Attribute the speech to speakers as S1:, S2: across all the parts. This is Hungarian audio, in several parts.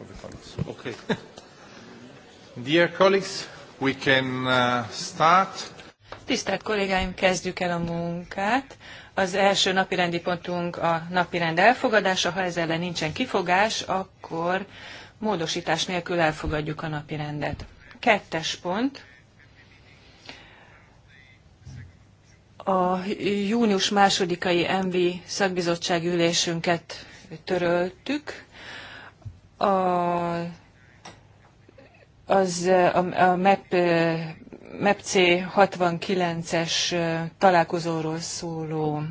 S1: for the colleagues. Okay. Dear colleagues, we can uh, start.
S2: Tisztelt kollégáim, kezdjük el a munkát. Az első napirendi pontunk a napirend elfogadása. Ha ezzel nincsen kifogás, akkor módosítás nélkül elfogadjuk a napirendet. Kettes pont. A június másodikai MV szakbizottsági ülésünket töröltük, a, az a, a MEP, MEPC 69-es találkozóról szóló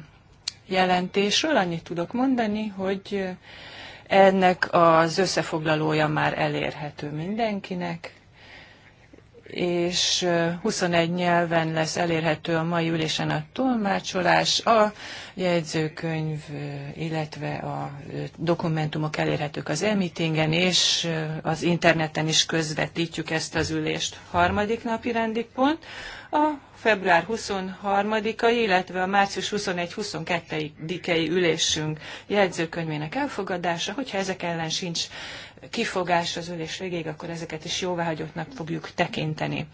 S2: jelentésről annyit tudok mondani, hogy ennek az összefoglalója már elérhető mindenkinek és 21 nyelven lesz elérhető a mai ülésen a tolmácsolás, a jegyzőkönyv, illetve a dokumentumok elérhetők az emitingen, és az interneten is közvetítjük ezt az ülést. Harmadik napi rendi pont, a február 23-a, illetve a március 21-22-i ülésünk jegyzőkönyvének elfogadása, hogyha ezek ellen sincs kifogás az ülés végéig, akkor ezeket is jóváhagyottnak fogjuk tekinteni.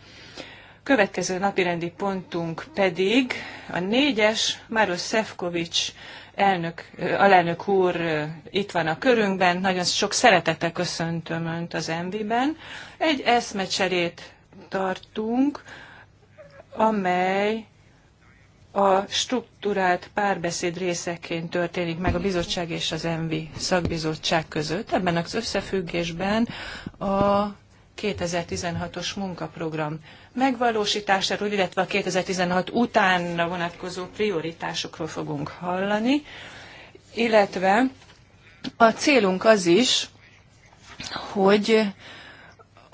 S2: Következő napirendi pontunk pedig a négyes, Máros Szefkovics elnök, alelnök úr itt van a körünkben, nagyon sok szeretettel köszöntöm Önt az MV-ben. Egy eszmecserét tartunk, amely a struktúrált párbeszéd részeként történik meg a bizottság és az ENVI szakbizottság között. Ebben az összefüggésben a 2016-os munkaprogram megvalósításáról, illetve a 2016 utánra vonatkozó prioritásokról fogunk hallani, illetve a célunk az is, hogy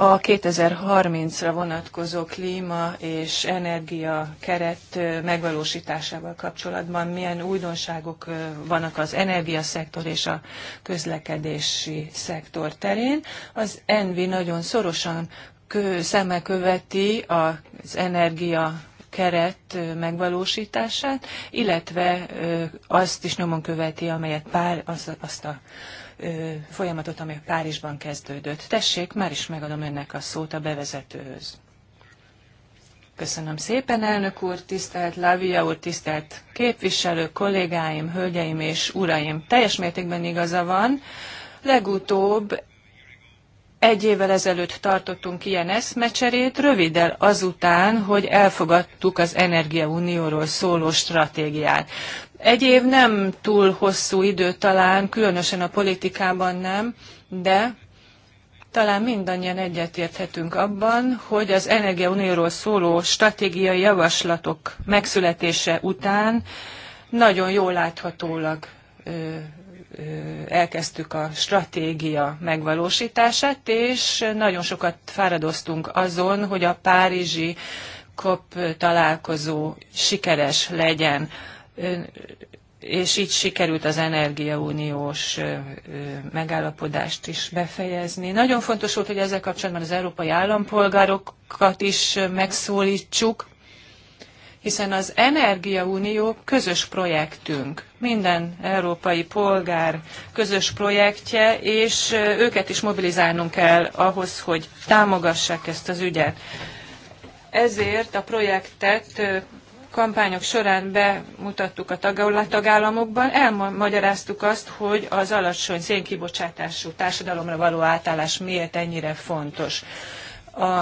S2: a 2030-ra vonatkozó klíma és energia keret megvalósításával kapcsolatban milyen újdonságok vannak az energiaszektor és a közlekedési szektor terén. Az ENVI nagyon szorosan kö, szeme követi az energia keret megvalósítását, illetve azt is nyomon követi, amelyet pár, azt, azt a folyamatot, ami Párizsban kezdődött. Tessék, már is megadom önnek a szót a bevezetőhöz. Köszönöm szépen, elnök úr, tisztelt Lávia úr, tisztelt képviselők, kollégáim, hölgyeim és uraim. Teljes mértékben igaza van. Legutóbb egy évvel ezelőtt tartottunk ilyen eszmecserét, röviddel azután, hogy elfogadtuk az Energiaunióról szóló stratégiát. Egy év nem túl hosszú idő talán, különösen a politikában nem, de talán mindannyian egyetérthetünk abban, hogy az Energiaunióról szóló stratégiai javaslatok megszületése után nagyon jól láthatólag elkezdtük a stratégia megvalósítását, és nagyon sokat fáradoztunk azon, hogy a párizsi COP találkozó sikeres legyen, és így sikerült az energiauniós megállapodást is befejezni. Nagyon fontos volt, hogy ezzel kapcsolatban az európai állampolgárokat is megszólítsuk, hiszen az Energiaunió közös projektünk, minden európai polgár közös projektje, és őket is mobilizálnunk kell ahhoz, hogy támogassák ezt az ügyet. Ezért a projektet kampányok során bemutattuk a tagállamokban, elmagyaráztuk azt, hogy az alacsony szénkibocsátású társadalomra való átállás miért ennyire fontos. A,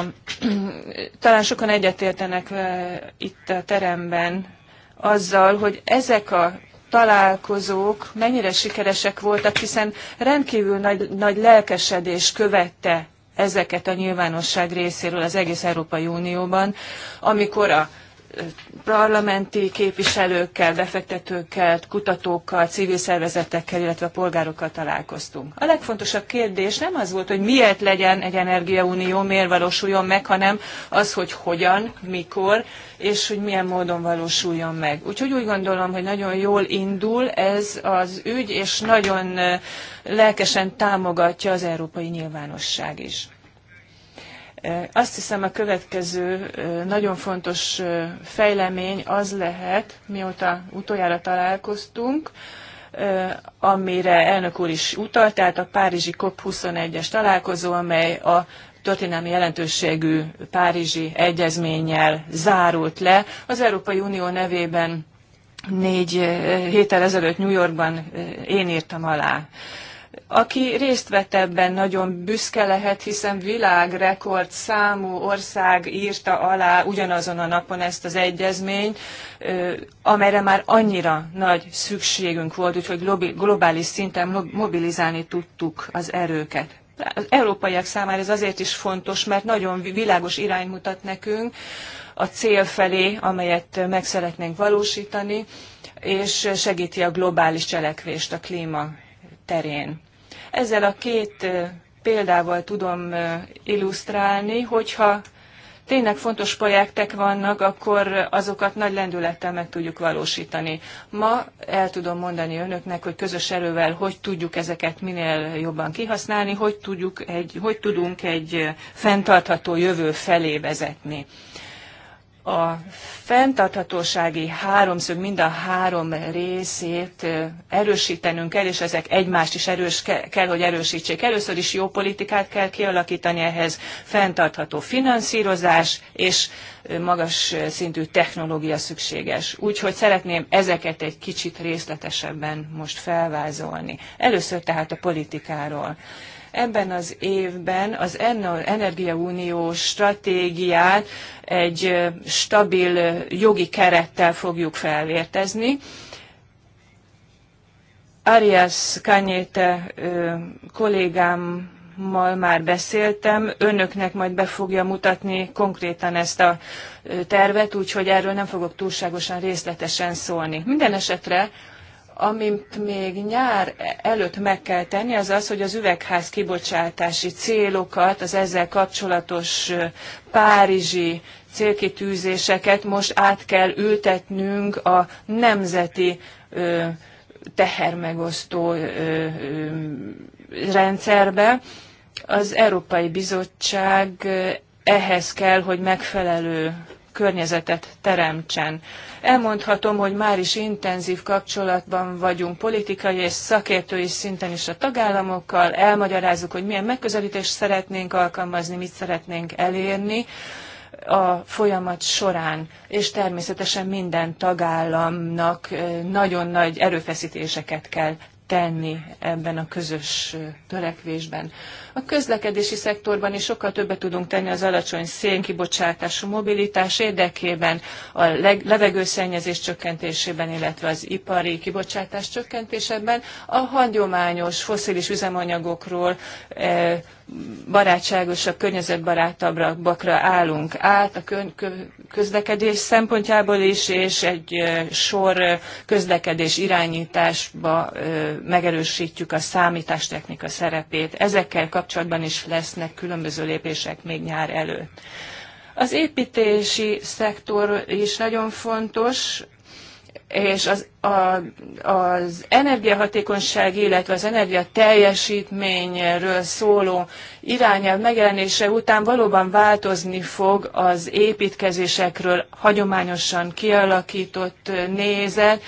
S2: talán sokan egyetértenek itt a teremben azzal, hogy ezek a találkozók mennyire sikeresek voltak, hiszen rendkívül nagy, nagy lelkesedés követte ezeket a nyilvánosság részéről az egész Európai Unióban, amikor a parlamenti képviselőkkel, befektetőkkel, kutatókkal, civil szervezetekkel, illetve a polgárokkal találkoztunk. A legfontosabb kérdés nem az volt, hogy miért legyen egy energiaunió, miért valósuljon meg, hanem az, hogy hogyan, mikor, és hogy milyen módon valósuljon meg. Úgyhogy úgy gondolom, hogy nagyon jól indul ez az ügy, és nagyon lelkesen támogatja az európai nyilvánosság is. Azt hiszem a következő nagyon fontos fejlemény az lehet, mióta utoljára találkoztunk, amire elnök úr is utalt, tehát a Párizsi COP21-es találkozó, amely a történelmi jelentőségű Párizsi egyezménnyel zárult le. Az Európai Unió nevében négy héttel ezelőtt New Yorkban én írtam alá aki részt vett ebben, nagyon büszke lehet, hiszen világrekord számú ország írta alá ugyanazon a napon ezt az egyezményt, amelyre már annyira nagy szükségünk volt, úgyhogy globális szinten mobilizálni tudtuk az erőket. Az európaiak számára ez azért is fontos, mert nagyon világos irány mutat nekünk a cél felé, amelyet meg szeretnénk valósítani, és segíti a globális cselekvést a klíma terén. Ezzel a két példával tudom illusztrálni, hogyha tényleg fontos projektek vannak, akkor azokat nagy lendülettel meg tudjuk valósítani. Ma el tudom mondani önöknek, hogy közös erővel hogy tudjuk ezeket minél jobban kihasználni, hogy, tudjuk egy, hogy tudunk egy fenntartható jövő felé vezetni a fenntarthatósági háromszög mind a három részét erősítenünk kell, és ezek egymást is erős, kell, hogy erősítsék. Először is jó politikát kell kialakítani ehhez, fenntartható finanszírozás és magas szintű technológia szükséges. Úgyhogy szeretném ezeket egy kicsit részletesebben most felvázolni. Először tehát a politikáról. Ebben az évben az Energiauniós stratégiát egy stabil jogi kerettel fogjuk felvértezni. Arias Kanyéte kollégám már beszéltem, önöknek majd be fogja mutatni konkrétan ezt a tervet, úgyhogy erről nem fogok túlságosan részletesen szólni. Minden esetre amit még nyár előtt meg kell tenni, az az, hogy az üvegház kibocsátási célokat, az ezzel kapcsolatos párizsi célkitűzéseket most át kell ültetnünk a nemzeti tehermegosztó rendszerbe. Az Európai Bizottság ehhez kell, hogy megfelelő környezetet teremtsen. Elmondhatom, hogy már is intenzív kapcsolatban vagyunk politikai és szakértői szinten is a tagállamokkal, elmagyarázzuk, hogy milyen megközelítést szeretnénk alkalmazni, mit szeretnénk elérni a folyamat során, és természetesen minden tagállamnak eh, nagyon nagy erőfeszítéseket kell tenni ebben a közös eh, törekvésben. A közlekedési szektorban is sokkal többet tudunk tenni az alacsony szénkibocsátású mobilitás érdekében, a levegőszennyezés csökkentésében, illetve az ipari kibocsátás csökkentésében, a hagyományos foszilis üzemanyagokról e, barátságosabb, környezetbarátabbakra állunk át a közlekedés szempontjából is, és egy e, sor e, közlekedés irányításba megerősítjük a számítástechnika szerepét. Ezekkel kapcsolatban kapcsolatban is lesznek különböző lépések még nyár előtt. Az építési szektor is nagyon fontos, és az, a, az energiahatékonyság, illetve az energia teljesítményről szóló irányel megjelenése után valóban változni fog az építkezésekről hagyományosan kialakított nézet.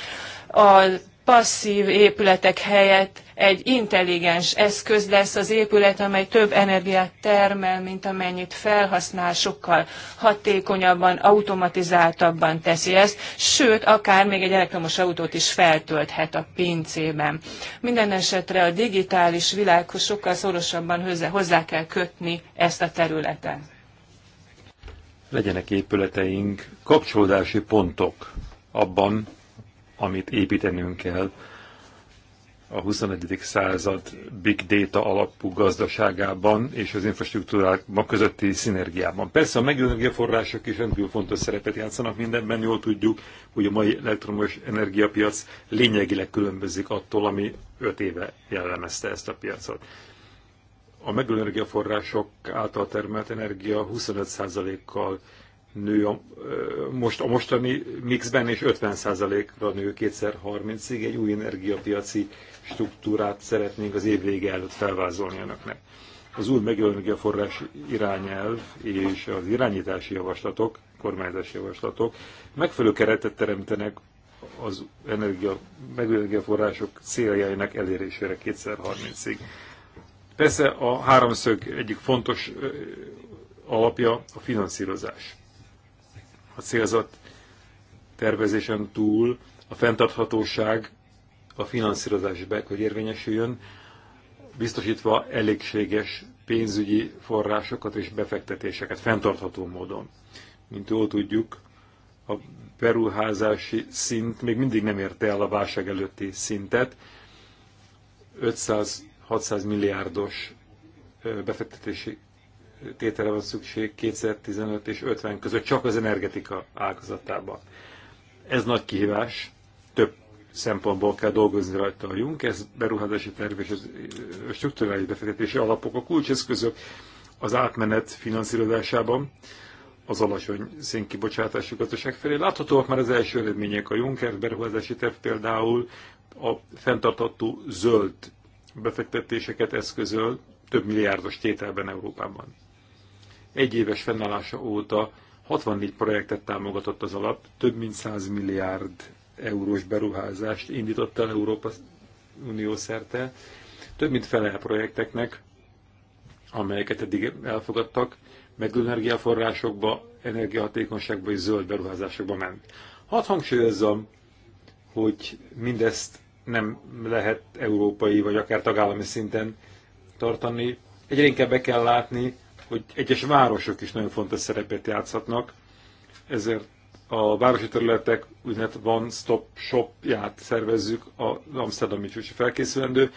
S2: A passzív épületek helyett egy intelligens eszköz lesz az épület, amely több energiát termel, mint amennyit felhasznál, sokkal hatékonyabban, automatizáltabban teszi ezt, sőt, akár még egy elektromos autót is feltölthet a pincében. Minden esetre a digitális világhoz sokkal szorosabban hozzá, hozzá kell kötni ezt a területet.
S3: Legyenek épületeink kapcsolódási pontok abban, amit építenünk kell a 21. század big data alapú gazdaságában és az infrastruktúrák közötti szinergiában. Persze a megújuló energiaforrások is rendkívül fontos szerepet játszanak mindenben, jól tudjuk, hogy a mai elektromos energiapiac lényegileg különbözik attól, ami 5 éve jellemezte ezt a piacot. A megújuló energiaforrások által termelt energia 25%-kal nő a, most, a mostani mixben, és 50%-ra nő 2030-ig egy új energiapiaci struktúrát szeretnénk az év vége előtt felvázolni önöknek. Az új a forrás irányelv és az irányítási javaslatok, kormányzási javaslatok megfelelő keretet teremtenek az energia, energiaforrások céljainak elérésére 2030-ig. Persze a háromszög egyik fontos alapja a finanszírozás. A célzat tervezésen túl a fenntarthatóság a finanszírozás be, hogy érvényesüljön, biztosítva elégséges pénzügyi forrásokat és befektetéseket fenntartható módon. Mint jól tudjuk, a beruházási szint még mindig nem érte el a válság előtti szintet. 500-600 milliárdos befektetési tétele van szükség 2015 és 50 között, csak az energetika ágazatában. Ez nagy kihívás, több szempontból kell dolgozni rajta a Juncker beruházási terv és a struktúrális befektetési alapok a kulcseszközök az átmenet finanszírozásában az alacsony szénkibocsátású gazdaság felé. Láthatóak már az első eredmények a Juncker beruházási terv például a fenntartható zöld befektetéseket eszközöl több milliárdos tételben Európában. Egy éves fennállása óta 64 projektet támogatott az alap, több mint 100 milliárd eurós beruházást indított el Európa Unió szerte. Több mint fele a projekteknek, amelyeket eddig elfogadtak, meg energiaforrásokba, energiahatékonyságba és zöld beruházásokba ment. Hadd hangsúlyozzam, hogy mindezt nem lehet európai vagy akár tagállami szinten tartani. Egyre inkább be kell látni, hogy egyes városok is nagyon fontos szerepet játszhatnak, ezért a városi területek úgynevezett one-stop shopját szervezzük a Amsterdami Fősi felkészülendő.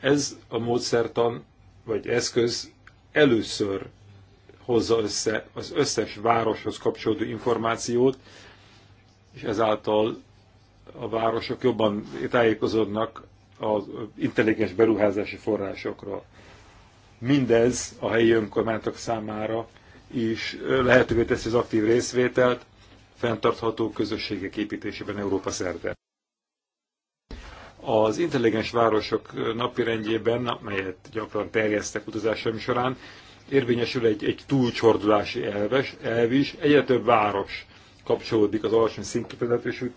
S3: Ez a módszertan vagy eszköz először hozza össze az összes városhoz kapcsolódó információt, és ezáltal a városok jobban tájékozódnak az intelligens beruházási forrásokról. Mindez a helyi önkormányzatok számára is lehetővé teszi az aktív részvételt, fenntartható közösségek építésében Európa szerte. Az intelligens városok rendjében, amelyet gyakran terjesztek utazásaim során, érvényesül egy, egy túlcsordulási elves, elv is, egyre több város kapcsolódik az alacsony szintkifejezetésű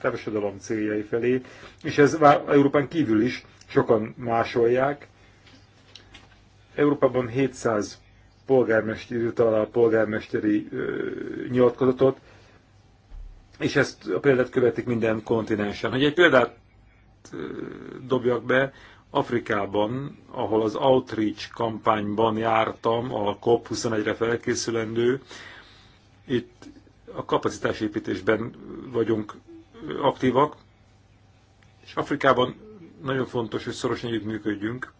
S3: társadalom céljai felé, és ez Európán kívül is sokan másolják. Európában 700 polgármesteri, a polgármesteri ö, nyilatkozatot, és ezt a példát követik minden kontinensen. Hogy egy példát dobjak be, Afrikában, ahol az Outreach kampányban jártam, a COP21-re felkészülendő, itt a kapacitásépítésben vagyunk aktívak, és Afrikában nagyon fontos, hogy szorosan együttműködjünk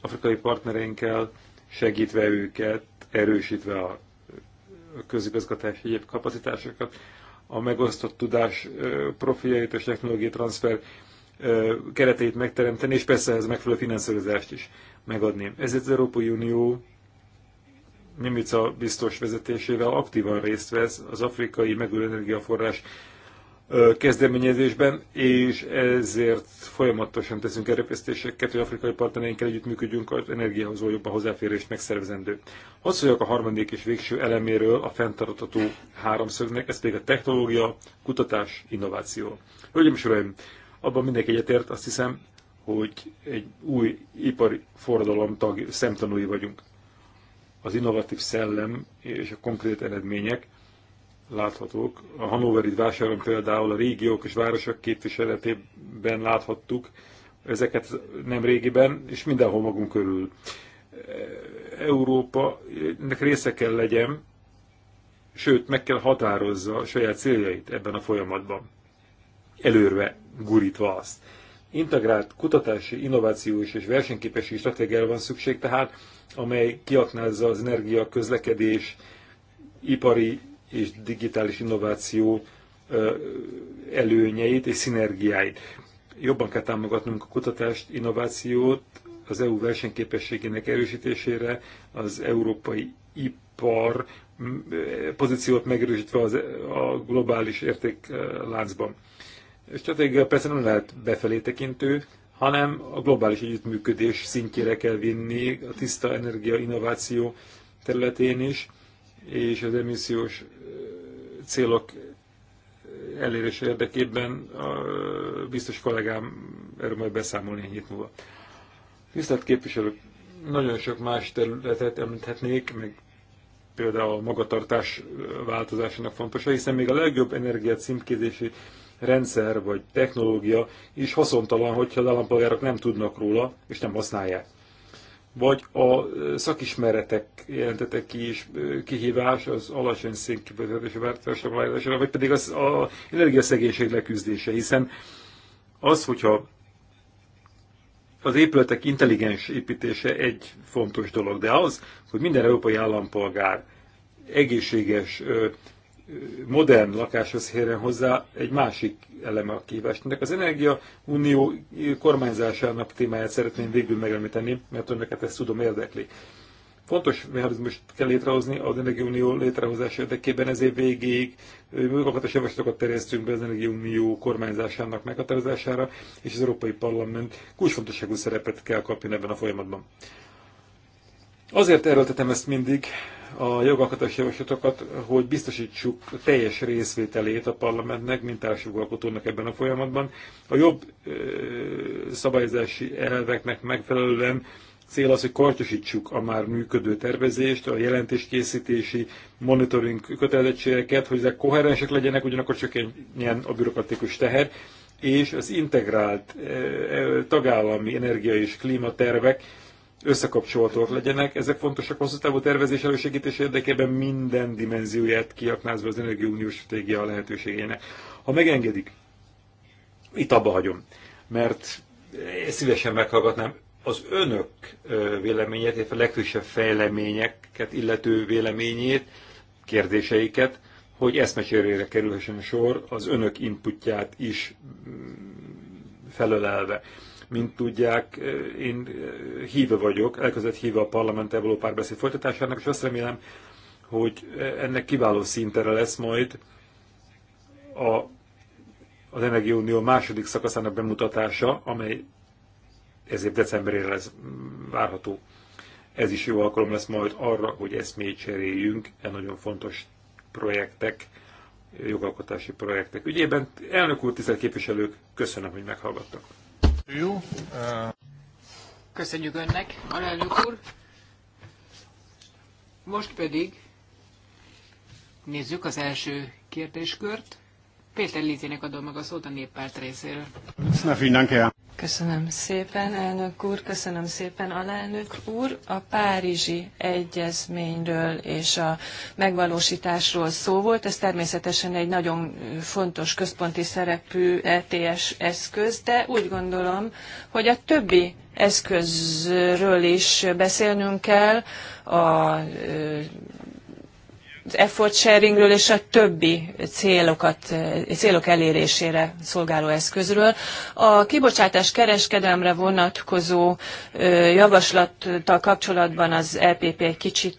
S3: afrikai partnereinkkel, segítve őket, erősítve a közigazgatási egyéb kapacitásokat, a megosztott tudás profiljait és technológiai transfer kereteit megteremteni, és persze ez megfelelő finanszírozást is megadni. Ezért az Európai Unió Mimica biztos vezetésével aktívan részt vesz az afrikai megújuló energiaforrás kezdeményezésben, és ezért folyamatosan teszünk erőfeszítéseket, hogy afrikai partnereinkkel együttműködjünk az energiához jobb a hozzáférést megszervezendő. Hadd szóljak a harmadik és végső eleméről a fenntartató háromszögnek, ez pedig a technológia, kutatás, innováció. Hölgyeim és Uraim, abban mindenki egyetért, azt hiszem, hogy egy új ipari forradalom tag, szemtanúi vagyunk. Az innovatív szellem és a konkrét eredmények láthatók. A Hanoveri vásáron például a régiók és városok képviseletében láthattuk ezeket nem régiben, és mindenhol magunk körül. Európa, ennek része kell legyen, sőt, meg kell határozza a saját céljait ebben a folyamatban, előrve gurítva azt. Integrált kutatási, innovációs és versenyképes stratégiára van szükség tehát, amely kiaknázza az energia, közlekedés, ipari és digitális innováció előnyeit és szinergiáit. Jobban kell támogatnunk a kutatást, innovációt, az EU versenyképességének erősítésére, az európai ipar pozíciót megerősítve az, a globális értékláncban. A stratégia persze nem lehet befelé tekintő, hanem a globális együttműködés szintjére kell vinni a tiszta energia innováció területén is, és az emissziós célok elérése érdekében a biztos kollégám erről majd beszámolni egy hét múlva. Tisztelt képviselők, nagyon sok más területet említhetnék, meg például a magatartás változásának fontosa, hiszen még a legjobb energia címkézési rendszer vagy technológia is haszontalan, hogyha az állampolgárok nem tudnak róla és nem használják vagy a szakismeretek jelentettek ki is kihívás az alacsony szénkibocsátási változásra, vagy pedig az a energiaszegénység leküzdése, hiszen az, hogyha az épületek intelligens építése egy fontos dolog, de az, hogy minden európai állampolgár egészséges modern lakáshoz hérjen hozzá egy másik eleme a kihívásnak. Az Energia Unió kormányzásának témáját szeretném végül megemlíteni, mert önöket ezt tudom érdekli. Fontos mechanizmust kell létrehozni az Energia Unió létrehozása érdekében, ezért végéig működés javaslatokat terjesztünk be az Energia Unió kormányzásának meghatározására, és az Európai Parlament kulcsfontosságú szerepet kell kapni ebben a folyamatban. Azért erőltetem ezt mindig, a jogalkotási javaslatokat, hogy biztosítsuk a teljes részvételét a parlamentnek, mint társjogalkotónak ebben a folyamatban. A jobb ö, szabályozási elveknek megfelelően cél az, hogy kartosítsuk a már működő tervezést, a jelentéskészítési monitoring kötelezettségeket, hogy ezek koherensek legyenek, ugyanakkor csökkenjen a bürokratikus teher, és az integrált tagállami energia és klímatervek összekapcsolhatóak legyenek. Ezek fontosak hosszú távú tervezés elősegítés érdekében minden dimenzióját kiaknázva az energiauniós stratégia lehetőségének. Ha megengedik, itt abba hagyom, mert szívesen meghallgatnám az önök véleményét, a legfrissebb fejleményeket, illető véleményét, kérdéseiket, hogy eszmecserére kerülhessen sor az önök inputját is mm, felölelve. Mint tudják, eh, én eh, híve vagyok, elkezdett híve a parlament való párbeszéd folytatásának, és azt remélem, hogy eh, ennek kiváló szintere lesz majd a, az Energiaunió második szakaszának bemutatása, amely ezért decemberére lesz mm, várható. Ez is jó alkalom lesz majd arra, hogy eszmét cseréljünk e nagyon fontos projektek, jogalkotási projektek ügyében. Elnök úr, tisztelt képviselők, köszönöm, hogy meghallgattak.
S4: Köszönjük önnek, alelnök úr. Most pedig nézzük az első kérdéskört.
S2: Péter Lizének adom meg a szót a néppárt részéről. Köszönöm szépen, elnök úr, köszönöm szépen, alelnök úr. A Párizsi Egyezményről és a megvalósításról szó volt. Ez természetesen egy nagyon fontos központi szerepű ETS eszköz, de úgy gondolom, hogy a többi eszközről is beszélnünk kell, a az effort sharingről és a többi célokat, célok elérésére szolgáló eszközről. A kibocsátás kereskedelemre vonatkozó javaslattal kapcsolatban az LPP e egy kicsit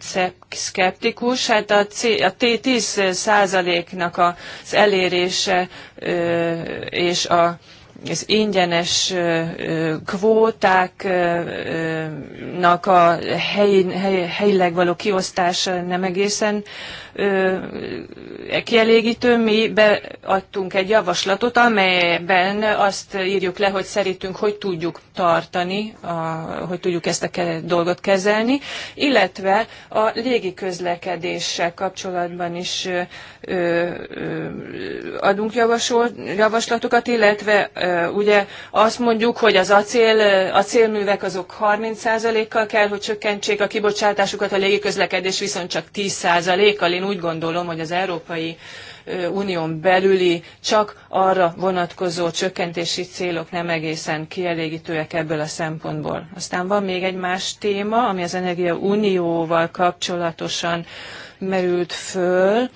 S2: szkeptikus. Hát a, C, a T10 százaléknak az elérése és a az ingyenes kvótáknak a helyi, helyileg való kiosztása nem egészen E kielégítő. Mi beadtunk egy javaslatot, amelyben azt írjuk le, hogy szerintünk hogy tudjuk tartani, a, hogy tudjuk ezt a dolgot kezelni, illetve a légi közlekedéssel kapcsolatban is ö, ö, adunk javasol, javaslatokat, illetve ö, ugye azt mondjuk, hogy az acél, acélművek azok 30%-kal kell, hogy csökkentsék a kibocsátásukat, a légiközlekedés viszont csak 10%-kal. Én úgy gondolom, hogy az Európai Unión belüli csak arra vonatkozó csökkentési célok nem egészen kielégítőek ebből a szempontból. Aztán van még egy más téma, ami az Energia Unióval kapcsolatosan merült föl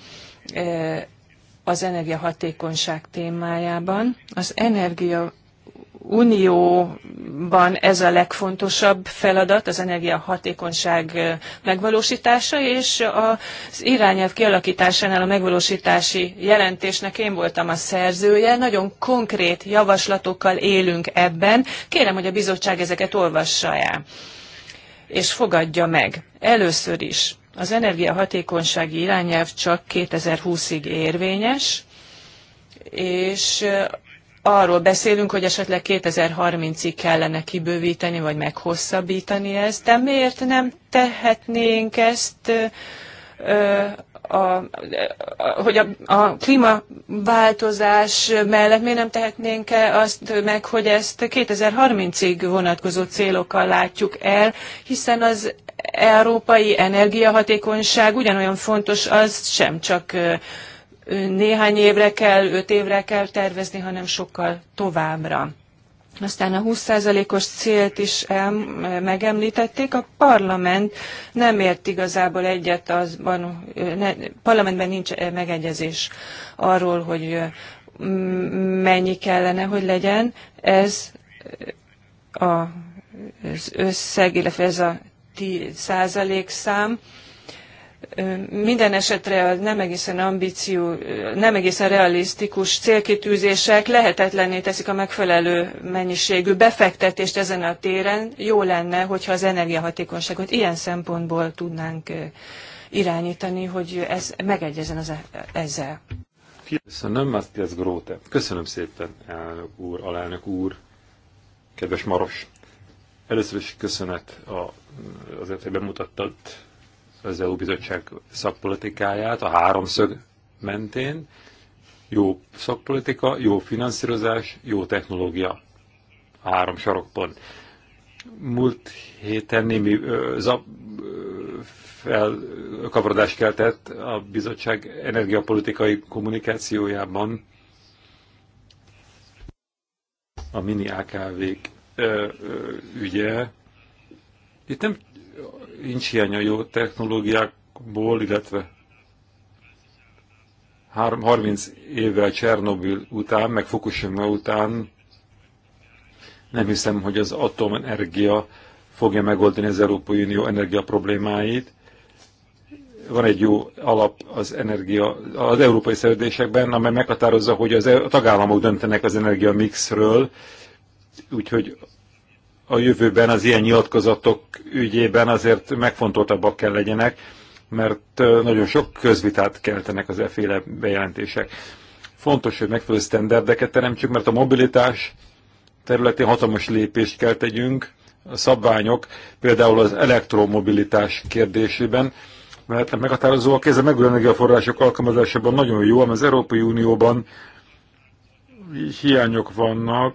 S2: az energiahatékonyság témájában. Az Energia Unióban ez a legfontosabb feladat, az energiahatékonyság megvalósítása, és az irányelv kialakításánál a megvalósítási jelentésnek én voltam a szerzője. Nagyon konkrét javaslatokkal élünk ebben. Kérem, hogy a bizottság ezeket olvassa el, és fogadja meg. Először is az energiahatékonysági irányelv csak 2020-ig érvényes, és arról beszélünk, hogy esetleg 2030-ig kellene kibővíteni, vagy meghosszabbítani ezt, de miért nem tehetnénk ezt ö, a, hogy a, a klímaváltozás mellett miért nem tehetnénk -e azt meg, hogy ezt 2030-ig vonatkozó célokkal látjuk el, hiszen az európai energiahatékonyság ugyanolyan fontos, az sem csak néhány évre kell, öt évre kell tervezni, hanem sokkal továbbra. Aztán a 20%-os célt is megemlítették. A parlament nem ért igazából egyet, azban, ne, parlamentben nincs megegyezés arról, hogy mennyi kellene, hogy legyen. Ez a, az összeg, illetve ez a 10% szám minden esetre nem egészen ambíció, nem egészen realisztikus célkitűzések lehetetlenné teszik a megfelelő mennyiségű befektetést ezen a téren. Jó lenne, hogyha az energiahatékonyságot ilyen szempontból tudnánk irányítani, hogy ez megegyezen az e, ezzel.
S3: Köszönöm, Matthias Gróte. Köszönöm szépen, elnök úr, alelnök úr, kedves Maros. Először is köszönet a, azért, hogy bemutattad az EU bizottság szakpolitikáját a háromszög mentén. Jó szakpolitika, jó finanszírozás, jó technológia. Három sarokpont. Múlt héten némi felkavarodást keltett a bizottság energiapolitikai kommunikációjában a mini AKV-k ügye. Itt nem nincs hiánya jó technológiákból, illetve 30 évvel Csernobil után, meg Fukushima után nem hiszem, hogy az atomenergia fogja megoldani az Európai Unió energia problémáit. Van egy jó alap az energia, az európai szerződésekben, amely meghatározza, hogy az, e- a tagállamok döntenek az energia mixről, úgyhogy a jövőben az ilyen nyilatkozatok ügyében azért megfontoltabbak kell legyenek, mert nagyon sok közvitát keltenek az efféle bejelentések. Fontos, hogy megfelelő sztenderdeket teremtsük, mert a mobilitás területén hatalmas lépést kell tegyünk, a szabványok, például az elektromobilitás kérdésében, mert a kéz a megújuló energiaforrások alkalmazásában nagyon jó, ám az Európai Unióban hiányok vannak,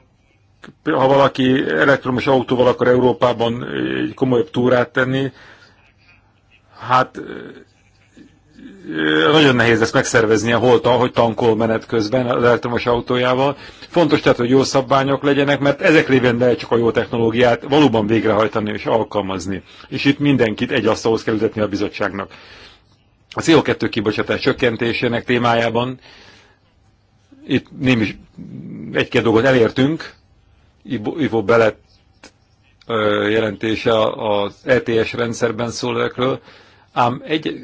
S3: ha valaki elektromos autóval akar Európában egy komolyabb túrát tenni, hát nagyon nehéz ezt megszervezni, holta, hogy tankol menet közben az elektromos autójával. Fontos tehát, hogy jó szabványok legyenek, mert ezek révén lehet csak a jó technológiát valóban végrehajtani és alkalmazni. És itt mindenkit egy asztalhoz kell ütetni a bizottságnak. A CO2 kibocsátás csökkentésének témájában itt némi egy-két dolgot elértünk, Ivo Belet jelentése az ETS rendszerben szól ezekről, ám egy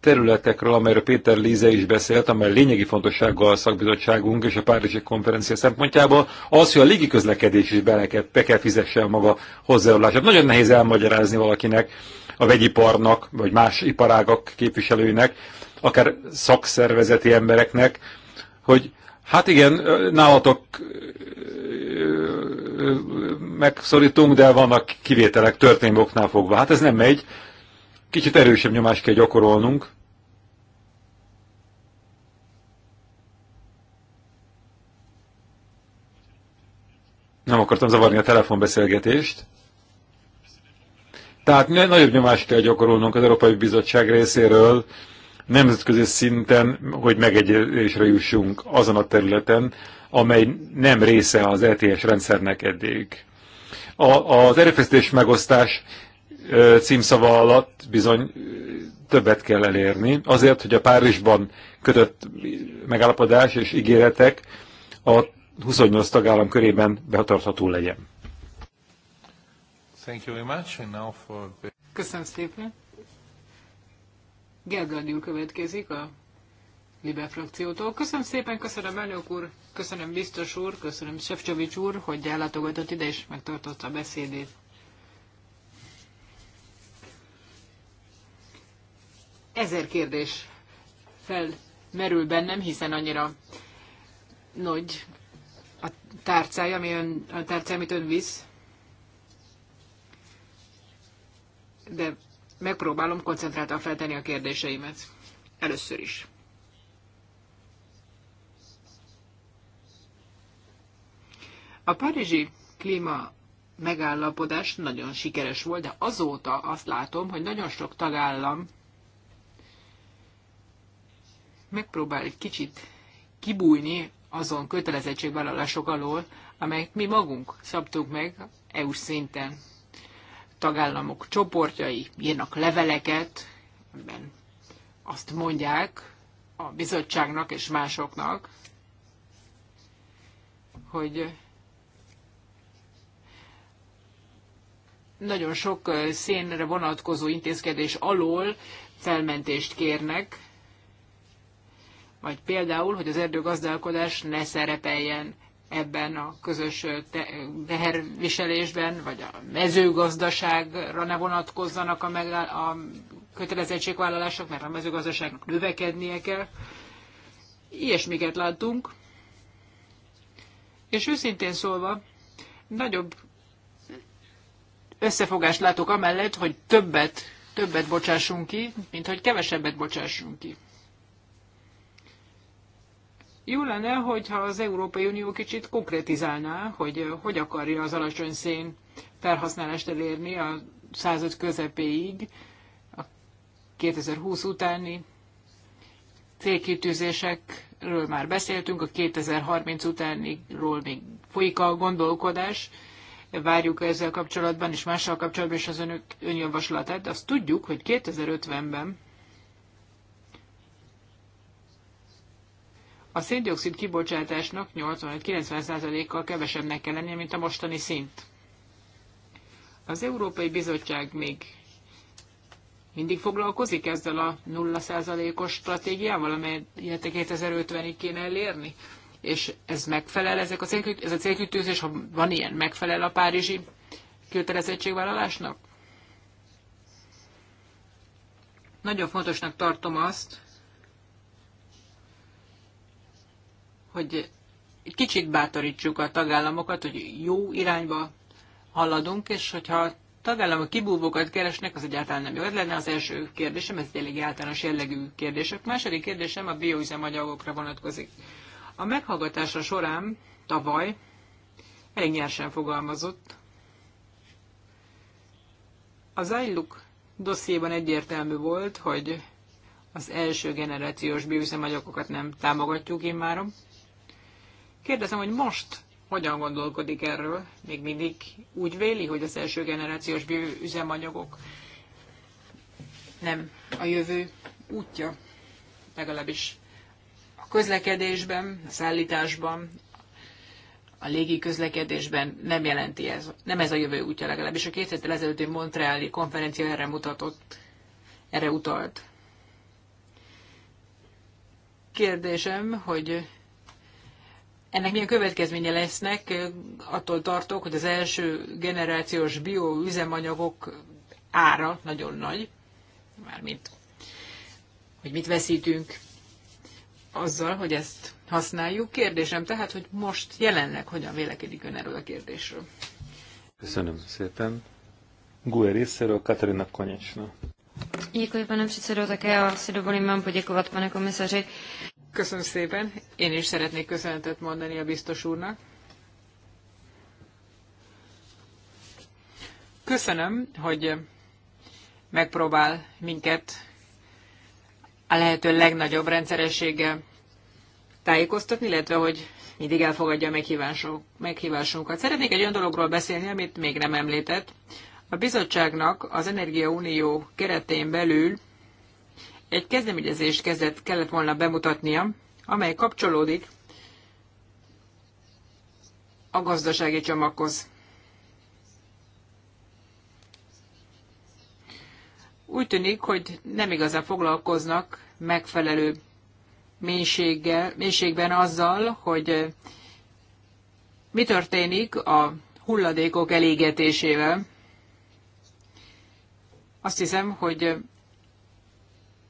S3: területekről, amelyről Péter Líze is beszélt, amely lényegi fontossággal a szakbizottságunk és a Párizsi konferencia szempontjából, az, hogy a közlekedés is be kell, be kell fizesse maga hozzájárulását. Nagyon nehéz elmagyarázni valakinek, a vegyiparnak, vagy más iparágak képviselőinek, akár szakszervezeti embereknek, hogy hát igen, nálatok megszorítunk, de vannak kivételek történelmi oknál fogva. Hát ez nem megy. Kicsit erősebb nyomást kell gyakorolnunk. Nem akartam zavarni a telefonbeszélgetést. Tehát nagyobb nyomást kell gyakorolnunk az Európai Bizottság részéről, nemzetközi szinten, hogy megegyezésre jussunk azon a területen, amely nem része az ETS rendszernek eddig. A, az erőfeszítés megosztás címszava alatt bizony többet kell elérni, azért, hogy a Párizsban kötött megállapodás és ígéretek a 28 tagállam körében betartható legyen.
S5: Thank you very much. And now for... Köszönöm szépen.
S4: Gergely következik a Libe frakciótól. Köszönöm szépen, köszönöm elnök úr, köszönöm biztos úr, köszönöm Sefcsovics úr, hogy ellátogatott ide és megtartotta a beszédét. Ezer kérdés felmerül bennem, hiszen annyira nagy a tárcája, ami ön, a tárcája, amit ön visz. De megpróbálom koncentráltan feltenni a kérdéseimet. Először is. A párizsi klíma megállapodás nagyon sikeres volt, de azóta azt látom, hogy nagyon sok tagállam megpróbál egy kicsit kibújni azon kötelezettségvállalások alól, amelyet mi magunk szabtuk meg EU szinten. Tagállamok csoportjai írnak leveleket, amiben azt mondják a bizottságnak és másoknak, hogy nagyon sok szénre vonatkozó intézkedés alól felmentést kérnek, vagy például, hogy az erdőgazdálkodás ne szerepeljen ebben a közös teherviselésben, vagy a mezőgazdaságra ne vonatkozzanak a, megáll- a kötelezettségvállalások, mert a mezőgazdaságnak növekednie kell. Ilyesmiket láttunk. És őszintén szólva, nagyobb összefogást látok amellett, hogy többet, többet bocsássunk ki, mint hogy kevesebbet bocsássunk ki. Jó lenne, hogyha az Európai Unió kicsit konkrétizálná, hogy hogy akarja az alacsony szén felhasználást elérni a század közepéig, a 2020 utáni célkitűzésekről már beszéltünk, a 2030 utániról még folyik a gondolkodás, várjuk ezzel kapcsolatban, és mással kapcsolatban is az önök önjavaslatát, de azt tudjuk, hogy 2050-ben a széndiokszid kibocsátásnak 85-90%-kal kevesebbnek kell lennie, mint a mostani szint. Az Európai Bizottság még mindig foglalkozik ezzel a 0%-os stratégiával, amelyet 2050-ig kéne elérni? és ez megfelel ezek a célkütő, ez a célkütőzés, ha van ilyen, megfelel a párizsi kötelezettségvállalásnak? Nagyon fontosnak tartom azt, hogy egy kicsit bátorítsuk a tagállamokat, hogy jó irányba haladunk, és hogyha a tagállamok kibúvókat keresnek, az egyáltalán nem jó. Ez lenne az első kérdésem, ez egy elég általános jellegű kérdések. Második kérdésem a bioüzemanyagokra vonatkozik. A meghallgatása során tavaly elég nyersen fogalmazott. Az ILUK dossziéban egyértelmű volt, hogy az első generációs bioüzemanyagokat nem támogatjuk immárom. Kérdezem, hogy most hogyan gondolkodik erről? Még mindig úgy véli, hogy az első generációs bioüzemanyagok nem a jövő útja, legalábbis közlekedésben, a szállításban, a légi közlekedésben nem jelenti ez, nem ez a jövő útja legalábbis. A két héttel ezelőtti Montreali konferencia erre mutatott, erre utalt. Kérdésem, hogy ennek milyen következménye lesznek, attól tartok, hogy az első generációs bioüzemanyagok ára nagyon nagy, mármint, hogy mit veszítünk azzal, hogy ezt használjuk. Kérdésem tehát, hogy most jelenleg hogyan vélekedik ön erről a kérdésről.
S3: Köszönöm szépen. GUE részéről Katarina Konyecsna.
S4: Děkuji, pane předsedo, také já si dovolím vám poděkovat, pane komisaři. Köszönöm szépen. Én is szeretnék köszönetet mondani a biztos úrnak. Köszönöm, hogy megpróbál minket a lehető legnagyobb rendszerességgel tájékoztatni, illetve hogy mindig elfogadja a meghívásunkat. Szeretnék egy olyan dologról beszélni, amit még nem említett. A bizottságnak az Energiaunió keretén belül egy kezdeményezést kezdett, kellett volna bemutatnia, amely kapcsolódik a gazdasági csomaghoz. Úgy tűnik, hogy nem igazán foglalkoznak megfelelő mélységgel, mélységben azzal, hogy eh, mi történik a hulladékok elégetésével. Azt hiszem, hogy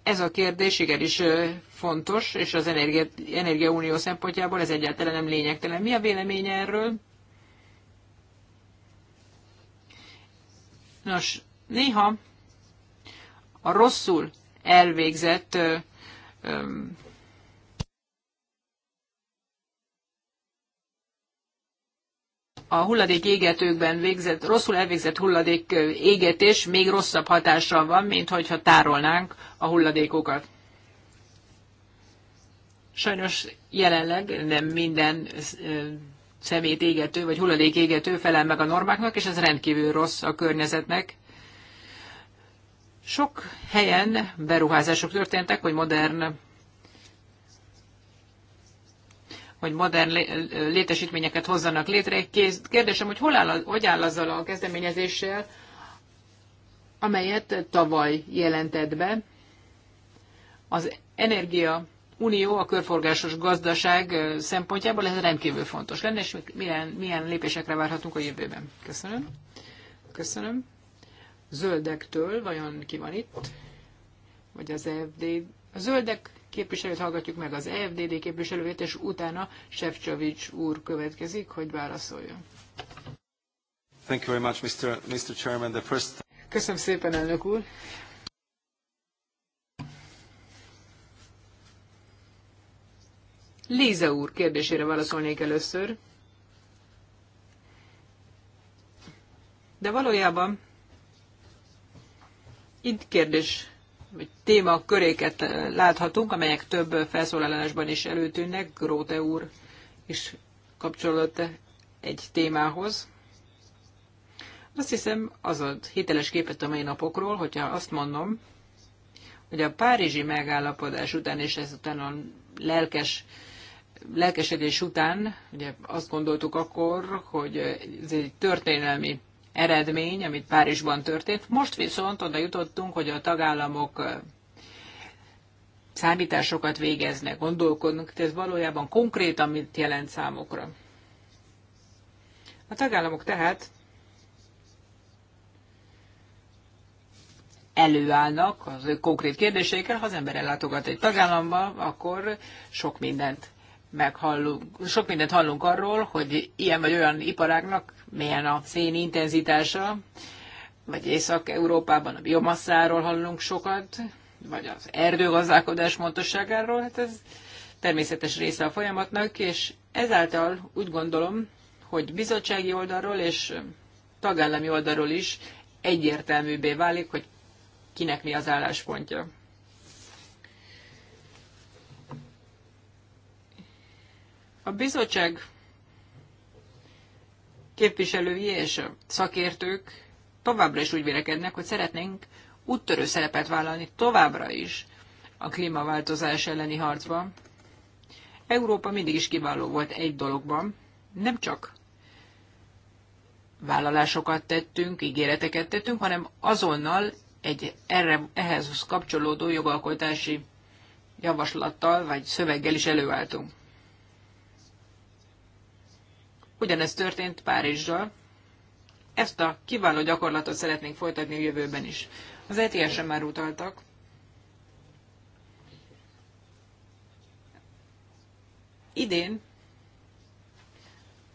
S4: ez a kérdés igenis eh, fontos, és az energia, Energiaunió szempontjából ez egyáltalán nem lényegtelen. Mi a véleménye erről? Nos, néha a rosszul elvégzett a hulladék égetőkben végzett, rosszul elvégzett hulladék égetés még rosszabb hatással van, mint hogyha tárolnánk a hulladékokat. Sajnos jelenleg nem minden szemét égető vagy hulladék égető felel meg a normáknak, és ez rendkívül rossz a környezetnek. Sok helyen beruházások történtek, hogy modern hogy modern létesítményeket hozzanak létre. Kérdésem, hogy hol áll, hogy áll azzal a kezdeményezéssel, amelyet tavaly jelentett be az Energia Unió a körforgásos gazdaság szempontjából ez rendkívül fontos lenne, és milyen, milyen lépésekre várhatunk a jövőben. Köszönöm. Köszönöm zöldektől, vajon ki van itt, vagy az EFD. A zöldek képviselőt hallgatjuk meg, az EFDD képviselőjét, és utána Sefcsovics úr következik, hogy válaszoljon.
S3: Thank you very much, Mr. Mr. Chairman. The first...
S4: Köszönöm szépen, elnök úr. Léze úr kérdésére válaszolnék először. De valójában itt kérdés, vagy témaköréket köréket láthatunk, amelyek több felszólalásban is előtűnnek. Gróte úr is kapcsolódott egy témához. Azt hiszem, az a hiteles képet a mai napokról, hogyha azt mondom, hogy a párizsi megállapodás után és ezután a lelkes lelkesedés után, ugye azt gondoltuk akkor, hogy ez egy történelmi eredmény, amit Párizsban történt. Most viszont oda jutottunk, hogy a tagállamok számításokat végeznek, gondolkodnak, ez valójában konkrétan amit jelent számokra. A tagállamok tehát előállnak az konkrét kérdéseikkel, ha az ember ellátogat egy tagállamba, akkor sok mindent meghallunk, sok mindent hallunk arról, hogy ilyen vagy olyan iparágnak milyen a szén intenzitása, vagy Észak-Európában a biomasszáról hallunk sokat, vagy az erdőgazdálkodás fontosságáról, hát ez természetes része a folyamatnak, és ezáltal úgy gondolom, hogy bizottsági oldalról és tagállami oldalról is egyértelműbbé válik, hogy kinek mi az álláspontja. A bizottság képviselői és a szakértők továbbra is úgy vélekednek, hogy szeretnénk úttörő szerepet vállalni továbbra is a klímaváltozás elleni harcban. Európa mindig is kiváló volt egy dologban, nem csak vállalásokat tettünk, ígéreteket tettünk, hanem azonnal egy erre, ehhez kapcsolódó jogalkotási javaslattal vagy szöveggel is előálltunk. Ugyanez történt Párizsdal. Ezt a kiváló gyakorlatot szeretnénk folytatni a jövőben is. Az ets en már utaltak. Idén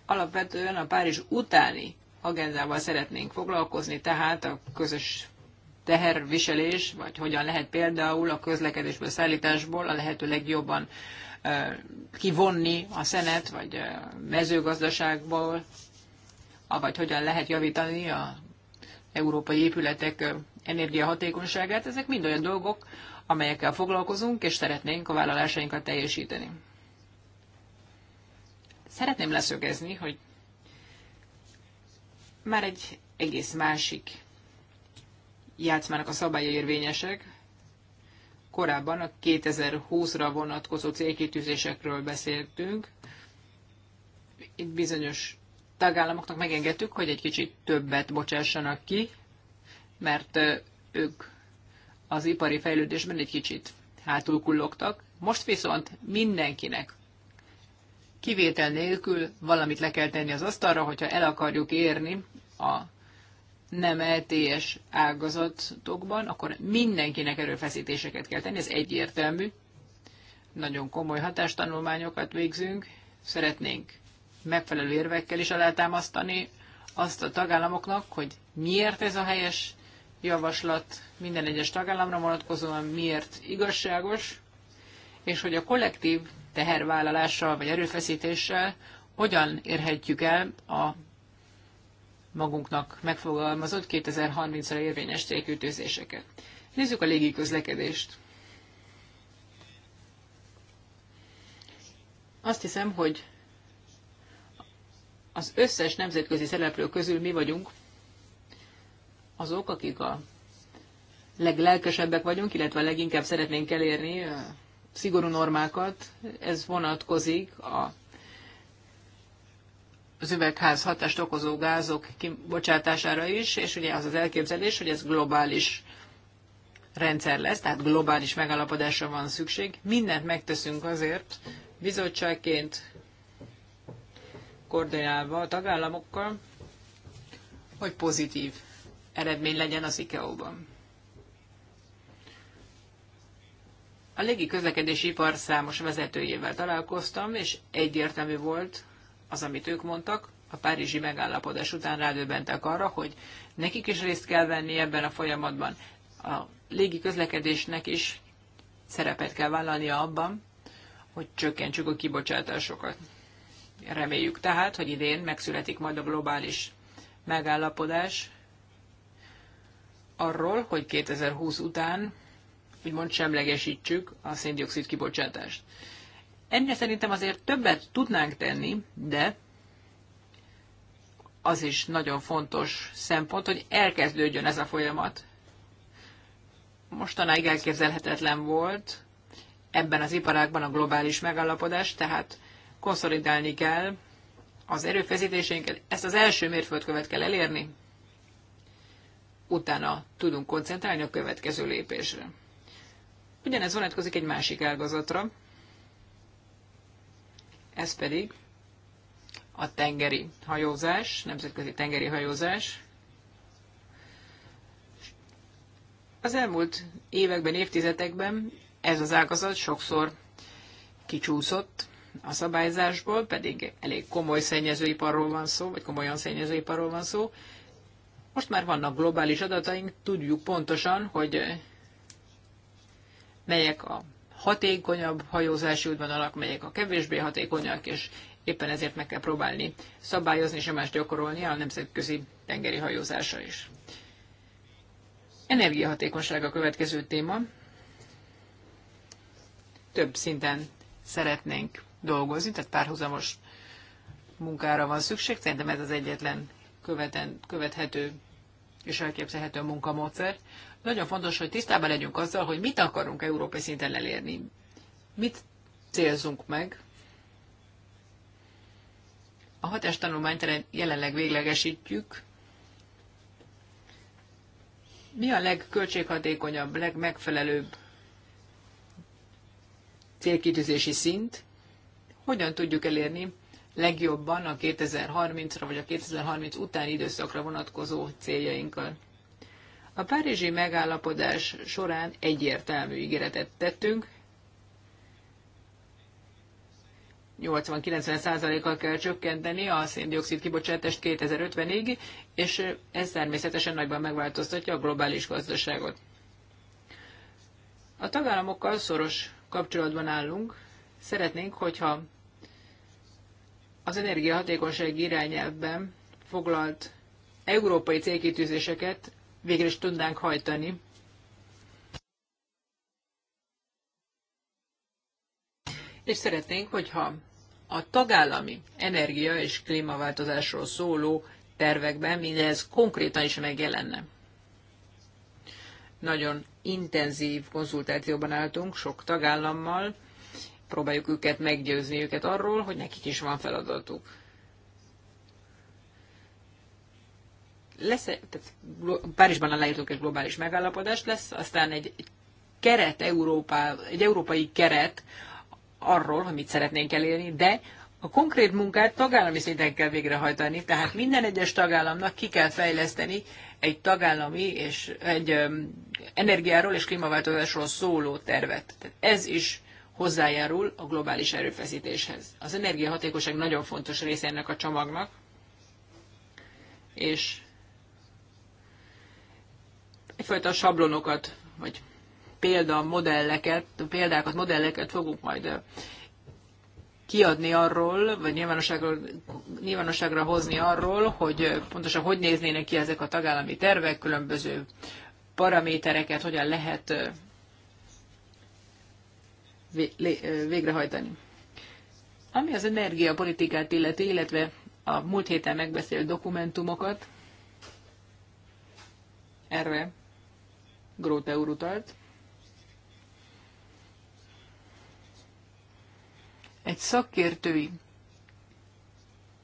S4: alapvetően a Párizs utáni agendával szeretnénk foglalkozni, tehát a közös teherviselés, vagy hogyan lehet például a közlekedésből, szállításból a lehető legjobban kivonni a szenet, vagy mezőgazdaságból, vagy hogyan lehet javítani a európai épületek energiahatékonyságát. Ezek mind olyan dolgok, amelyekkel foglalkozunk, és szeretnénk a vállalásainkat teljesíteni. Szeretném leszögezni, hogy már egy egész másik játszmának a szabályai érvényesek, korábban a 2020-ra vonatkozó célkitűzésekről beszéltünk. Itt bizonyos tagállamoknak megengedtük, hogy egy kicsit többet bocsássanak ki, mert ők az ipari fejlődésben egy kicsit hátul kullogtak. Most viszont mindenkinek kivétel nélkül valamit le kell tenni az asztalra, hogyha el akarjuk érni a nem LTS e ágazatokban, akkor mindenkinek erőfeszítéseket kell tenni, ez egyértelmű. Nagyon komoly hatástanulmányokat végzünk, szeretnénk megfelelő érvekkel is alátámasztani azt a tagállamoknak, hogy miért ez a helyes javaslat minden egyes tagállamra vonatkozóan, miért igazságos, és hogy a kollektív tehervállalással vagy erőfeszítéssel hogyan érhetjük el a magunknak megfogalmazott 2030-ra érvényes célkütőzéseket. Nézzük a légi közlekedést. Azt hiszem, hogy az összes nemzetközi szereplő közül mi vagyunk azok, akik a leglelkesebbek vagyunk, illetve leginkább szeretnénk elérni szigorú normákat. Ez vonatkozik a az üvegház hatást okozó gázok kibocsátására is, és ugye az az elképzelés, hogy ez globális rendszer lesz, tehát globális megalapodásra van szükség. Mindent megteszünk azért, bizottságként koordinálva a tagállamokkal, hogy pozitív eredmény legyen az ICAO-ban. A légi közlekedési ipar számos vezetőjével találkoztam, és egyértelmű volt, az, amit ők mondtak, a párizsi megállapodás után rádöbbentek arra, hogy nekik is részt kell venni ebben a folyamatban. A légi közlekedésnek is szerepet kell vállalnia abban, hogy csökkentsük a kibocsátásokat. Reméljük tehát, hogy idén megszületik majd a globális megállapodás arról, hogy 2020 után úgymond semlegesítsük a széndiokszid kibocsátást. Ennyi szerintem azért többet tudnánk tenni, de az is nagyon fontos szempont, hogy elkezdődjön ez a folyamat. Mostanáig elképzelhetetlen volt ebben az iparágban a globális megállapodás, tehát konszolidálni kell az erőfeszítéseinket. Ezt az első mérföldkövet kell elérni, utána tudunk koncentrálni a következő lépésre. Ugyanez vonatkozik egy másik ágazatra, ez pedig a tengeri hajózás, nemzetközi tengeri hajózás. Az elmúlt években, évtizedekben ez az ágazat sokszor kicsúszott a szabályzásból, pedig elég komoly szennyezőiparról van szó, vagy komolyan szennyezőiparról van szó. Most már vannak globális adataink, tudjuk pontosan, hogy melyek a hatékonyabb hajózási útvonalak, melyek a kevésbé hatékonyak, és éppen ezért meg kell próbálni szabályozni és más gyakorolni a nemzetközi tengeri hajózása is. Energiahatékonyság a következő téma. Több szinten szeretnénk dolgozni, tehát párhuzamos munkára van szükség. Szerintem ez az egyetlen követen, követhető és elképzelhető munkamódszer. Nagyon fontos, hogy tisztában legyünk azzal, hogy mit akarunk európai szinten elérni. Mit célzunk meg? A tanulmányt jelenleg véglegesítjük. Mi a legköltséghatékonyabb, legmegfelelőbb célkitűzési szint? Hogyan tudjuk elérni legjobban a 2030-ra vagy a 2030 utáni időszakra vonatkozó céljainkat. A párizsi megállapodás során egyértelmű ígéretet tettünk, 80-90%-kal kell csökkenteni a széndiokszid kibocsátást 2050-ig, és ez természetesen nagyban megváltoztatja a globális gazdaságot. A tagállamokkal szoros kapcsolatban állunk. Szeretnénk, hogyha az energiahatékonyság irányelvben foglalt európai célkitűzéseket végre is tudnánk hajtani. És szeretnénk, hogyha a tagállami energia és klímaváltozásról szóló tervekben mindez konkrétan is megjelenne. Nagyon intenzív konzultációban álltunk sok tagállammal, próbáljuk őket meggyőzni őket arról, hogy nekik is van feladatuk. lesz, tehát Párizsban aláírtunk egy globális megállapodást, lesz aztán egy, egy keret Európa egy európai keret arról, hogy mit szeretnénk elérni, de a konkrét munkát tagállami szinten kell végrehajtani, tehát minden egyes tagállamnak ki kell fejleszteni egy tagállami és egy um, energiáról és klímaváltozásról szóló tervet. Tehát ez is hozzájárul a globális erőfeszítéshez. Az energiahatékosság nagyon fontos része ennek a csomagnak, és egyfajta sablonokat, vagy példa modelleket, példákat, modelleket fogunk majd kiadni arról, vagy nyilvánosságra, nyilvánosságra hozni arról, hogy pontosan hogy néznének ki ezek a tagállami tervek, különböző paramétereket hogyan lehet végrehajtani. Ami az energiapolitikát illeti, illetve a múlt héten megbeszélt dokumentumokat, erre Gróte úr utalt. Egy szakértői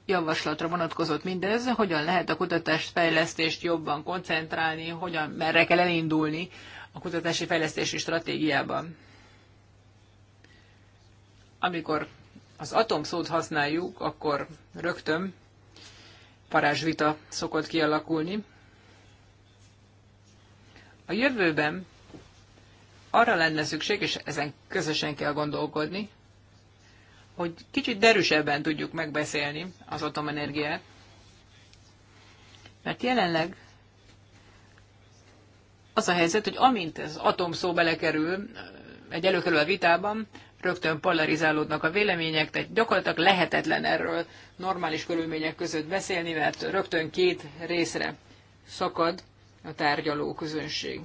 S4: javaslatra vonatkozott mindez, hogyan lehet a kutatást, fejlesztést jobban koncentrálni, hogyan, merre kell elindulni a kutatási fejlesztési stratégiában. Amikor az atom szót használjuk, akkor rögtön parázsvita szokott kialakulni. A jövőben arra lenne szükség, és ezen közösen kell gondolkodni, hogy kicsit derűsebben tudjuk megbeszélni az atomenergiát, mert jelenleg az a helyzet, hogy amint az atom szó belekerül, egy előkerül a vitában, rögtön polarizálódnak a vélemények, tehát gyakorlatilag lehetetlen erről normális körülmények között beszélni, mert rögtön két részre szakad a tárgyaló közönség.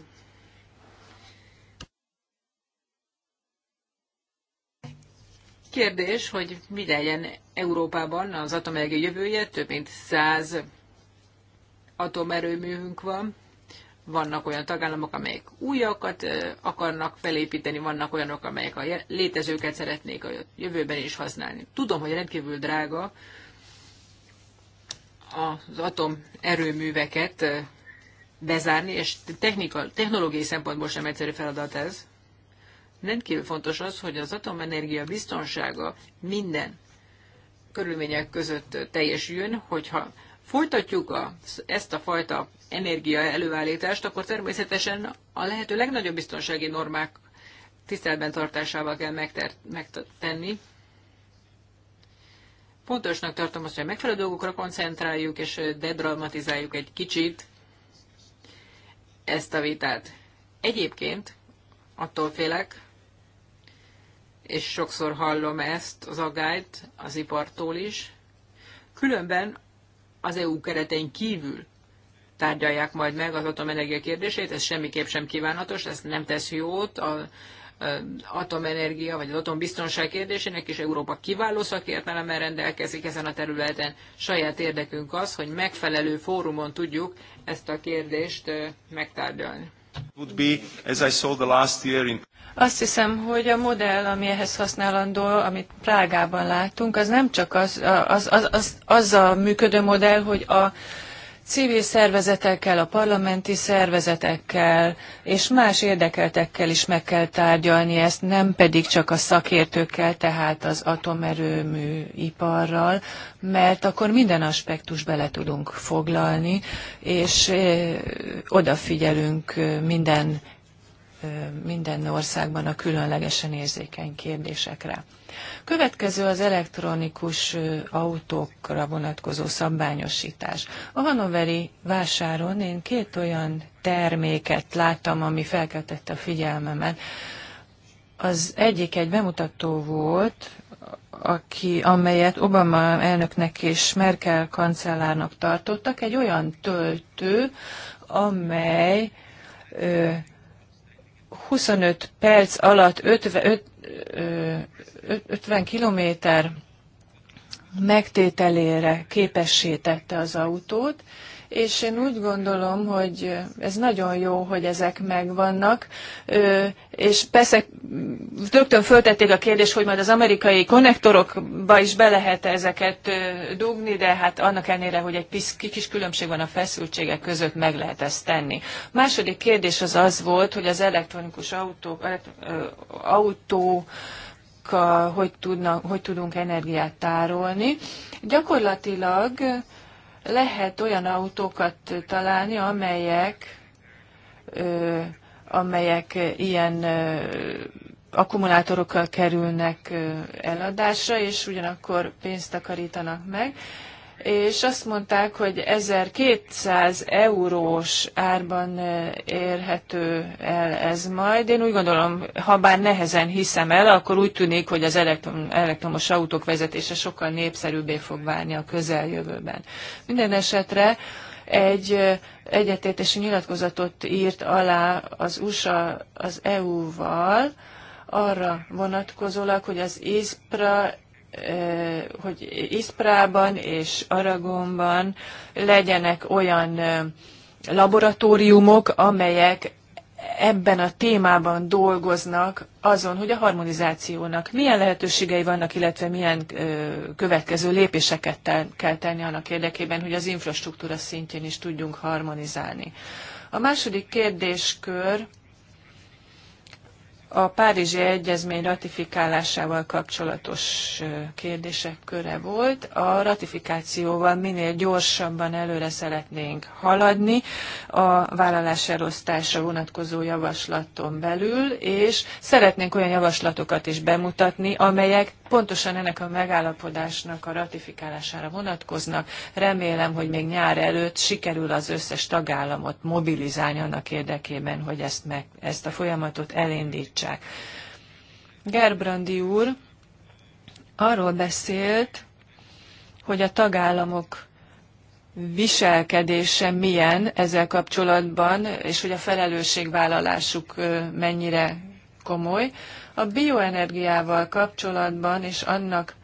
S4: Kérdés, hogy mi legyen Európában az atomenergia jövője, több mint száz atomerőműünk van, vannak olyan tagállamok, amelyek újakat akarnak felépíteni, vannak olyanok, amelyek a létezőket szeretnék a jövőben is használni. Tudom, hogy rendkívül drága az atomerőműveket bezárni, és technika, technológiai szempontból sem egyszerű feladat ez. Rendkívül fontos az, hogy az atomenergia biztonsága minden körülmények között teljesüljön, hogyha folytatjuk a, ezt a fajta energia előállítást, akkor természetesen a lehető legnagyobb biztonsági normák tiszteletben tartásával kell megtenni. Pontosnak tartom azt, hogy megfelelő dolgokra koncentráljuk, és dedramatizáljuk egy kicsit ezt a vitát. Egyébként attól félek, és sokszor hallom ezt az agályt az ipartól is, különben az EU keretein kívül tárgyalják majd meg az atomenergia kérdését, ez semmiképp sem kívánatos, ez nem tesz jót a atomenergia vagy az atombiztonság kérdésének, és Európa kiváló szakértelemmel rendelkezik ezen a területen. Saját érdekünk az, hogy megfelelő fórumon tudjuk ezt
S2: a kérdést megtárgyalni. Azt hiszem, hogy a modell, ami ehhez használandó, amit Prágában láttunk, az nem csak az, az, az, az, az a működő modell, hogy a civil szervezetekkel, a parlamenti szervezetekkel és más érdekeltekkel is meg kell tárgyalni ezt, nem pedig csak a szakértőkkel, tehát az atomerőmű iparral, mert akkor minden aspektus bele tudunk foglalni, és eh, odafigyelünk eh, minden minden országban a különlegesen érzékeny kérdésekre. Következő az elektronikus autókra vonatkozó szabványosítás. A hanoveri vásáron én két olyan terméket láttam, ami felkeltette a figyelmemet. Az egyik egy bemutató volt, aki, amelyet Obama elnöknek és Merkel kancellárnak tartottak, egy olyan töltő, amely ö, 25 perc alatt 50, 50 kilométer megtételére képessé tette az autót, és én úgy gondolom, hogy ez nagyon jó, hogy ezek megvannak, és persze rögtön föltették a kérdést, hogy majd az amerikai konnektorokba is be lehet ezeket dugni, de hát annak ellenére, hogy egy kis különbség van a feszültségek között, meg lehet ezt tenni. A második kérdés az az volt, hogy az elektronikus autók, autó hogy, tudnak, hogy tudunk energiát tárolni. Gyakorlatilag lehet olyan autókat találni, amelyek amelyek ilyen akkumulátorokkal kerülnek eladásra, és ugyanakkor pénzt takarítanak meg és azt mondták, hogy 1200 eurós árban érhető el ez majd. Én úgy gondolom, ha bár nehezen hiszem el, akkor úgy tűnik, hogy az elektromos autók vezetése sokkal népszerűbbé fog válni a közeljövőben. Minden esetre egy egyetértési nyilatkozatot írt alá az USA az EU-val, arra vonatkozólag, hogy az ISPRA hogy Iszprában és Aragonban legyenek olyan laboratóriumok, amelyek ebben a témában dolgoznak azon, hogy a harmonizációnak milyen lehetőségei vannak, illetve milyen következő lépéseket kell tenni annak érdekében, hogy az infrastruktúra szintjén is tudjunk harmonizálni. A második kérdéskör a Párizsi Egyezmény ratifikálásával kapcsolatos kérdések köre volt. A ratifikációval minél gyorsabban előre szeretnénk haladni a vállalás elosztása vonatkozó javaslaton belül, és szeretnénk olyan javaslatokat is bemutatni, amelyek pontosan ennek a megállapodásnak a ratifikálására vonatkoznak. Remélem, hogy még nyár előtt sikerül az összes tagállamot mobilizálni annak érdekében, hogy ezt, meg, ezt a folyamatot elindítsák. Gerbrandi úr arról beszélt, hogy a tagállamok viselkedése milyen ezzel kapcsolatban, és hogy a felelősségvállalásuk mennyire komoly. A bioenergiával kapcsolatban és annak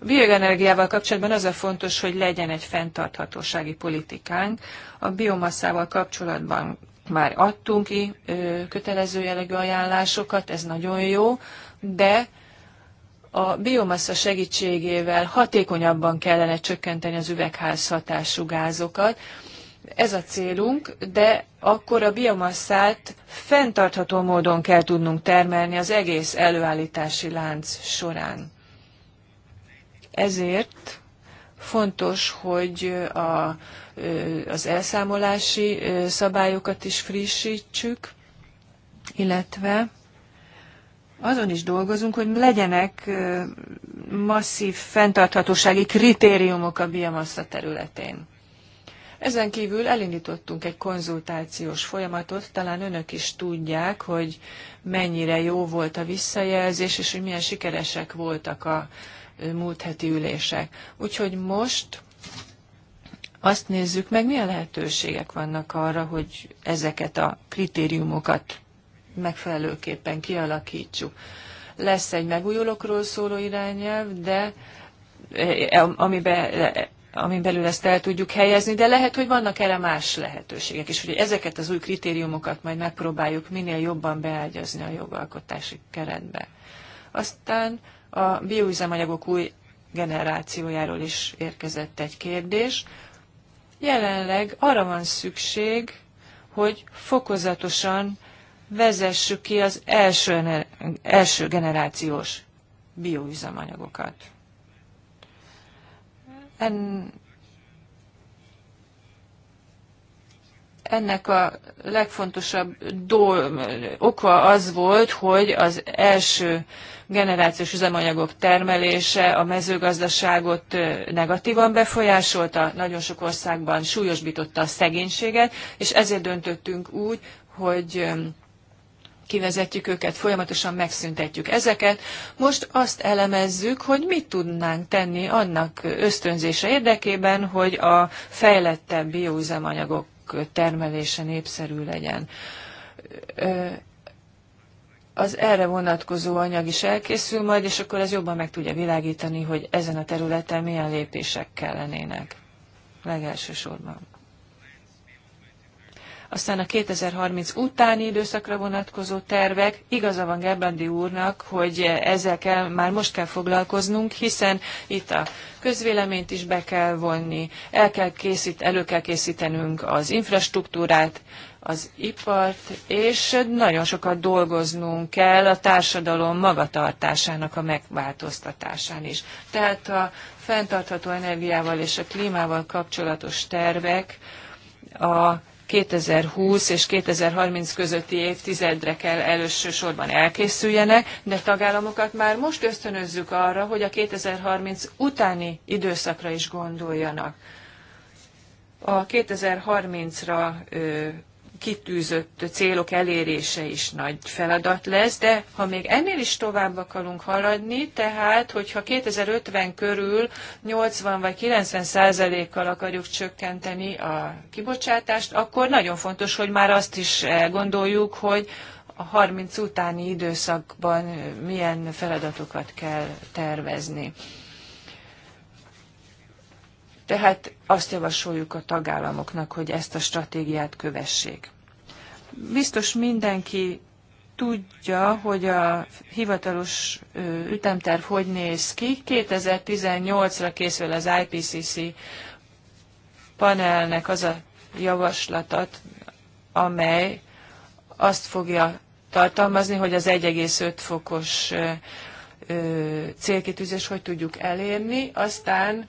S2: a bioenergiával kapcsolatban az a fontos, hogy legyen egy fenntarthatósági politikánk. A biomasszával kapcsolatban már adtunk ki kötelező jellegű ajánlásokat, ez nagyon jó, de a biomassa segítségével hatékonyabban kellene csökkenteni az üvegházhatású gázokat, ez a célunk, de akkor a biomasszát fenntartható módon kell tudnunk termelni az egész előállítási lánc során. Ezért fontos, hogy a, az elszámolási szabályokat is frissítsük, illetve azon is dolgozunk, hogy legyenek masszív fenntarthatósági kritériumok a biomassa területén. Ezen kívül elindítottunk egy konzultációs folyamatot, talán önök is tudják, hogy mennyire jó volt a visszajelzés, és hogy milyen sikeresek voltak a múlt heti ülések. Úgyhogy most azt nézzük meg, milyen lehetőségek vannak arra, hogy ezeket a kritériumokat megfelelőképpen kialakítsuk. Lesz egy megújulókról szóló irányelv, de e, e, amiben e, amin belül ezt el tudjuk helyezni, de lehet, hogy vannak erre más lehetőségek is, hogy ezeket az új kritériumokat majd megpróbáljuk minél jobban beágyazni a jogalkotási keretbe. Aztán a bioüzemanyagok új generációjáról is érkezett egy kérdés. Jelenleg arra van szükség, hogy fokozatosan vezessük ki az első, első generációs bioüzemanyagokat. En, ennek a legfontosabb dol, oka az volt, hogy az első generációs üzemanyagok termelése a mezőgazdaságot negatívan befolyásolta, nagyon sok országban súlyosbította a szegénységet, és ezért döntöttünk úgy, hogy kivezetjük őket, folyamatosan megszüntetjük ezeket. Most azt elemezzük, hogy mit tudnánk tenni annak ösztönzése érdekében, hogy a fejlettebb bioüzemanyagok termelése népszerű legyen az erre vonatkozó anyag is elkészül majd, és akkor ez jobban meg tudja világítani, hogy ezen a területen milyen lépések kellenének legelsősorban. Aztán a 2030 utáni időszakra vonatkozó tervek, igaza van Gebrandi úrnak, hogy ezzel kell, már most kell foglalkoznunk, hiszen itt a közvéleményt is be kell vonni, el kell készít, elő kell készítenünk az infrastruktúrát, az ipart, és nagyon sokat dolgoznunk kell a társadalom magatartásának a megváltoztatásán is. Tehát a fenntartható energiával és a klímával kapcsolatos tervek a 2020 és 2030 közötti évtizedre kell elsősorban elkészüljenek, de tagállamokat már most ösztönözzük arra, hogy a 2030 utáni időszakra is gondoljanak. A 2030-ra kitűzött célok elérése is nagy feladat lesz, de ha még ennél is tovább akarunk haladni, tehát hogyha 2050 körül 80 vagy 90 százalékkal akarjuk csökkenteni a kibocsátást, akkor nagyon fontos, hogy már azt is gondoljuk, hogy a 30 utáni időszakban milyen feladatokat kell tervezni. Tehát azt javasoljuk a tagállamoknak, hogy ezt a stratégiát kövessék. Biztos mindenki tudja, hogy a hivatalos ütemterv hogy néz ki. 2018-ra készül az IPCC panelnek az a javaslatot, amely azt fogja tartalmazni, hogy az 1,5 fokos célkitűzés hogy tudjuk elérni. Aztán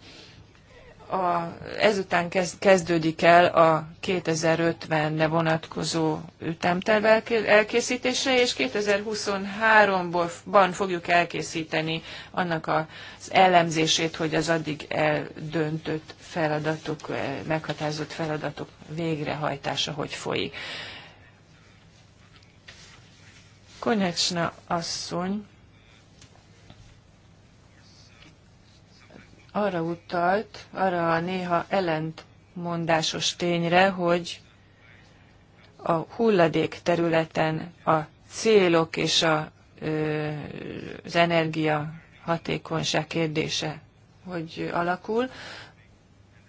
S2: a, ezután kezd, kezdődik el a 2050-re vonatkozó ütemterv elkészítése, és 2023-ban fogjuk elkészíteni annak az elemzését, hogy az addig eldöntött feladatok, eh, meghatározott feladatok végrehajtása hogy folyik. Konyecsna asszony arra utalt, arra a néha ellentmondásos tényre, hogy a hulladék területen a célok és a, az energia hatékonyság kérdése hogy alakul.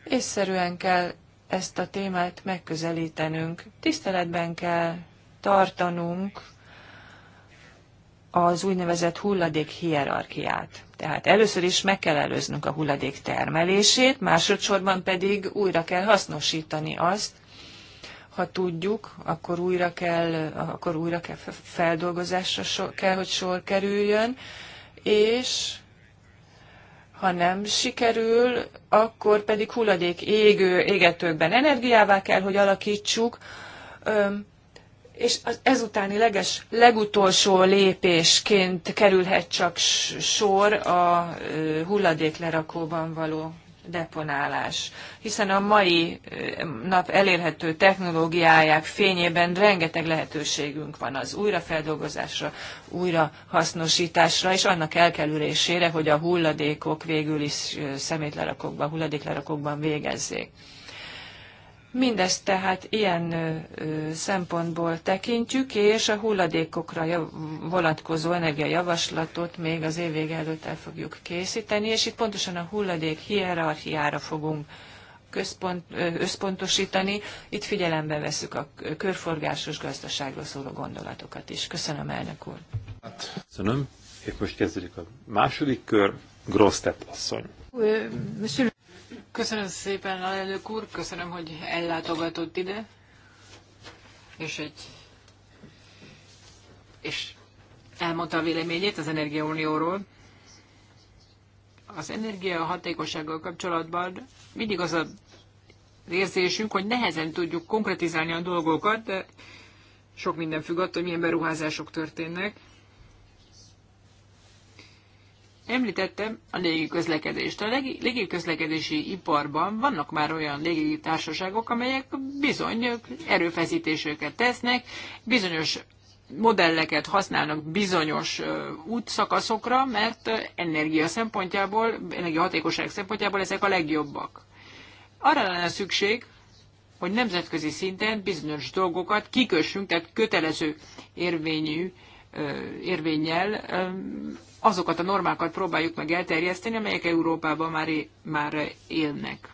S2: Észszerűen kell ezt a témát megközelítenünk. Tiszteletben kell tartanunk az úgynevezett hulladék hierarchiát. Tehát először is meg kell előznünk a hulladék termelését, másodszorban pedig újra kell hasznosítani azt, ha tudjuk, akkor újra kell, akkor újra kell feldolgozásra sor, kell, hogy sor kerüljön, és ha nem sikerül, akkor pedig hulladék égő, égetőkben energiává kell, hogy alakítsuk, és az ezutáni leges, legutolsó lépésként kerülhet csak sor a hulladéklerakóban való deponálás. Hiszen a mai nap elérhető technológiáják fényében rengeteg lehetőségünk van az újrafeldolgozásra, újrahasznosításra és annak elkerülésére, hogy a hulladékok végül is szemétlerakokban, hulladéklerakokban végezzék. Mindezt tehát ilyen szempontból tekintjük, és a hulladékokra vonatkozó energiajavaslatot még az év vége előtt el fogjuk készíteni, és itt pontosan a hulladék hierarchiára fogunk központ, összpontosítani. Itt figyelembe veszük a körforgásos gazdaságról szóló gondolatokat is. Köszönöm, elnök úr.
S3: Köszönöm. És most kezdődik a második kör. Grosztet asszony.
S6: Ö,
S4: Köszönöm szépen, elnök úr, köszönöm, hogy ellátogatott ide, és egy és elmondta a véleményét az Energiaunióról. Az energia hatékossággal kapcsolatban mindig az a érzésünk, hogy nehezen tudjuk konkretizálni a dolgokat, de sok minden függ attól, hogy milyen beruházások történnek. Említettem a légiközlekedést. A légiközlekedési iparban vannak már olyan légitársaságok, amelyek bizony erőfeszítéseket tesznek, bizonyos modelleket használnak bizonyos útszakaszokra, mert energia szempontjából, energia hatékosság szempontjából ezek a legjobbak. Arra lenne szükség, hogy nemzetközi szinten bizonyos dolgokat kikössünk, tehát kötelező érvényű érvényel azokat a normákat próbáljuk meg elterjeszteni, amelyek Európában már, már élnek.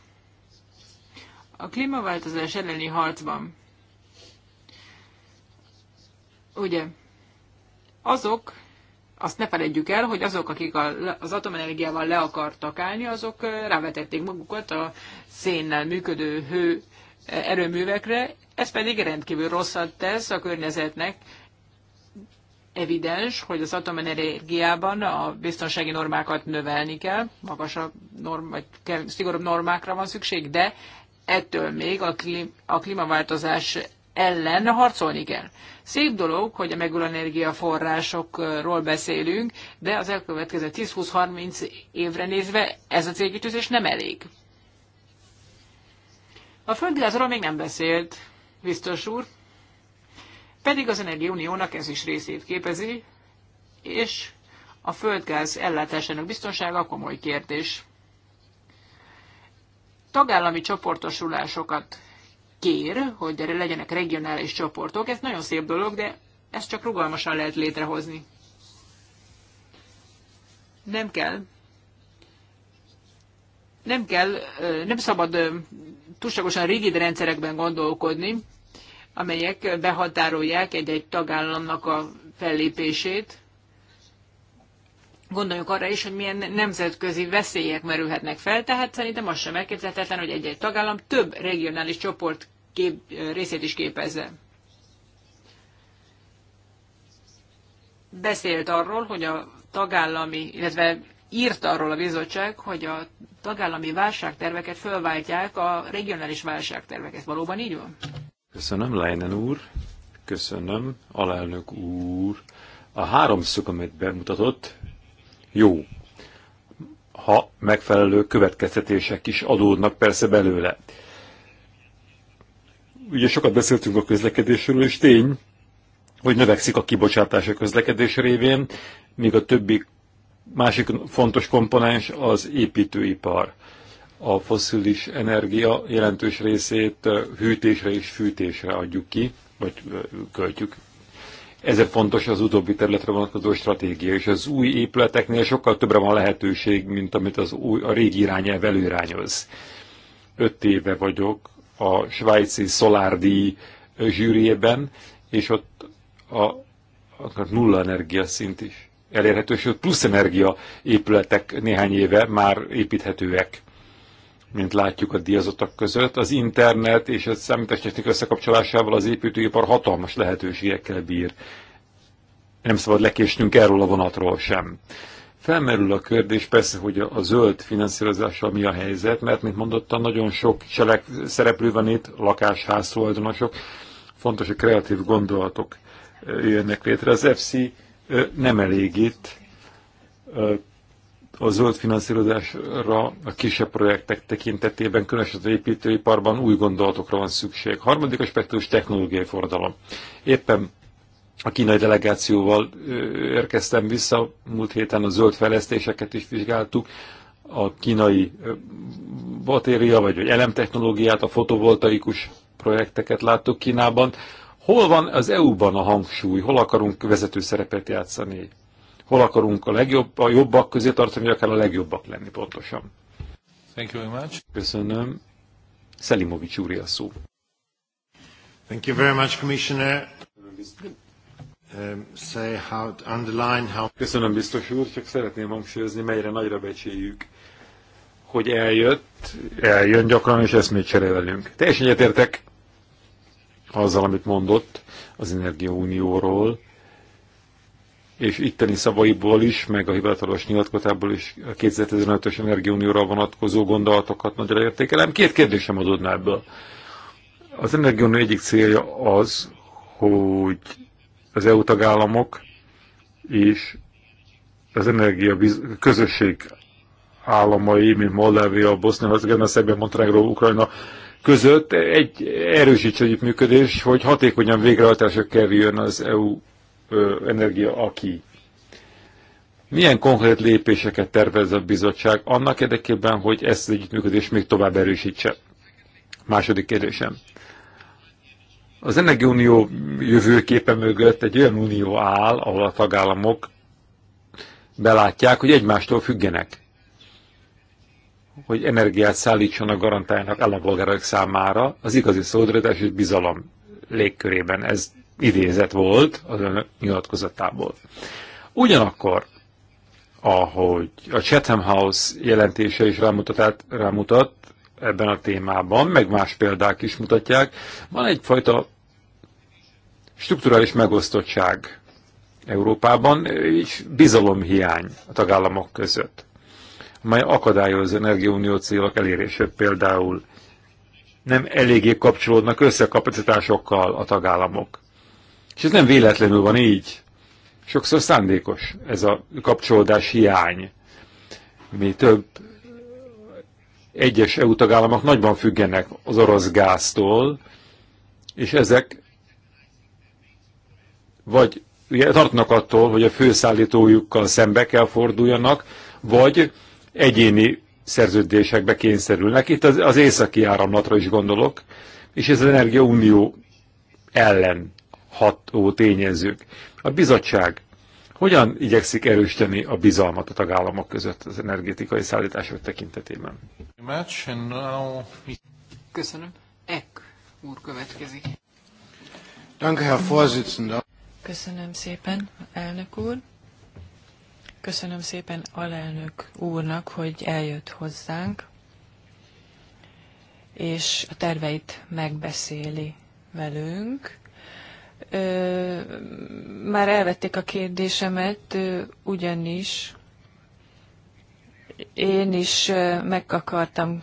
S4: A klímaváltozás elleni harcban ugye azok, azt ne felejtjük el, hogy azok, akik a, az atomenergiával le akartak állni, azok rávetették magukat a szénnel működő hő erőművekre, ez pedig rendkívül rosszat tesz a környezetnek, evidens, hogy az atomenergiában a biztonsági normákat növelni kell, magasabb norm, vagy kell, szigorúbb normákra van szükség, de ettől még a, klím, a klímaváltozás ellen harcolni kell. Szép dolog, hogy a megújuló energiaforrásokról beszélünk, de az elkövetkező 10-20-30 évre nézve ez a célkitűzés nem elég. A földgázról még nem beszélt, biztos úr. Pedig az Energiauniónak ez is részét képezi, és a földgáz ellátásának biztonsága komoly kérdés. Tagállami csoportosulásokat kér, hogy erre legyenek regionális csoportok. Ez nagyon szép dolog, de ezt csak rugalmasan lehet létrehozni. Nem kell. Nem kell, nem szabad túlságosan rigid rendszerekben gondolkodni, amelyek behatárolják egy-egy tagállamnak a fellépését. Gondoljuk arra is, hogy milyen nemzetközi veszélyek merülhetnek fel, tehát szerintem az sem elképzelhetetlen, hogy egy-egy tagállam több regionális csoport kép, részét is képezze. Beszélt arról, hogy a tagállami, illetve írt arról a bizottság, hogy a tagállami válságterveket fölváltják a regionális válságterveket. Valóban így van?
S3: Köszönöm, Leinen úr. Köszönöm, alelnök úr. A három szög, amit bemutatott, jó. Ha megfelelő következtetések is adódnak persze belőle. Ugye sokat beszéltünk a közlekedésről, és tény, hogy növekszik a kibocsátás a közlekedés révén, míg a többi másik fontos komponens az építőipar a foszilis energia jelentős részét hűtésre és fűtésre adjuk ki, vagy költjük. Ezért fontos az utóbbi területre vonatkozó stratégia, és az új épületeknél sokkal többre van lehetőség, mint amit az új, a régi irányelv előrányoz. Öt éve vagyok a svájci szolárdi zsűriében, és ott a, a nulla energia szint is elérhető, ott plusz energia épületek néhány éve már építhetőek mint látjuk a diazatok között. Az internet és a számítástechnika összekapcsolásával az építőipar hatalmas lehetőségekkel bír. Nem szabad lekésnünk erről a vonatról sem. Felmerül a kérdés persze, hogy a zöld finanszírozással mi a helyzet, mert, mint mondottam, nagyon sok cselek szereplő van itt, lakásház tulajdonosok, fontos, hogy kreatív gondolatok jönnek létre. Az FC nem elég itt a zöld finanszírozásra a kisebb projektek tekintetében, különösen az építőiparban új gondolatokra van szükség. Harmadik aspektus technológiai forradalom. Éppen a kínai delegációval érkeztem vissza, múlt héten a zöld fejlesztéseket is vizsgáltuk, a kínai batéria vagy, vagy elemtechnológiát, a fotovoltaikus projekteket láttuk Kínában. Hol van az EU-ban a hangsúly? Hol akarunk vezető szerepet játszani? hol akarunk a legjobb, a jobbak közé tartani, vagy akár a legjobbak lenni pontosan.
S5: Thank you
S1: very much.
S3: Köszönöm. Szelimovics úr a szó.
S1: Thank you very much, Commissioner. Um, say how, underline how...
S3: Köszönöm, biztos úr, csak szeretném hangsúlyozni, melyre nagyra becsüljük, hogy eljött, eljön gyakran, és ezt még cserél Teljesen egyetértek azzal, amit mondott az Energiaunióról, és itteni szavaiból is, meg a hivatalos nyilatkozatából is a 2015-ös energiaunióra vonatkozó gondolatokat nagyra értékelem. Két kérdésem adódná ebből. Az energiaunió egyik célja az, hogy az EU tagállamok és az energia közösség államai, mint Moldávia, Bosznia, hercegovina Szerbia, Montenegro, Ukrajna között egy erősíts együttműködés, hogy hatékonyan végrehajtásra kerüljön az EU ö, energia aki. Milyen konkrét lépéseket tervez a bizottság annak érdekében, hogy ezt az együttműködést még tovább erősítse? Második kérdésem. Az Energiaunió jövőképe mögött egy olyan unió áll, ahol a tagállamok belátják, hogy egymástól függenek. Hogy energiát szállítsanak, garantáljanak állampolgárok számára, az igazi szolidaritás és bizalom légkörében. Ez idézet volt az ön nyilatkozatából. Ugyanakkor, ahogy a Chatham House jelentése is rámutat, rámutat ebben a témában, meg más példák is mutatják, van egyfajta strukturális megosztottság Európában, és bizalomhiány a tagállamok között, amely akadályoz energiaunió célok elérését például. Nem eléggé kapcsolódnak össze a tagállamok. És ez nem véletlenül van így. Sokszor szándékos ez a kapcsolódás hiány. Mi több egyes EU tagállamok nagyban függenek az orosz gáztól, és ezek vagy ugye, tartnak attól, hogy a főszállítójukkal szembe kell forduljanak, vagy egyéni szerződésekbe kényszerülnek. Itt az, az északi áramlatra is gondolok, és ez az energiaunió ellen ható tényezők. A bizottság hogyan igyekszik erősíteni a bizalmat a tagállamok között az energetikai szállítások tekintetében?
S4: Köszönöm.
S2: Ek úr
S4: következik.
S2: Köszönöm szépen, elnök úr. Köszönöm szépen alelnök úrnak, hogy eljött hozzánk, és a terveit megbeszéli velünk már elvették a kérdésemet, ugyanis én is meg akartam,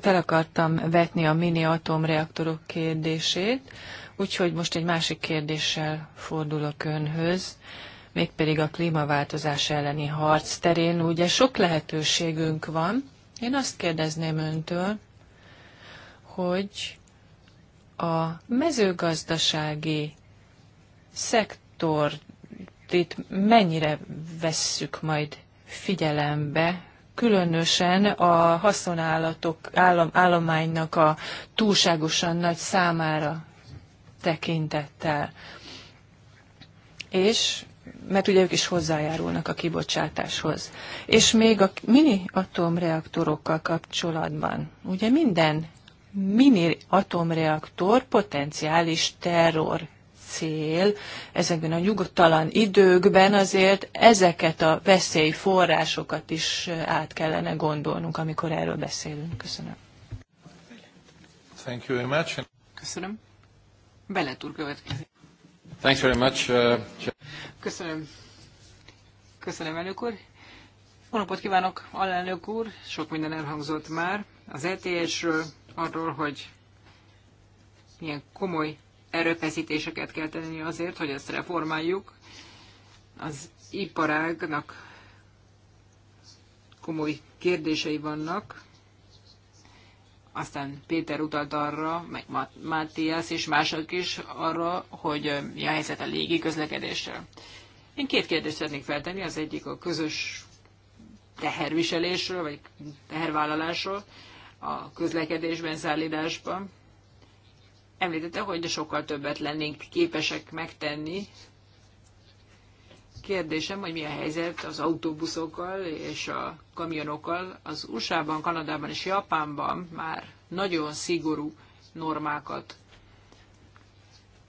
S2: fel akartam vetni a mini atomreaktorok kérdését, úgyhogy most egy másik kérdéssel fordulok önhöz, mégpedig a klímaváltozás elleni harc terén. Ugye sok lehetőségünk van. Én azt kérdezném öntől, hogy a mezőgazdasági szektort itt mennyire vesszük majd figyelembe, különösen a haszonállatok állom, állománynak a túlságosan nagy számára tekintettel. És mert ugye ők is hozzájárulnak a kibocsátáshoz. És még a mini atomreaktorokkal kapcsolatban, ugye minden mini atomreaktor potenciális terror cél ezekben a nyugodtalan időkben, azért ezeket a veszélyforrásokat is át kellene gondolnunk, amikor erről beszélünk. Köszönöm.
S1: Thank you very much.
S4: Köszönöm. Beletúr következik. Thanks very much. Uh... Köszönöm. Köszönöm, elnök úr. Jó napot kívánok, alelnök úr. Sok minden elhangzott már. Az ETS-ről, arról, hogy milyen komoly erőfeszítéseket kell tenni azért, hogy ezt reformáljuk. Az iparágnak komoly kérdései vannak. Aztán Péter utalt arra, meg Mátiás és mások is arra, hogy mi a helyzet a légi közlekedéssel. Én két kérdést szeretnék feltenni, az egyik a közös teherviselésről, vagy tehervállalásról a közlekedésben, szállításban. Említette, hogy sokkal többet lennénk képesek megtenni. Kérdésem, hogy mi a helyzet az autóbuszokkal és a kamionokkal. Az USA-ban, Kanadában és Japánban már nagyon szigorú normákat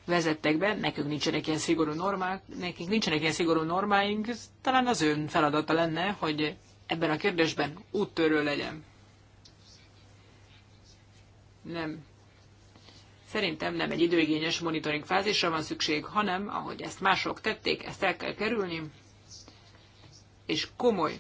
S4: vezettek be, nekünk nincsenek ilyen szigorú normák, nekünk nincsenek ilyen szigorú normáink, talán az ön feladata lenne, hogy ebben a kérdésben úttörő legyen nem Szerintem nem egy időigényes monitoring fázisra van szükség, hanem, ahogy ezt mások tették, ezt el kell kerülni, és komoly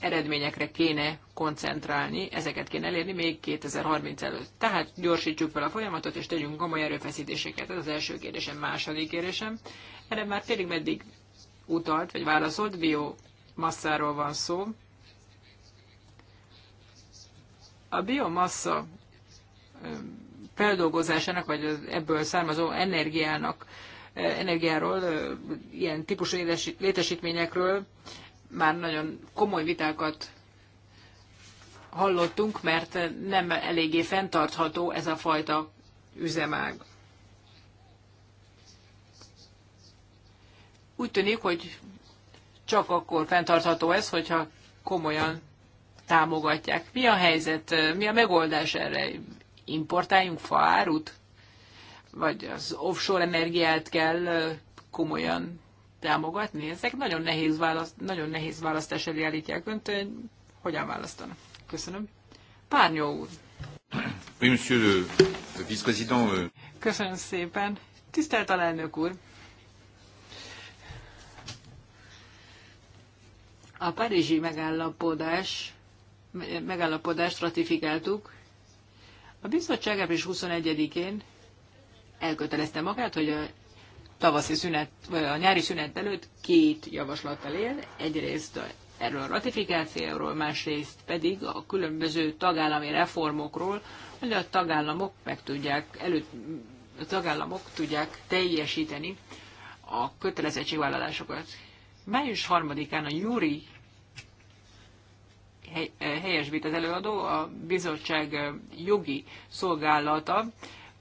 S4: eredményekre kéne koncentrálni, ezeket kéne elérni még 2030 előtt. Tehát gyorsítsuk fel a folyamatot, és tegyünk komoly erőfeszítéseket. Ez az első kérdésem, második kérdésem. Erre már félig meddig utalt, vagy válaszolt, biomasszáról van szó. A biomassa feldolgozásának, vagy az ebből származó energiának, energiáról, ilyen típusú létesítményekről már nagyon komoly vitákat hallottunk, mert nem eléggé fenntartható ez a fajta üzemág. Úgy tűnik, hogy csak akkor fenntartható ez, hogyha komolyan támogatják. Mi a helyzet, mi a megoldás erre? Importáljunk faárut? Vagy az offshore energiát kell komolyan támogatni? Ezek nagyon nehéz, választ, nagyon nehéz választás elé állítják önt. Hogyan választanak? Köszönöm. Párnyó úr.
S5: Oui, monsieur le, vice-président. Euh.
S4: Köszönöm szépen. Tisztelt alelnök úr! A párizsi megállapodás megállapodást ratifikáltuk. A bizottság április 21-én elkötelezte magát, hogy a tavaszi szünet, vagy a nyári szünet előtt két javaslattal él. Egyrészt erről a ratifikációról, másrészt pedig a különböző tagállami reformokról, hogy a tagállamok meg tudják, előtt, a tagállamok tudják teljesíteni a kötelezettségvállalásokat. Május 3-án a Júri Eh, helyesbít az előadó, a bizottság eh, jogi szolgálata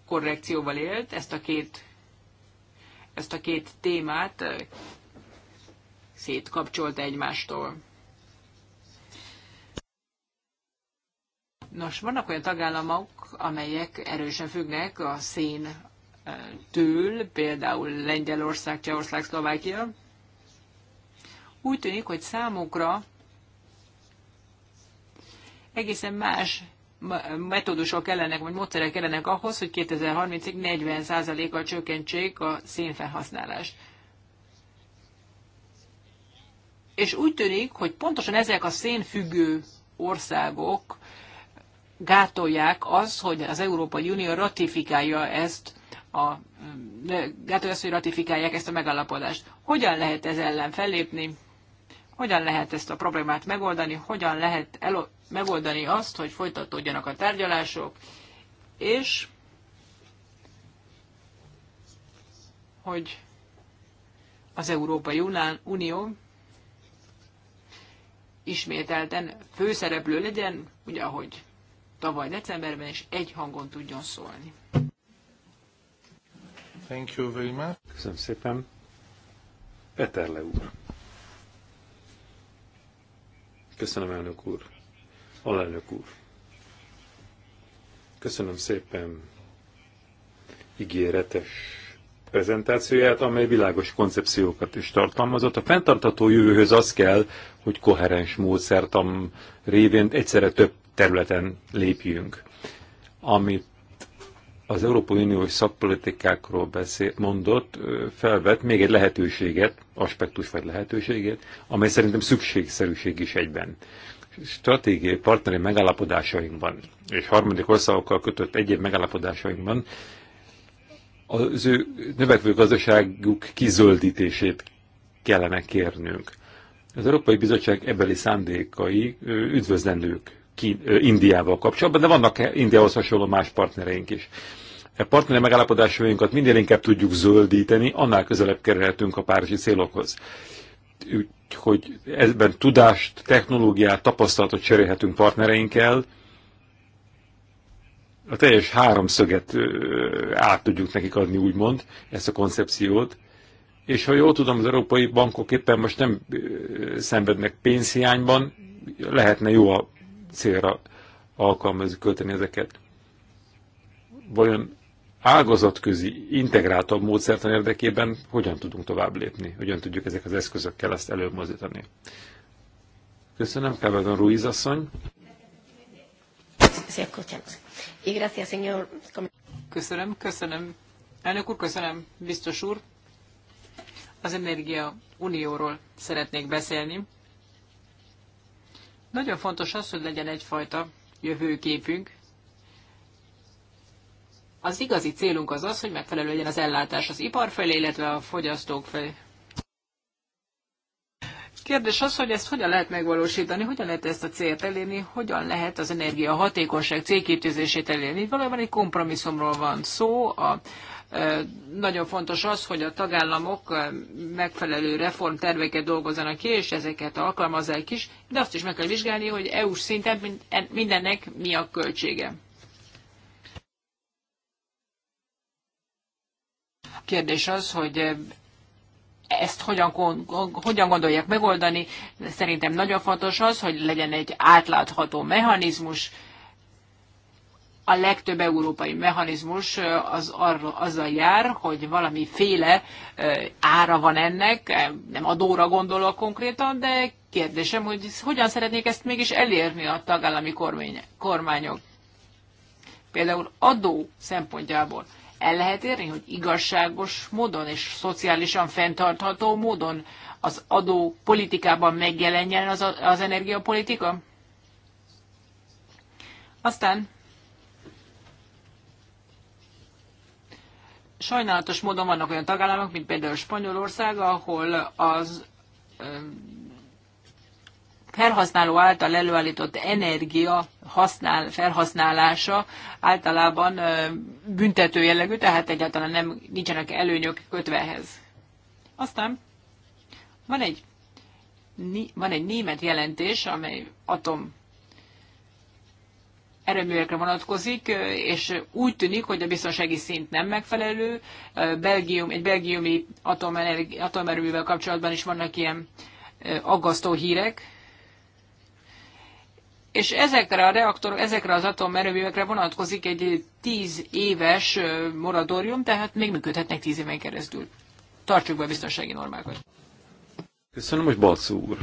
S4: korrekcióval élt, ezt a két, ezt a két témát eh, szétkapcsolta egymástól. Nos, vannak olyan tagállamok, amelyek erősen függnek a szén től, például Lengyelország, Csehország, Szlovákia. Úgy tűnik, hogy számukra egészen más metódusok kellenek, vagy módszerek kellenek ahhoz, hogy 2030-ig 40%-kal csökkentsék a szénfelhasználást. És úgy tűnik, hogy pontosan ezek a szénfüggő országok gátolják az, hogy az Európai Unió ratifikálja ezt a gátolja azt, hogy ratifikálják ezt a megállapodást. Hogyan lehet ez ellen fellépni? Hogyan lehet ezt a problémát megoldani? Hogyan lehet el megoldani azt, hogy folytatódjanak a tárgyalások, és hogy az Európai Unió ismételten főszereplő legyen, ugye ahogy tavaly decemberben, is egy hangon tudjon szólni.
S3: Thank you very much. Köszönöm szépen. Peterle úr. Köszönöm, elnök úr. Alelnök úr. Köszönöm szépen ígéretes prezentációját, amely világos koncepciókat is tartalmazott. A fenntartató jövőhöz az kell, hogy koherens módszertam révén egyszerre több területen lépjünk. Amit az Európai Uniós szakpolitikákról beszél, mondott, felvet még egy lehetőséget, aspektus vagy lehetőséget, amely szerintem szükségszerűség is egyben stratégiai partneri megállapodásainkban és harmadik országokkal kötött egyéb megállapodásainkban az ő növekvő gazdaságuk kizöldítését kellene kérnünk. Az Európai Bizottság ebeli szándékai üdvözlendők ki, Indiával kapcsolatban, de vannak e-, Indiához hasonló más partnereink is. E partneri megállapodásainkat minél inkább tudjuk zöldíteni, annál közelebb kerülhetünk a párizsi célokhoz hogy ebben tudást, technológiát, tapasztalatot cserélhetünk partnereinkkel, a teljes háromszöget át tudjuk nekik adni, úgymond, ezt a koncepciót. És ha jól tudom, az európai bankok éppen most nem szenvednek pénzhiányban, lehetne jó a célra alkalmazni, költeni ezeket. Vajon ágazatközi, integráltabb módszertan érdekében hogyan tudunk tovább lépni, hogyan tudjuk ezek az eszközökkel ezt előmozdítani. Köszönöm, Kávedon Ruiz asszony.
S4: Köszönöm, köszönöm. Elnök úr, köszönöm, biztos úr. Az Energia Unióról szeretnék beszélni. Nagyon fontos az, hogy legyen egyfajta jövőképünk, az igazi célunk az az, hogy megfelelő legyen az ellátás az ipar felé, illetve a fogyasztók felé. Kérdés az, hogy ezt hogyan lehet megvalósítani, hogyan lehet ezt a célt elérni, hogyan lehet az energia hatékonyság célkítőzését elérni. Valójában egy kompromisszumról van szó. A, nagyon fontos az, hogy a tagállamok megfelelő reformterveket dolgozzanak ki, és ezeket alkalmazzák is, de azt is meg kell vizsgálni, hogy EU-s szinten mindennek mi a költsége. Kérdés az, hogy eh, ezt hogyan, hogyan gondolják megoldani. Szerintem nagyon fontos az, hogy legyen egy átlátható mechanizmus. A legtöbb európai mechanizmus eh, az arra, azzal jár, hogy valamiféle eh, ára van ennek, nem adóra gondolok konkrétan, de kérdésem, hogy hogyan szeretnék ezt mégis elérni a tagállami kormányok. Például adó szempontjából el lehet érni, hogy igazságos módon és szociálisan fenntartható módon az adó politikában megjelenjen az, az energiapolitika? Aztán sajnálatos módon vannak olyan tagállamok, mint például Spanyolország, ahol az felhasználó által előállított energia használ, felhasználása általában büntető jellegű, tehát egyáltalán nem, nincsenek előnyök kötvehez. Aztán van egy, van egy német jelentés, amely atom erőművekre vonatkozik, és úgy tűnik, hogy a biztonsági szint nem megfelelő. Belgium, egy belgiumi atomerőművel kapcsolatban is vannak ilyen aggasztó hírek, és ezekre a reaktorok, ezekre az atomerőművekre vonatkozik egy 10 éves moratórium, tehát még működhetnek 10 éven keresztül. Tartsuk be a biztonsági normákat.
S3: Köszönöm, hogy Balcú úr.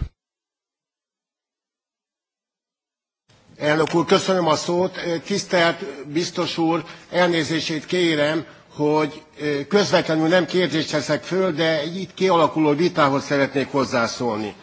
S7: Elnök úr, köszönöm a szót. Tisztelt biztos úr, elnézését kérem, hogy közvetlenül nem kérdést teszek föl, de itt kialakuló vitához szeretnék hozzászólni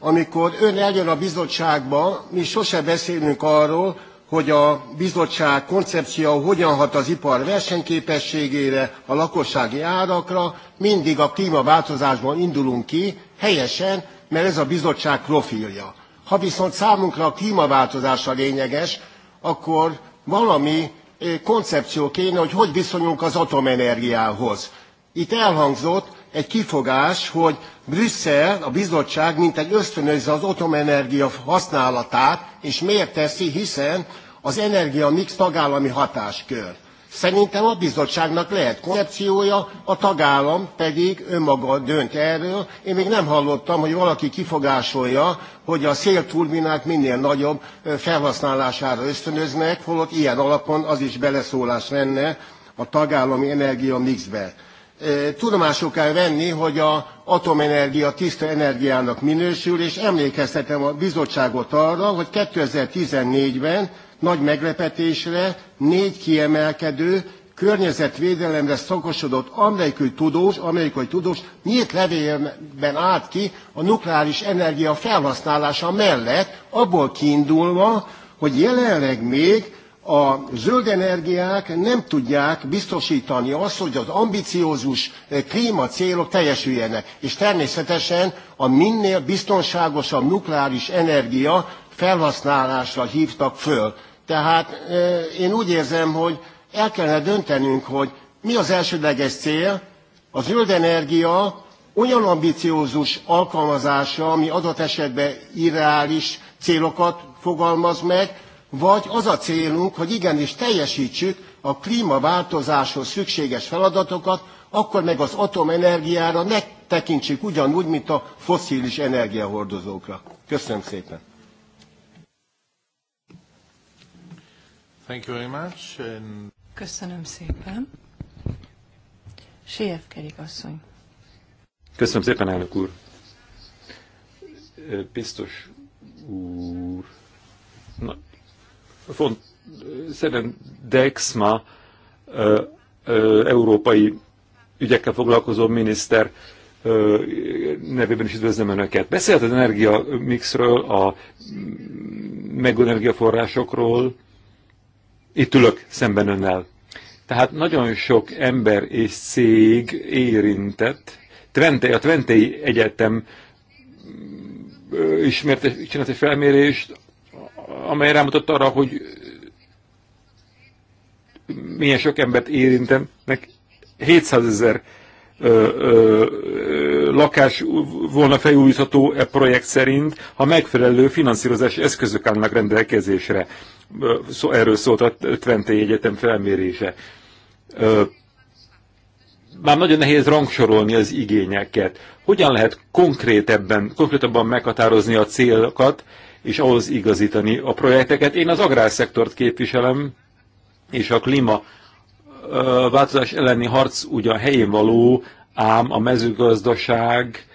S7: amikor ön eljön a bizottságba, mi sose beszélünk arról, hogy a bizottság koncepció hogyan hat az ipar versenyképességére, a lakossági árakra, mindig a klímaváltozásban indulunk ki, helyesen, mert ez a bizottság profilja. Ha viszont számunkra a klímaváltozás a lényeges, akkor valami eh, koncepció kéne, hogy hogy viszonyunk az atomenergiához. Itt elhangzott, egy kifogás, hogy Brüsszel, a bizottság mintegy ösztönözze az atomenergia használatát, és miért teszi, hiszen az energiamix tagállami hatáskör. Szerintem a bizottságnak lehet koncepciója, a tagállam pedig önmaga dönt erről. Én még nem hallottam, hogy valaki kifogásolja, hogy a szélturbinák minél nagyobb felhasználására ösztönöznek, holott ilyen alapon az is beleszólás lenne a tagállami energia mixbe tudomásul kell venni, hogy a atomenergia tiszta energiának minősül, és emlékeztetem a bizottságot arra, hogy 2014-ben nagy meglepetésre négy kiemelkedő környezetvédelemre szakosodott amerikai tudós, amerikai tudós nyílt levélben állt ki a nukleáris energia felhasználása mellett, abból kiindulva, hogy jelenleg még a zöld energiák nem tudják biztosítani azt, hogy az ambiciózus eh, klímacélok teljesüljenek. És természetesen a minél biztonságosabb nukleáris energia felhasználásra hívtak föl. Tehát eh, én úgy érzem, hogy el kellene döntenünk, hogy mi az elsődleges cél, a zöld energia olyan ambiciózus alkalmazása, ami adott esetben irreális célokat fogalmaz meg, vagy az a célunk, hogy igenis teljesítsük a klímaváltozáshoz szükséges feladatokat, akkor meg az atomenergiára ne tekintsük ugyanúgy, mint a fosszilis energiahordozókra. Köszönöm szépen!
S5: Thank you very much. And...
S2: Köszönöm szépen. Séjev Kerik asszony.
S3: Köszönöm szépen, elnök úr. Biztos úr. Na, font, szerintem Dexma ö, ö, európai ügyekkel foglalkozó miniszter ö, nevében is üdvözlöm Önöket. Beszélt az energiamixről, a megenergiaforrásokról. Itt ülök szemben Önnel. Tehát nagyon sok ember és cég érintett. Twente, a Twentei Egyetem ismerte, csinált egy felmérést, amely rámutat arra, hogy milyen sok embert érintenek. 700 ezer lakás volna felújítható e projekt szerint, ha megfelelő finanszírozási eszközök állnak rendelkezésre. Szó, erről szólt a Twente Egyetem felmérése. Ö, már nagyon nehéz rangsorolni az igényeket. Hogyan lehet konkrétebben, konkrétabban meghatározni a célokat, és ahhoz igazítani a projekteket. Én az agrárszektort képviselem, és a klíma változás elleni harc ugyan helyén való, ám a mezőgazdaság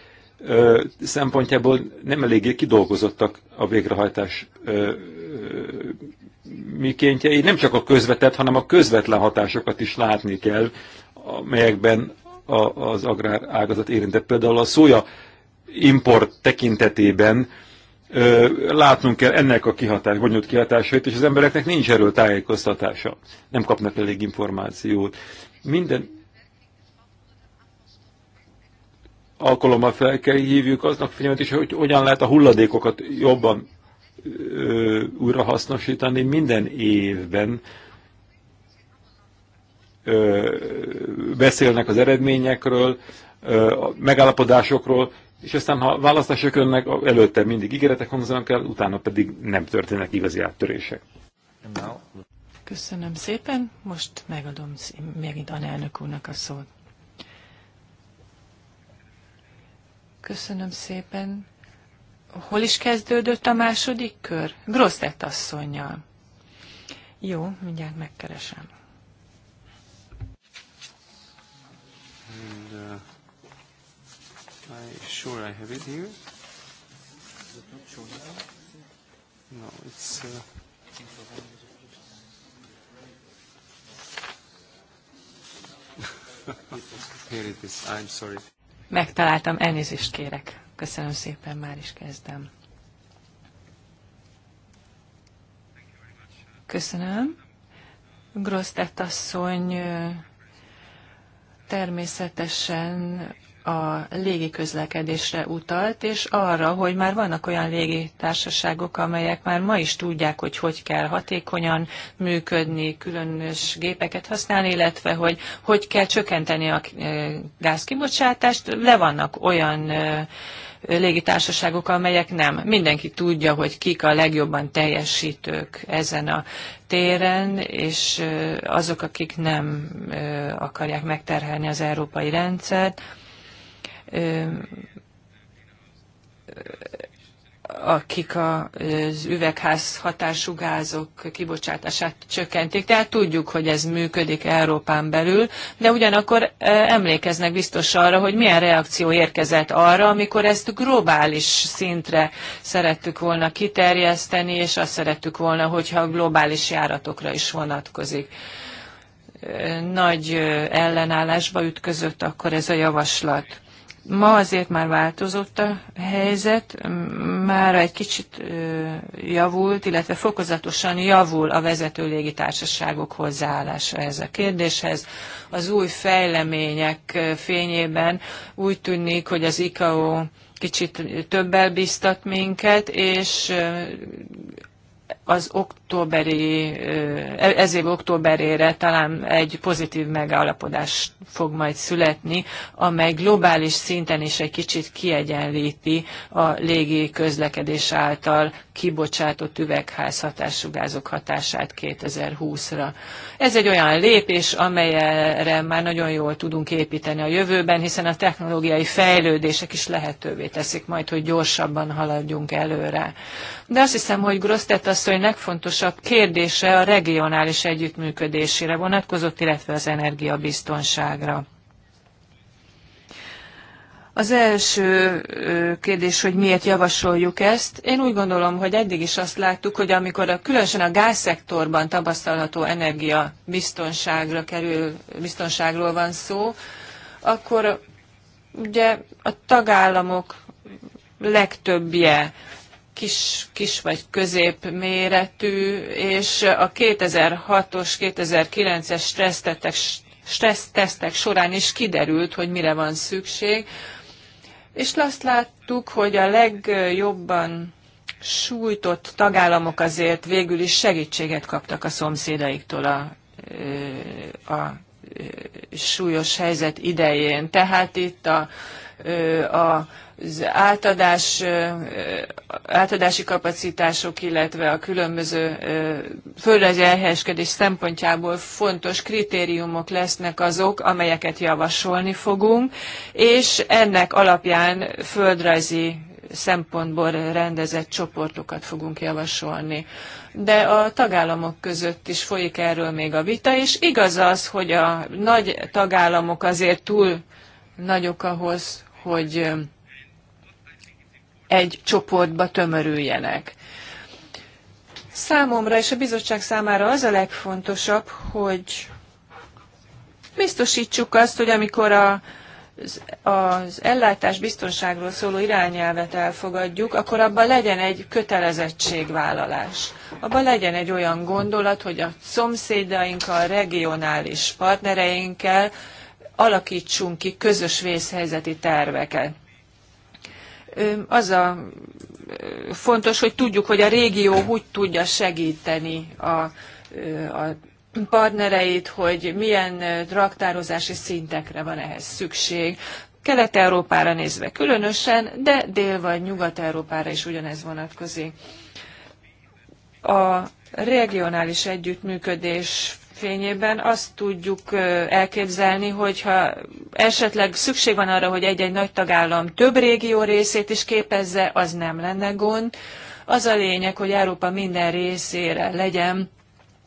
S3: szempontjából nem eléggé kidolgozottak a végrehajtás mikéntjei. Nem csak a közvetett, hanem a közvetlen hatásokat is látni kell, amelyekben az agrár ágazat érintett. Például a szója import tekintetében látnunk kell ennek a kihatás, bonyolult kihatásait, és az embereknek nincs erről tájékoztatása. Nem kapnak elég információt. Minden alkalommal fel kell hívjuk aznak figyelmet is, hogy hogyan lehet a hulladékokat jobban ö, újra hasznosítani minden évben, beszélnek az eredményekről, megállapodásokról, és aztán ha választások önnek, előtte mindig ígéretek hangzanak el, utána pedig nem történnek igazi áttörések.
S2: Köszönöm szépen, most megadom megint a elnök úrnak a szót. Köszönöm szépen. Hol is kezdődött a második kör? Grosszett asszonynal. Jó, mindjárt megkeresem.
S1: And, uh... I sure I have it here. No, it's. Uh,
S3: here it is. I'm sorry.
S2: Megtaláltam, elnézést kérek. Köszönöm szépen, már is kezdem. Köszönöm. Grosztett asszony természetesen a légiközlekedésre utalt, és arra, hogy már vannak olyan légitársaságok, amelyek már ma is tudják, hogy hogy kell hatékonyan működni, különös gépeket használni, illetve hogy hogy kell csökkenteni a eh, gázkibocsátást. Le vannak olyan eh, légitársaságok, amelyek nem. Mindenki tudja, hogy kik a legjobban teljesítők ezen a téren, és eh, azok, akik nem akarják megterhelni az európai rendszert akik az üvegház hatású gázok kibocsátását csökkentik. Tehát tudjuk, hogy ez működik Európán belül, de ugyanakkor emlékeznek biztos arra, hogy milyen reakció érkezett arra, amikor ezt globális szintre szerettük volna kiterjeszteni, és azt szerettük volna, hogyha globális járatokra is vonatkozik. Nagy ellenállásba ütközött akkor ez a javaslat. Ma azért már változott a helyzet, már egy kicsit javult, illetve fokozatosan javul a vezető légitársaságok hozzáállása ez a kérdéshez. Az új fejlemények fényében úgy tűnik, hogy az ICAO kicsit többel biztat minket, és az októberi, e-, ez év októberére talán egy pozitív megállapodás fog majd születni, amely globális szinten is egy kicsit kiegyenlíti a légi közlekedés által kibocsátott üvegházhatású gázok hatását 2020-ra. Ez egy olyan lépés, amelyre már nagyon jól tudunk építeni a jövőben, hiszen a technológiai fejlődések is lehetővé teszik majd, hogy gyorsabban haladjunk előre de azt hiszem, hogy Grosztett asszony legfontosabb kérdése a regionális együttműködésére vonatkozott, illetve az energiabiztonságra. Az első kérdés, hogy miért javasoljuk ezt. Én úgy gondolom, hogy eddig is azt láttuk, hogy amikor a, különösen a gázszektorban tapasztalható energia biztonságra kerül, biztonságról van szó, akkor ugye a tagállamok legtöbbje kis, kis vagy méretű és a 2006-os, 2009-es stressztetek, stressztesztek során is kiderült, hogy mire van szükség. És azt láttuk, hogy a legjobban sújtott tagállamok azért végül is segítséget kaptak a szomszédaiktól a, a súlyos helyzet idején. Tehát itt a az átadás, átadási kapacitások, illetve a különböző földrajzi elhelyezkedés szempontjából fontos kritériumok lesznek azok, amelyeket javasolni fogunk, és ennek alapján földrajzi szempontból rendezett csoportokat fogunk javasolni. De a tagállamok között is folyik erről még a vita, és igaz az, hogy a nagy tagállamok azért túl nagyok ahhoz, hogy egy csoportba tömörüljenek. Számomra és a bizottság számára az a legfontosabb, hogy biztosítsuk azt, hogy amikor a, az, az ellátás biztonságról szóló irányelvet elfogadjuk, akkor abban legyen egy kötelezettségvállalás. Abban legyen egy olyan gondolat, hogy a szomszédainkkal, regionális partnereinkkel alakítsunk ki közös vészhelyzeti terveket. Az a fontos, hogy tudjuk, hogy a régió hogy tudja segíteni a, a partnereit, hogy milyen raktározási szintekre van ehhez szükség. Kelet-Európára nézve különösen, de Dél- vagy Nyugat-Európára is ugyanez vonatkozik. A regionális együttműködés fényében azt tudjuk elképzelni, hogyha esetleg szükség van arra, hogy egy-egy nagy tagállam több régió részét is képezze, az nem lenne gond. Az a lényeg, hogy Európa minden részére legyen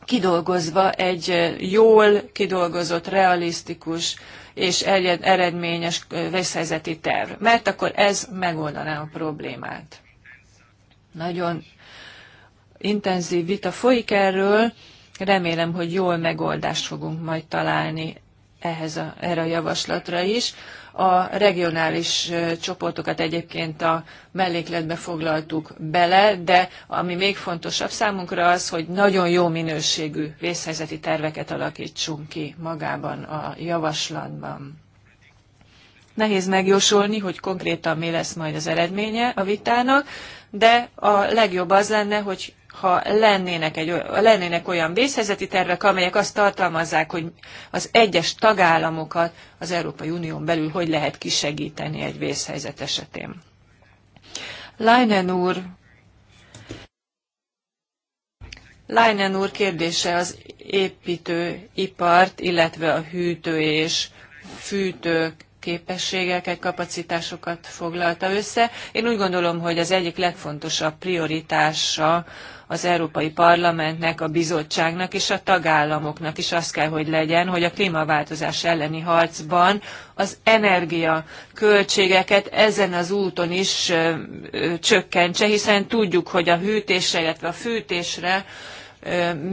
S2: kidolgozva egy jól kidolgozott, realisztikus és eredményes vészhelyzeti terv. Mert akkor ez megoldaná a problémát. Nagyon intenzív vita folyik erről, Remélem, hogy jól megoldást fogunk majd találni ehhez a, erre a javaslatra is. A regionális csoportokat egyébként a mellékletbe foglaltuk bele, de ami még fontosabb számunkra az, hogy nagyon jó minőségű vészhelyzeti terveket alakítsunk ki magában a javaslatban. Nehéz megjósolni, hogy konkrétan mi lesz majd az eredménye a vitának, de a legjobb az lenne, hogy ha lennének, egy, lennének olyan vészhelyzeti tervek, amelyek azt tartalmazzák, hogy az egyes tagállamokat az Európai Unión belül hogy lehet kisegíteni egy vészhelyzet esetén. Leinen úr, Leinen úr kérdése az építőipart, illetve a hűtő és fűtő képességeket, kapacitásokat foglalta össze. Én úgy gondolom, hogy az egyik legfontosabb prioritása az Európai Parlamentnek, a bizottságnak és a tagállamoknak is az kell, hogy legyen, hogy a klímaváltozás elleni harcban az energia költségeket ezen az úton is csökkentse, hiszen tudjuk, hogy a hűtésre, illetve a fűtésre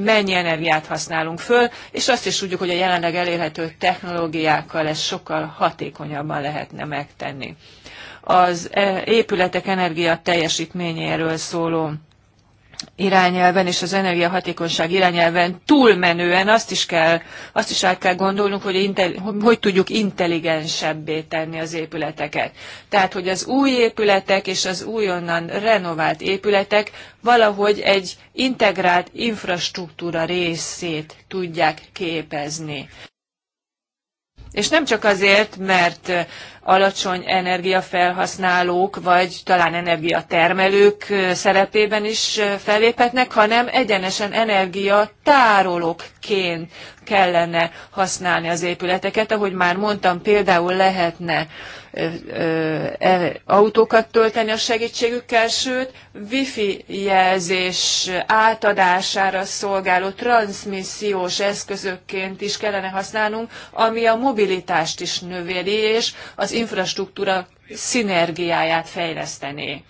S2: mennyi energiát használunk föl, és azt is tudjuk, hogy a jelenleg elérhető technológiákkal ezt sokkal hatékonyabban lehetne megtenni. Az e, épületek energia teljesítményéről szóló irányelven és az energiahatékonyság irányelven túlmenően azt is, kell, azt is át kell gondolnunk, hogy, intelli, hogy tudjuk intelligensebbé tenni az épületeket. Tehát, hogy az új épületek és az újonnan renovált épületek valahogy egy integrált infrastruktúra részét tudják képezni. És nem csak azért, mert alacsony energiafelhasználók, vagy talán energiatermelők szerepében is felléphetnek, hanem egyenesen energiatárolókként kellene használni az épületeket. Ahogy már mondtam, például lehetne e, autókat tölteni a segítségükkel, sőt, wifi jelzés átadására szolgáló transmissziós eszközökként is kellene használnunk, ami a mobilitást is növeli, és az infrastruktúra szinergiáját fejlesztené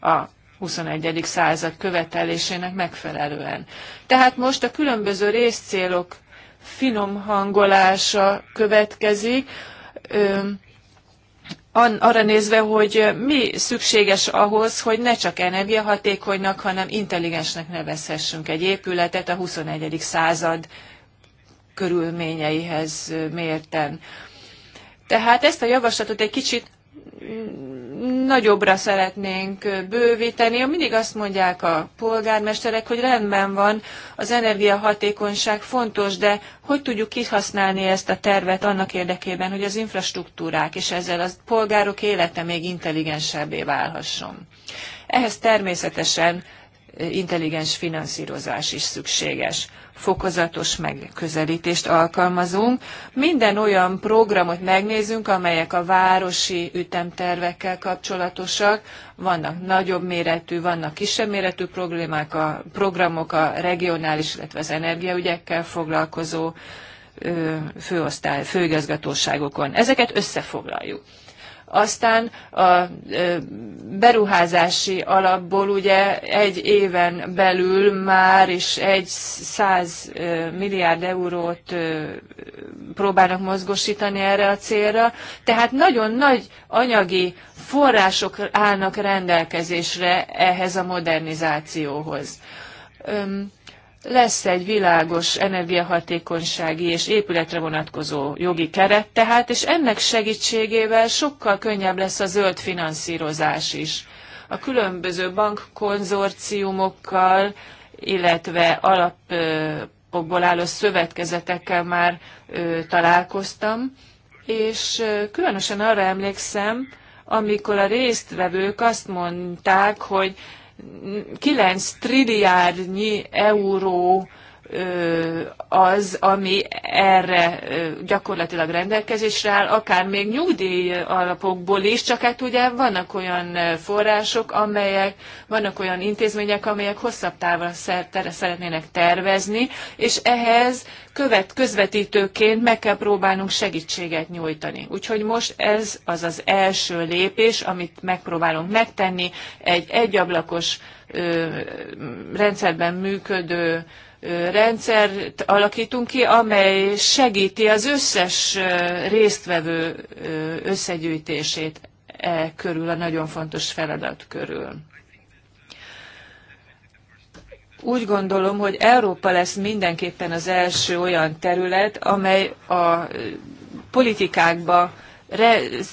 S2: a 21. század követelésének megfelelően. Tehát most a különböző részcélok finom hangolása következik, arra nézve, hogy mi szükséges ahhoz, hogy ne csak energiahatékonynak, hanem intelligensnek nevezhessünk egy épületet a 21. század körülményeihez mérten. Tehát ezt a javaslatot egy kicsit nagyobbra szeretnénk bővíteni. Mindig azt mondják a polgármesterek, hogy rendben van, az energiahatékonyság fontos, de hogy tudjuk kihasználni ezt a tervet annak érdekében, hogy az infrastruktúrák és ezzel a polgárok élete még intelligensebbé válhasson. Ehhez természetesen intelligens finanszírozás is szükséges. Fokozatos megközelítést alkalmazunk. Minden olyan programot megnézünk, amelyek a városi ütemtervekkel kapcsolatosak. Vannak nagyobb méretű, vannak kisebb méretű problémák, a programok a regionális, illetve az energiaügyekkel foglalkozó főosztály, főigazgatóságokon. Ezeket összefoglaljuk aztán a beruházási alapból ugye egy éven belül már is egy száz milliárd eurót próbálnak mozgosítani erre a célra, tehát nagyon nagy anyagi források állnak rendelkezésre ehhez a modernizációhoz lesz egy világos energiahatékonysági és épületre vonatkozó jogi keret tehát, és ennek segítségével sokkal könnyebb lesz a zöld finanszírozás is. A különböző bankkonzorciumokkal, illetve alapokból álló szövetkezetekkel már találkoztam, és különösen arra emlékszem, amikor a résztvevők azt mondták, hogy 9 trilliárdnyi euró az, ami erre gyakorlatilag rendelkezésre áll, akár még nyugdíj alapokból is, csak hát ugye vannak olyan források, amelyek, vannak olyan intézmények, amelyek hosszabb távra szeretnének tervezni, és ehhez követ, közvetítőként meg kell próbálnunk segítséget nyújtani. Úgyhogy most ez az az első lépés, amit megpróbálunk megtenni, egy egyablakos rendszerben működő rendszert alakítunk ki, amely segíti az összes résztvevő összegyűjtését e körül, a nagyon fontos feladat körül. Úgy gondolom, hogy Európa lesz mindenképpen az első olyan terület, amely a politikákba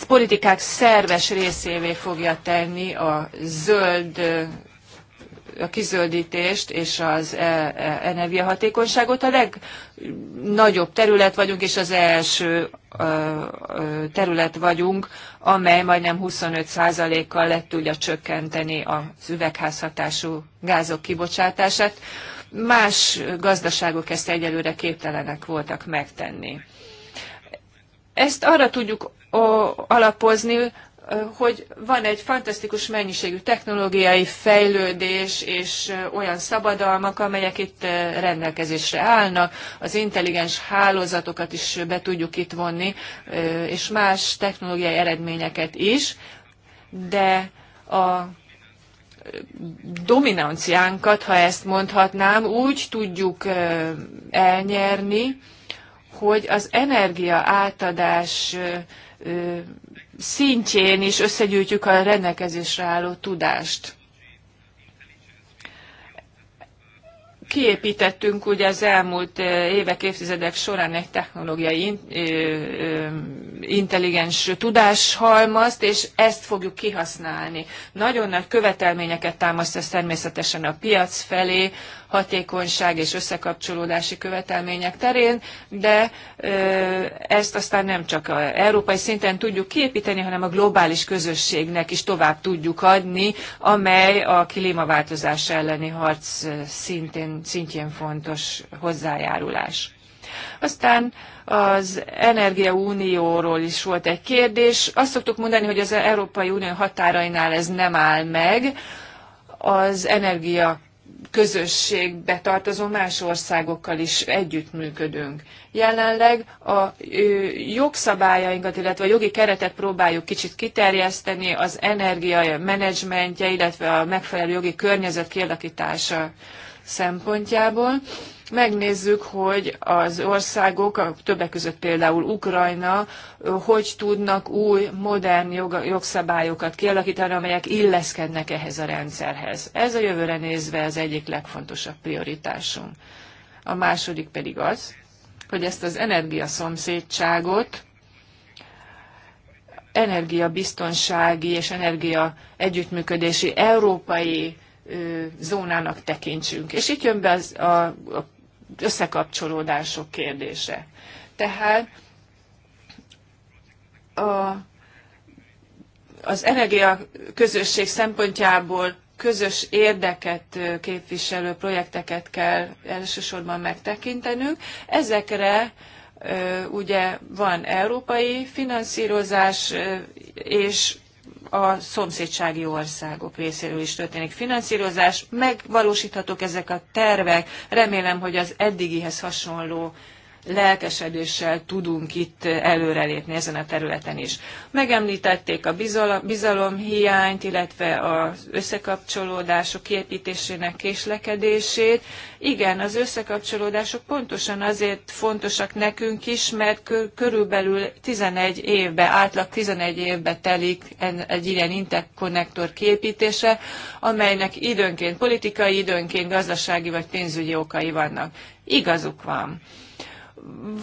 S2: politikák szerves részévé fogja tenni a zöld a kizöldítést és az e, e, energiahatékonyságot. A legnagyobb terület vagyunk, és az első terület vagyunk, amely majdnem 25%-kal le tudja csökkenteni az üvegházhatású gázok kibocsátását. Más gazdaságok ezt egyelőre képtelenek voltak megtenni. Ezt arra tudjuk alapozni, hogy van egy fantasztikus mennyiségű technológiai fejlődés és olyan szabadalmak, amelyek itt rendelkezésre állnak, az intelligens hálózatokat is be tudjuk itt vonni, és más technológiai eredményeket is, de a dominanciánkat, ha ezt mondhatnám, úgy tudjuk elnyerni, hogy az energia átadás szintjén is összegyűjtjük a rendelkezésre álló tudást. Kiépítettünk ugye az elmúlt eh, évek, évtizedek során egy technológiai eh, eh, intelligens tudáshalmazt, és ezt fogjuk kihasználni. Nagyon nagy követelményeket támaszt ez természetesen a piac felé, hatékonyság és összekapcsolódási követelmények terén, de ezt aztán nem csak a európai szinten tudjuk kiépíteni, hanem a globális közösségnek is tovább tudjuk adni, amely a klímaváltozás elleni harc szintén, szintjén fontos hozzájárulás. Aztán az energiaunióról is volt egy kérdés. Azt szoktuk mondani, hogy az Európai Unió határainál ez nem áll meg. Az energia közösségbe tartozó más országokkal is együttműködünk. Jelenleg a jogszabályainkat, illetve a jogi keretet próbáljuk kicsit kiterjeszteni az energia menedzsmentje, illetve a megfelelő jogi környezet kialakítása szempontjából megnézzük, hogy az országok, a többek között például Ukrajna, hogy tudnak új, modern jog, jogszabályokat kialakítani, amelyek illeszkednek ehhez a rendszerhez. Ez a jövőre nézve az egyik legfontosabb prioritásunk. A második pedig az, hogy ezt az energiaszomszédságot energiabiztonsági és energia együttműködési európai zónának tekintsünk. És itt jön be az, a, a összekapcsolódások kérdése. Tehát a, az energia közösség szempontjából közös érdeket képviselő projekteket kell elsősorban megtekintenünk. Ezekre ugye van európai finanszírozás, és a szomszédsági országok részéről is történik finanszírozás. Megvalósíthatók ezek a tervek. Remélem, hogy az eddigihez hasonló lelkesedéssel tudunk itt előrelépni ezen a területen is. Megemlítették a bizalomhiányt, illetve az összekapcsolódások kiépítésének késlekedését. Igen, az összekapcsolódások pontosan azért fontosak nekünk is, mert körülbelül 11 évbe, átlag 11 évbe telik egy ilyen interkonnektor kiépítése, amelynek időnként politikai, időnként gazdasági vagy pénzügyi okai vannak. Igazuk van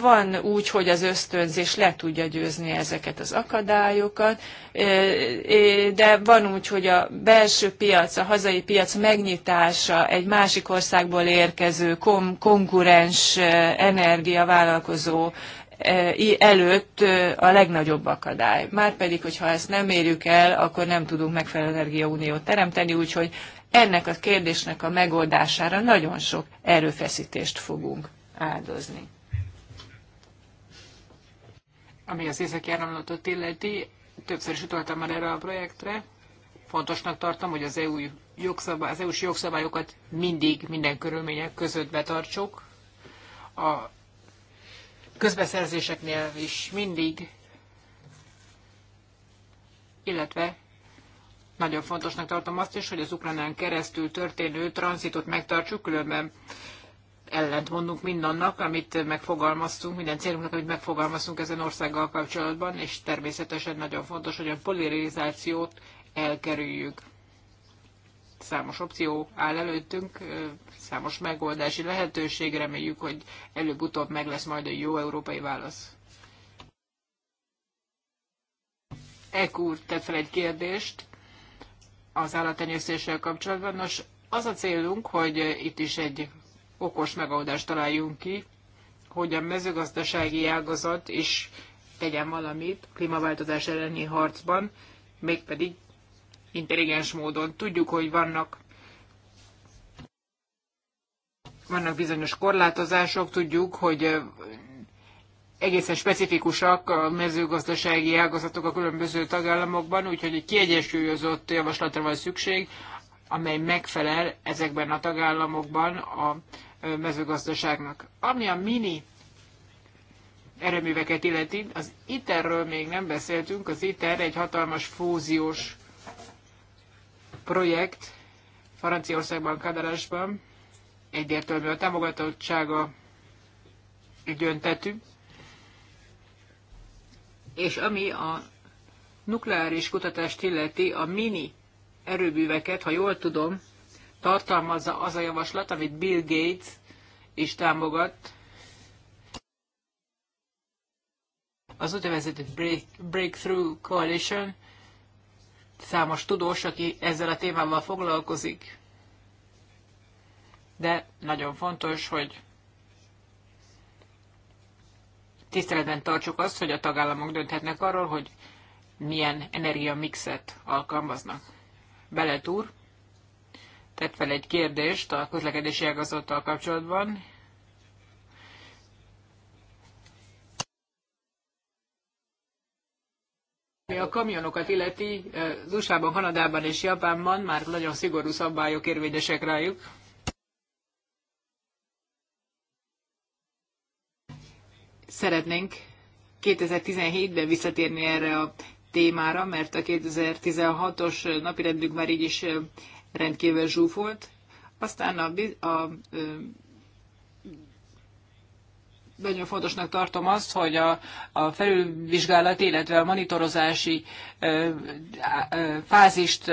S2: van úgy, hogy az ösztönzés le tudja győzni ezeket az akadályokat, e, e, de van úgy, hogy a belső piac, a hazai piac megnyitása egy másik országból érkező kom- konkurens e, energiavállalkozó előtt a legnagyobb akadály. Márpedig, hogyha ezt nem érjük el, akkor nem tudunk megfelelő energiauniót teremteni, úgyhogy ennek a kérdésnek a megoldására nagyon sok erőfeszítést fogunk áldozni.
S4: Ami az északi áramlatot illeti, többször is utaltam már erre a projektre. Fontosnak tartom, hogy az, EU jogszabály, az EU-s jogszabályokat mindig, minden körülmények között betartsuk. A közbeszerzéseknél is mindig, illetve nagyon fontosnak tartom azt is, hogy az Ukránán keresztül történő tranzitot megtartsuk, különben ellent mondunk mindannak, amit megfogalmaztunk, minden célunknak, amit megfogalmaztunk ezen országgal kapcsolatban, és természetesen nagyon fontos, hogy a polarizációt elkerüljük. Számos opció áll előttünk, számos megoldási lehetőség, reméljük, hogy előbb-utóbb meg lesz majd a jó európai válasz. Ek úr tett fel egy kérdést az állattenyésztéssel kapcsolatban. Nos, az a célunk, hogy itt is egy okos megoldást találjunk ki, hogy a mezőgazdasági ágazat is tegyen valamit a klímaváltozás elleni harcban, mégpedig intelligens módon. Tudjuk, hogy vannak vannak bizonyos korlátozások, tudjuk, hogy egészen specifikusak a mezőgazdasági ágazatok a különböző tagállamokban, úgyhogy egy kiegyensúlyozott javaslatra van szükség, amely megfelel ezekben a tagállamokban a mezőgazdaságnak. Ami a mini erőműveket illeti, az ITER-ről még nem beszéltünk, az ITER egy hatalmas fúziós projekt Franciaországban, Kadarásban. Egyértelmű a támogatottsága döntetű. És ami a nukleáris kutatást illeti, a mini erőműveket, ha jól tudom, tartalmazza az a javaslat, amit Bill Gates is támogat. Az úgynevezett Breakthrough Coalition számos tudós, aki ezzel a témával foglalkozik. De nagyon fontos, hogy tiszteletben tartsuk azt, hogy a tagállamok dönthetnek arról, hogy milyen energiamixet alkalmaznak beletúr. tett fel egy kérdést a közlekedési ágazattal kapcsolatban. Ami a kamionokat illeti, az USA-ban, Kanadában és Japánban már nagyon szigorú szabályok érvényesek rájuk. Szeretnénk 2017-ben visszatérni erre a témára, mert a 2016-os napirendünk már így is rendkívül zsúfolt. Aztán a, a nagyon fontosnak tartom azt, hogy a, a felülvizsgálat, illetve a monitorozási a, a fázist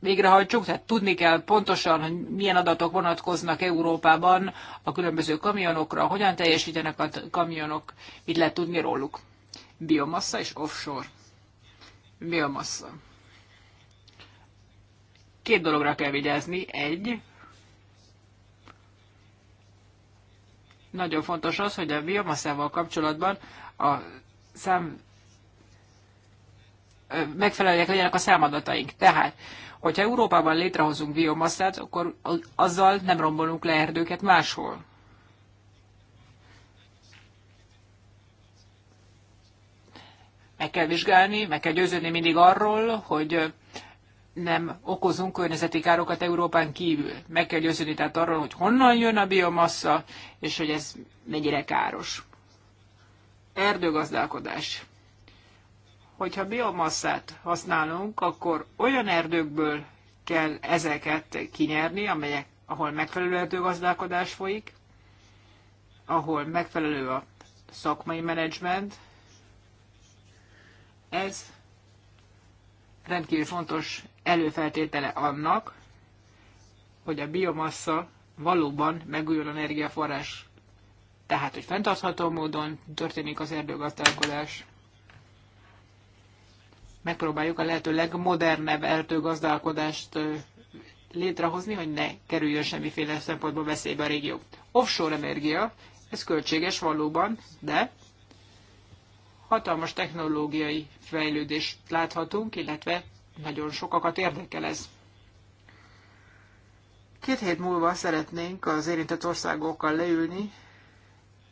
S4: végrehajtsuk, tehát tudni kell pontosan, hogy milyen adatok vonatkoznak Európában a különböző kamionokra, hogyan teljesítenek a kamionok, mit lehet tudni róluk. Biomassa és offshore biomassa. Két dologra kell vigyázni. Egy, nagyon fontos az, hogy a biomaszával kapcsolatban a szám megfelelőek legyenek a számadataink. Tehát, hogyha Európában létrehozunk biomasszát, akkor azzal nem rombolunk le erdőket máshol. meg kell vizsgálni, meg kell győződni mindig arról, hogy nem okozunk környezeti károkat Európán kívül. Meg kell győződni tehát arról, hogy honnan jön a biomassa, és hogy ez mennyire káros. Erdőgazdálkodás. Hogyha biomasszát használunk, akkor olyan erdőkből kell ezeket kinyerni, amelyek, ahol megfelelő erdőgazdálkodás folyik, ahol megfelelő a szakmai menedzsment, ez rendkívül fontos előfeltétele annak, hogy a biomassa valóban megújuló energiaforrás. Tehát, hogy fenntartható módon történik az erdőgazdálkodás. Megpróbáljuk a lehető legmodernebb erdőgazdálkodást létrehozni, hogy ne kerüljön semmiféle szempontból veszélybe a régió. Offshore energia, ez költséges valóban, de hatalmas technológiai fejlődést láthatunk, illetve nagyon sokakat érdekel ez. Két hét múlva szeretnénk az érintett országokkal leülni,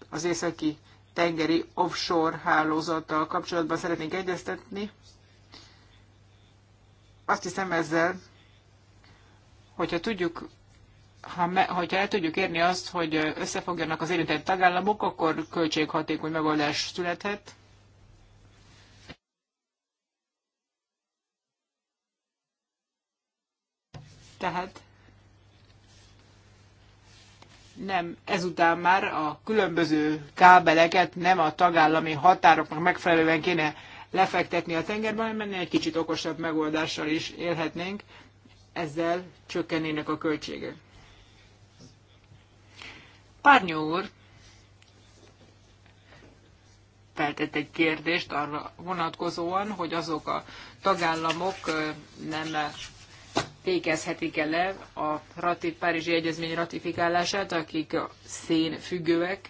S4: az északi tengeri offshore hálózattal kapcsolatban szeretnénk egyeztetni. Azt hiszem ezzel, hogyha tudjuk, ha me, hogyha el tudjuk érni azt, hogy összefogjanak az érintett tagállamok, akkor költséghatékony megoldás születhet. Tehát nem ezután már a különböző kábeleket nem a tagállami határoknak megfelelően kéne lefektetni a tengerben, hanem ennél egy kicsit okosabb megoldással is élhetnénk, ezzel csökkennének a költségek. Párnyó úr feltett egy kérdést arra vonatkozóan, hogy azok a tagállamok nem fékezhetik el a rati, Párizsi Egyezmény ratifikálását, akik a szén függőek.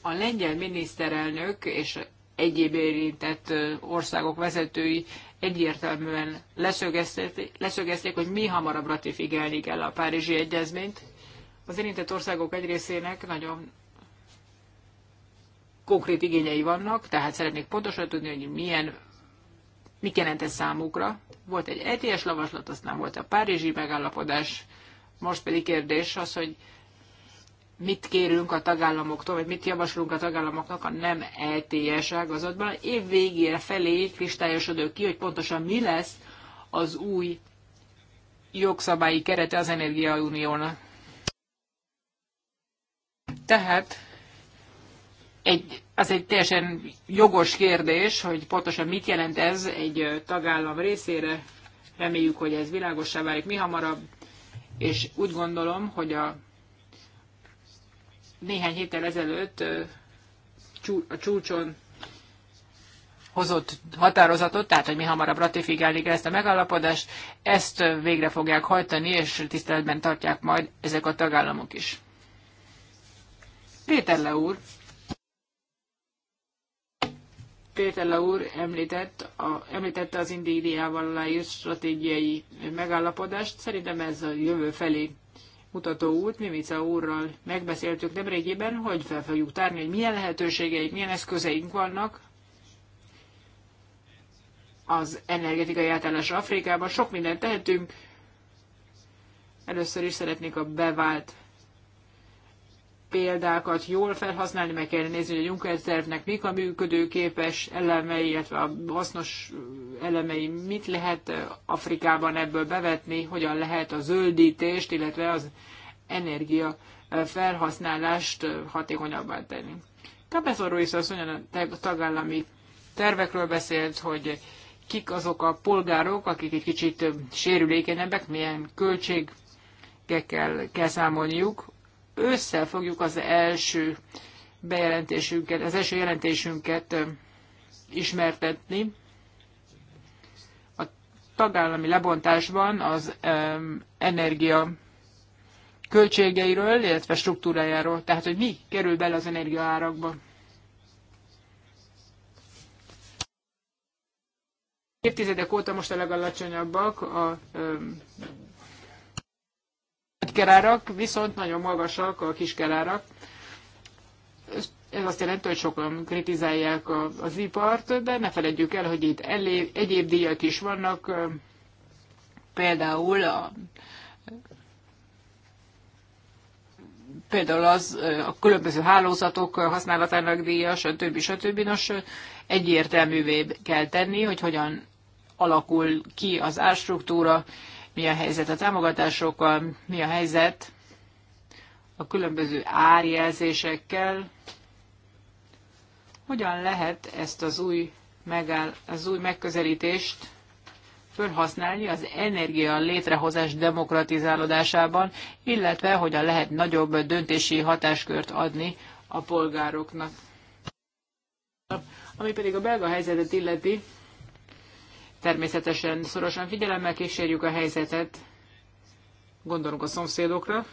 S4: A lengyel miniszterelnök és egyéb érintett országok vezetői egyértelműen leszögezték, leszögezték, hogy mi hamarabb ratifikálni kell a Párizsi Egyezményt. Az érintett országok egy részének nagyon konkrét igényei vannak, tehát szeretnék pontosan tudni, hogy milyen mit jelent ez számukra. Volt egy egyes lavaslat, aztán volt a Párizsi megállapodás, most pedig kérdés az, hogy mit kérünk a tagállamoktól, vagy mit javaslunk a tagállamoknak a nem ETS ágazatban. Év végére felé kristályosodó ki, hogy pontosan mi lesz az új jogszabályi kerete az Energiauniónak. Tehát egy az egy teljesen jogos kérdés, hogy pontosan mit jelent ez egy tagállam részére. Reméljük, hogy ez világosá válik mi hamarabb, és úgy gondolom, hogy a néhány héttel ezelőtt a csúcson hozott határozatot, tehát hogy mi hamarabb ratifikálni kell ezt a megállapodást, ezt végre fogják hajtani, és tiszteletben tartják majd ezek a tagállamok is. Péter Le úr Péter úr említett, a, említette az Indiával aláírt stratégiai megállapodást. Szerintem ez a jövő felé mutató út. Mimica úrral megbeszéltük nemrégiben, hogy fel fogjuk tárni, hogy milyen lehetőségeik, milyen eszközeink vannak az energetikai átállásra Afrikában. Sok mindent tehetünk. Először is szeretnék a bevált példákat jól felhasználni, meg kell nézni, hogy a Juncker tervnek mik a működőképes elemei, illetve a hasznos elemei, mit lehet Afrikában ebből bevetni, hogyan lehet a zöldítést, illetve az energia felhasználást hatékonyabbá tenni. Kapeszor Ruiz asszony a tagállami tervekről beszélt, hogy kik azok a polgárok, akik egy kicsit sérülékenyebbek, milyen költség kell, kell számolniuk ősszel fogjuk az első bejelentésünket, az első jelentésünket ismertetni. A tagállami lebontásban az energia költségeiről, illetve struktúrájáról, tehát hogy mi kerül bele az energiaárakba. Évtizedek óta most a legalacsonyabbak a kiskerárak, viszont nagyon magasak a kiskerárak. Ez azt jelenti, hogy sokan kritizálják az ipart, de ne feledjük el, hogy itt elé, egyéb díjak is vannak, például a például az a különböző hálózatok használatának díja, stb. stb. Nos, egyértelművé kell tenni, hogy hogyan alakul ki az árstruktúra, mi a helyzet a támogatásokkal, mi a helyzet a különböző árjelzésekkel, hogyan lehet ezt az új, megáll, az új megközelítést felhasználni az energia létrehozás demokratizálódásában, illetve hogyan lehet nagyobb döntési hatáskört adni a polgároknak. Ami pedig a belga helyzetet illeti, Természetesen szorosan figyelemmel kísérjük a helyzetet, gondolunk a szomszédokra,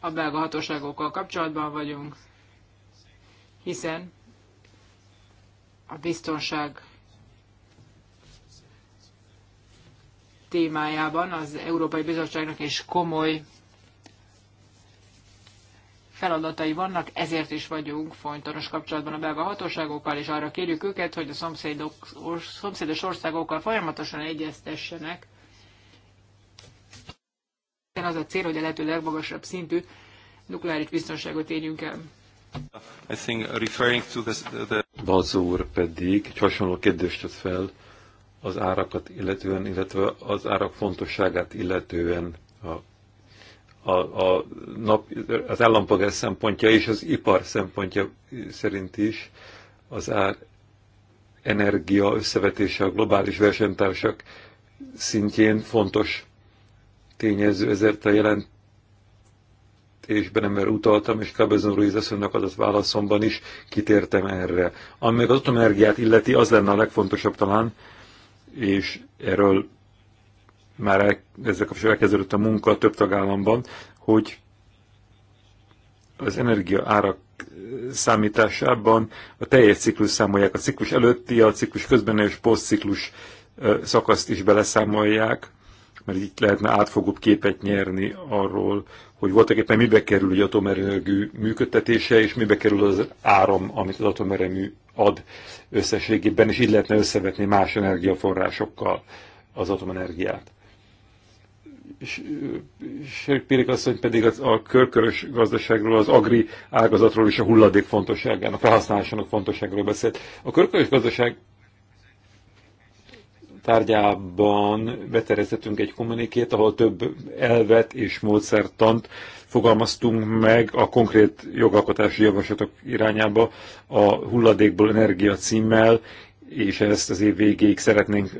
S4: a belga hatóságokkal kapcsolatban vagyunk, hiszen a biztonság témájában az Európai Bizottságnak is komoly feladatai vannak, ezért is vagyunk folytonos kapcsolatban a belga hatóságokkal, és arra kérjük őket, hogy a szomszédok, szomszédos országokkal folyamatosan egyeztessenek. Az a cél, hogy a lehető legmagasabb szintű nukleáris biztonságot érjünk el.
S3: I think referring to this, the... Balzó úr pedig egy hasonló kérdést tett fel az árakat illetően, illetve az árak fontosságát illetően a a, a nap, az állampolgár szempontja és az ipar szempontja szerint is az ár energia összevetése a globális versenytársak szintjén fontos tényező, ezért a jelentésben ember utaltam, és Kábezon Ruiz asszonynak az válaszomban is kitértem erre. Ami az atomenergiát illeti, az lenne a legfontosabb talán, és erről már el, ezek a elkezdődött a munka több tagállamban, hogy az energia árak számításában a teljes ciklus számolják. A ciklus előtti, a ciklus közben és posztciklus szakaszt is beleszámolják, mert itt lehetne átfogóbb képet nyerni arról, hogy voltak éppen mibe kerül egy atomerőmű működtetése, és mibe kerül az áram, amit az atomerőmű ad összességében, és így lehetne összevetni más energiaforrásokkal az atomenergiát. Périk asszony pedig az, a körkörös gazdaságról, az agri ágazatról és a hulladék fontosságának, felhasználásának fontosságról beszélt. A körkörös gazdaság tárgyában beterezhetünk egy kommunikét, ahol több elvet és módszertant fogalmaztunk meg a konkrét jogalkotási javaslatok irányába a hulladékból energia címmel, és ezt az év végéig szeretnénk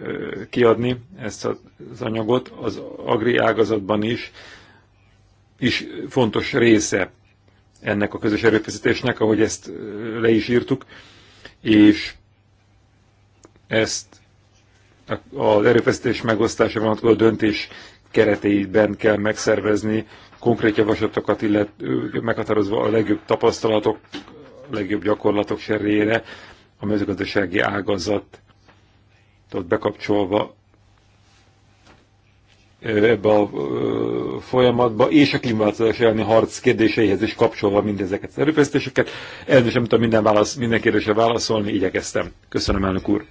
S3: kiadni, ezt az anyagot, az agri ágazatban is, is fontos része ennek a közös erőfeszítésnek, ahogy ezt le is írtuk, és ezt az erőfeszítés megosztása vonatkozó döntés kereteiben kell megszervezni, konkrét javaslatokat illetve meghatározva a legjobb tapasztalatok, a legjobb gyakorlatok serére, a mezőgazdasági ágazat ott bekapcsolva ebbe a folyamatba, és a klímaváltozás elleni harc kérdéseihez is kapcsolva mindezeket az erőfeszítéseket. Elnök sem tudom minden, válasz, minden kérdésre válaszolni, igyekeztem. Köszönöm, elnök úr.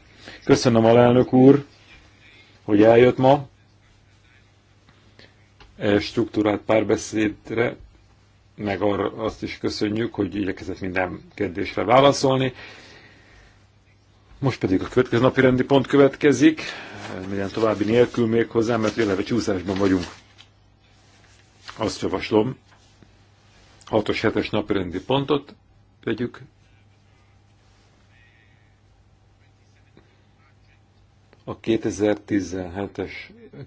S3: Köszönöm, alelnök úr, hogy eljött ma e struktúrát párbeszédre, meg arra azt is köszönjük, hogy igyekezett minden kérdésre válaszolni. Most pedig a következő napi rendi pont következik, minden további nélkül még hozzá, mert éleve csúszásban vagyunk. Azt javaslom, 6-os, 7-es napi rendi pontot vegyük. A 2017-es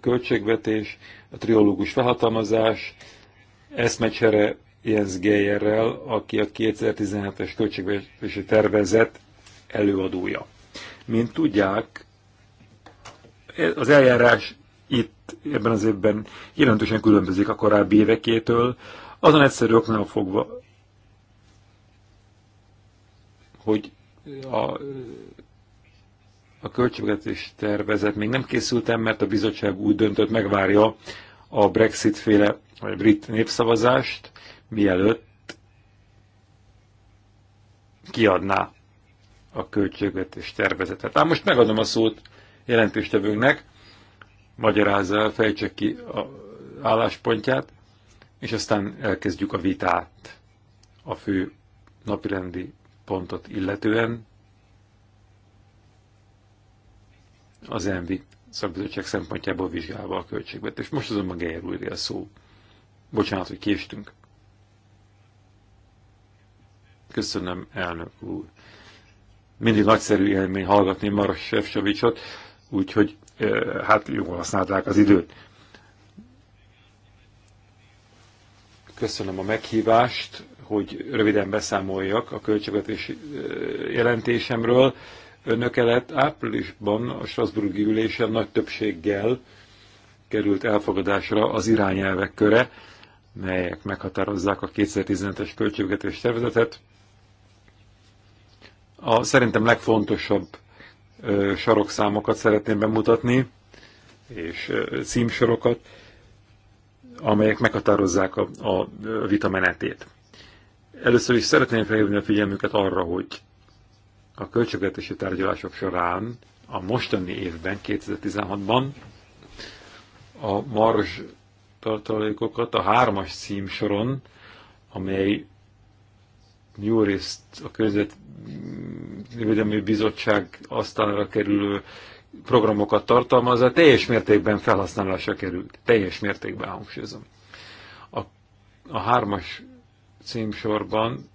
S3: költségvetés, a triológus felhatalmazás, eszmecsere Jens Geyerrel, aki a 2017-es költségvetési tervezet előadója. Mint tudják, az eljárás itt ebben az évben jelentősen különbözik a korábbi évekétől, azon egyszerű oknál fogva, hogy a, a költségvetés tervezet még nem készültem, mert a bizottság úgy döntött, megvárja a Brexit-féle vagy a brit népszavazást, mielőtt kiadná a költségvetés tervezetet. Ám most megadom a szót jelentéstevőnknek, magyarázza fejtse ki a álláspontját, és aztán elkezdjük a vitát a fő napirendi pontot illetően. Az ENVI szakbizottság szempontjából vizsgálva a és Most azonban Geyer a szó. Bocsánat, hogy késtünk. Köszönöm, elnök úr mindig nagyszerű élmény hallgatni Maros Sefcsovicsot, úgyhogy hát jól használták az időt. Köszönöm a meghívást, hogy röviden beszámoljak a költségvetési jelentésemről. Önök elett áprilisban a Strasburgi ülésen nagy többséggel került elfogadásra az irányelvek köre, melyek meghatározzák a 2015-es költségvetés tervezetet a szerintem legfontosabb ö, sarokszámokat szeretném bemutatni, és ö, címsorokat, amelyek meghatározzák a, a vita menetét. Először is szeretném felhívni a figyelmüket arra, hogy a költségvetési tárgyalások során a mostani évben, 2016-ban a mars tartalékokat a hármas címsoron, amely Juriszt, a Védelmi Bizottság asztalra kerülő programokat tartalmazza, teljes mértékben felhasználásra került. Teljes mértékben hangsúlyozom. A, a hármas címsorban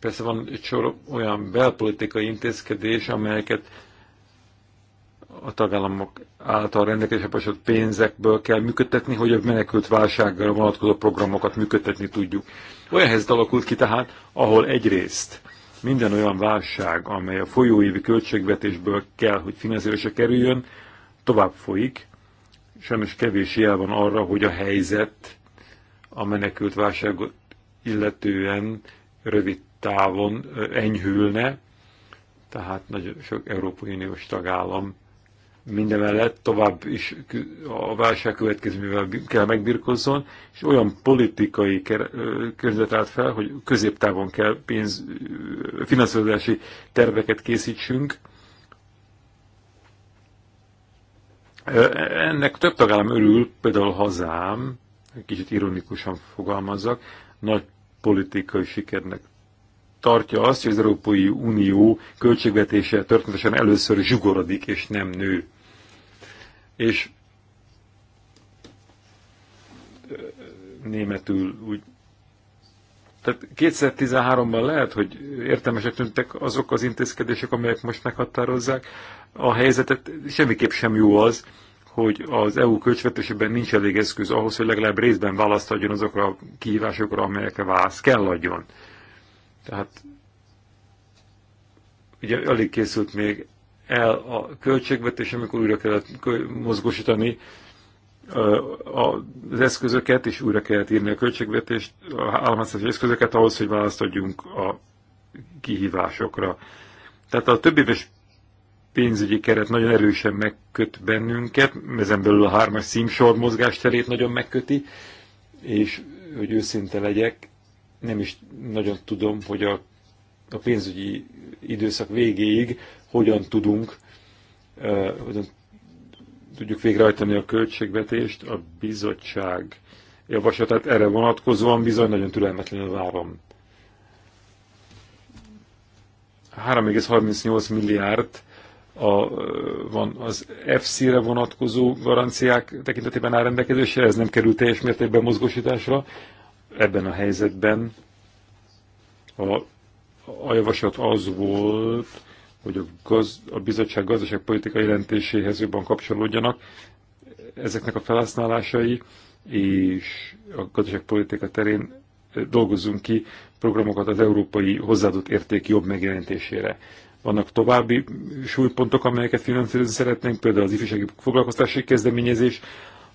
S3: persze van egy sor olyan belpolitikai intézkedés, amelyeket a tagállamok által rendelkezésre bocsátott pénzekből kell működtetni, hogy a menekült válságra vonatkozó programokat működtetni tudjuk. Olyan helyzet alakult ki tehát, ahol egyrészt minden olyan válság, amely a folyóévi költségvetésből kell, hogy finanszírozásra kerüljön, tovább folyik. Sajnos kevés jel van arra, hogy a helyzet a menekült válságot illetően rövid távon enyhülne, tehát nagyon sok Európai Uniós tagállam mindemellett tovább is a válság következményével kell megbirkozzon, és olyan politikai környezet állt fel, hogy középtávon kell pénz, finanszírozási terveket készítsünk. Ennek több tagállam örül, például hazám, kicsit ironikusan fogalmazzak, nagy politikai sikernek tartja azt, hogy az Európai Unió költségvetése történetesen először zsugorodik és nem nő. És németül úgy tehát 2013-ban lehet, hogy értelmesek tűntek azok az intézkedések, amelyek most meghatározzák a helyzetet. Semmiképp sem jó az, hogy az EU költségvetésében nincs elég eszköz ahhoz, hogy legalább részben választ adjon azokra a kihívásokra, amelyekre válasz kell adjon. Tehát ugye alig készült még el a költségvetés, amikor újra kellett mozgósítani az eszközöket, és újra kellett írni a költségvetést, a államháztatási eszközöket ahhoz, hogy választ adjunk a kihívásokra. Tehát a több éves pénzügyi keret nagyon erősen megköt bennünket, ezen belül a hármas szímsor terét nagyon megköti, és hogy őszinte legyek, nem is nagyon tudom, hogy a, a pénzügyi időszak végéig hogyan tudunk, uh, hogyan tudjuk végrehajtani a költségvetést. A bizottság javaslatát erre vonatkozóan bizony nagyon türelmetlenül várom. 3,38 milliárd a, van az FC-re vonatkozó garanciák tekintetében áll rendelkezésre, ez nem került teljes mértékben mozgósításra ebben a helyzetben a, a javaslat az volt, hogy a, gaz, a bizottság gazdaságpolitikai jelentéséhez jobban kapcsolódjanak ezeknek a felhasználásai, és a gazdaságpolitika terén eh, dolgozzunk ki programokat az európai hozzáadott érték jobb megjelentésére. Vannak további súlypontok, amelyeket finanszírozni szeretnénk, például az ifjúsági foglalkoztási kezdeményezés,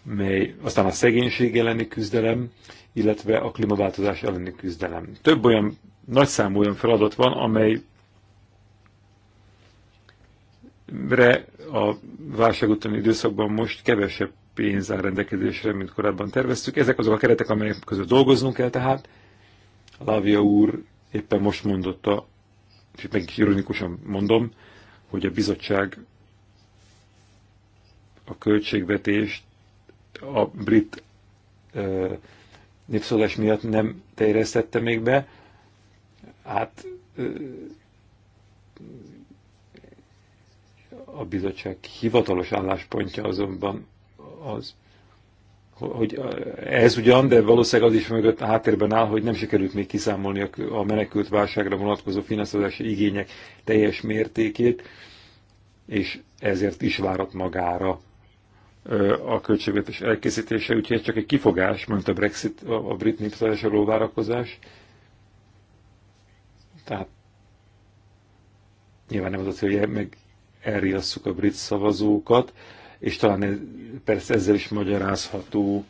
S3: mely aztán a szegénység elleni küzdelem, illetve a klímaváltozás elleni küzdelem. Több olyan nagyszámú olyan feladat van, amelyre a válság utáni időszakban most kevesebb pénz áll rendelkezésre, mint korábban terveztük. Ezek azok a keretek, amelyek között dolgoznunk kell tehát. Lávia úr éppen most mondotta, és itt meg ironikusan mondom, hogy a bizottság a költségvetést a brit ö, népszólás miatt nem terjesztette még be. Hát ö, a bizottság hivatalos álláspontja azonban az, hogy ez ugyan, de valószínűleg az is mögött a háttérben áll, hogy nem sikerült még kiszámolni a menekült válságra vonatkozó finanszírozási igények teljes mértékét, és ezért is várat magára a költségvetés elkészítése, úgyhogy ez csak egy kifogás, mondta a Brexit, a brit népszállásoló várakozás. Tehát nyilván nem az a cél, hogy meg elriasszuk a brit szavazókat, és talán persze ezzel is magyarázható,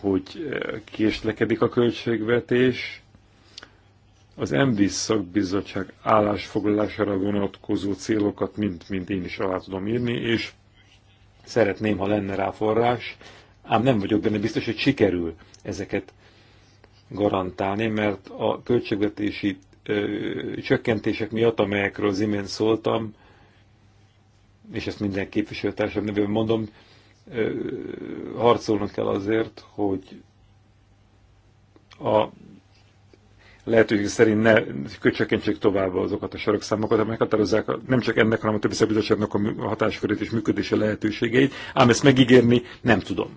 S3: hogy késlekedik a költségvetés. Az MVIS szakbizottság állásfoglalására vonatkozó célokat mind, mind én is alá tudom írni, és Szeretném, ha lenne rá forrás, ám nem vagyok benne biztos, hogy sikerül ezeket garantálni, mert a költségvetési ö, csökkentések miatt, amelyekről az imént szóltam, és ezt minden képviselőtársam nevében mondom, ö, harcolnunk kell azért, hogy a lehetőség szerint ne csökkentsék tovább azokat a sarokszámokat, amelyek határozzák nem csak ennek, hanem a többi szabizottságnak a hatáskörét és működési lehetőségeit, ám ezt megígérni nem tudom.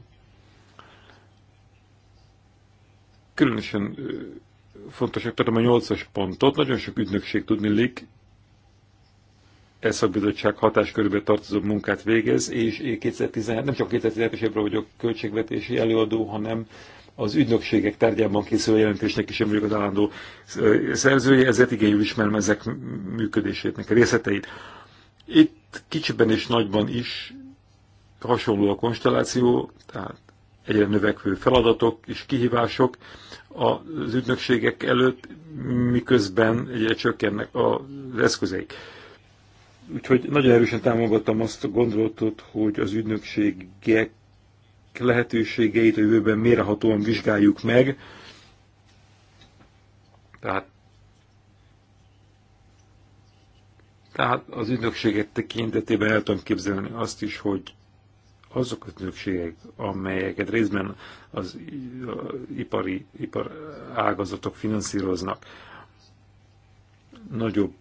S3: Különösen fontosnak tartom a nyolcas pontot, nagyon sok ügynökség tudnilik e szakbizottság hatáskörébe tartozó munkát végez, és 2017, nem csak 2017-es évre vagyok költségvetési előadó, hanem az ügynökségek tárgyában készülő jelentésnek is én vagyok az állandó szerzője, ezért igényül ismerem ezek működésének részleteit. Itt kicsiben és nagyban is hasonló a konstelláció, tehát egyre növekvő feladatok és kihívások az ügynökségek előtt, miközben egyre csökkennek az eszközeik. Úgyhogy nagyon erősen támogattam azt a gondolatot, hogy az ügynökségek lehetőségeit a jövőben mérhatóan vizsgáljuk meg. Tehát, tehát az ügynökségek tekintetében el tudom képzelni azt is, hogy azok az ügynökségek, amelyeket részben az ipari ipar ágazatok finanszíroznak, nagyobb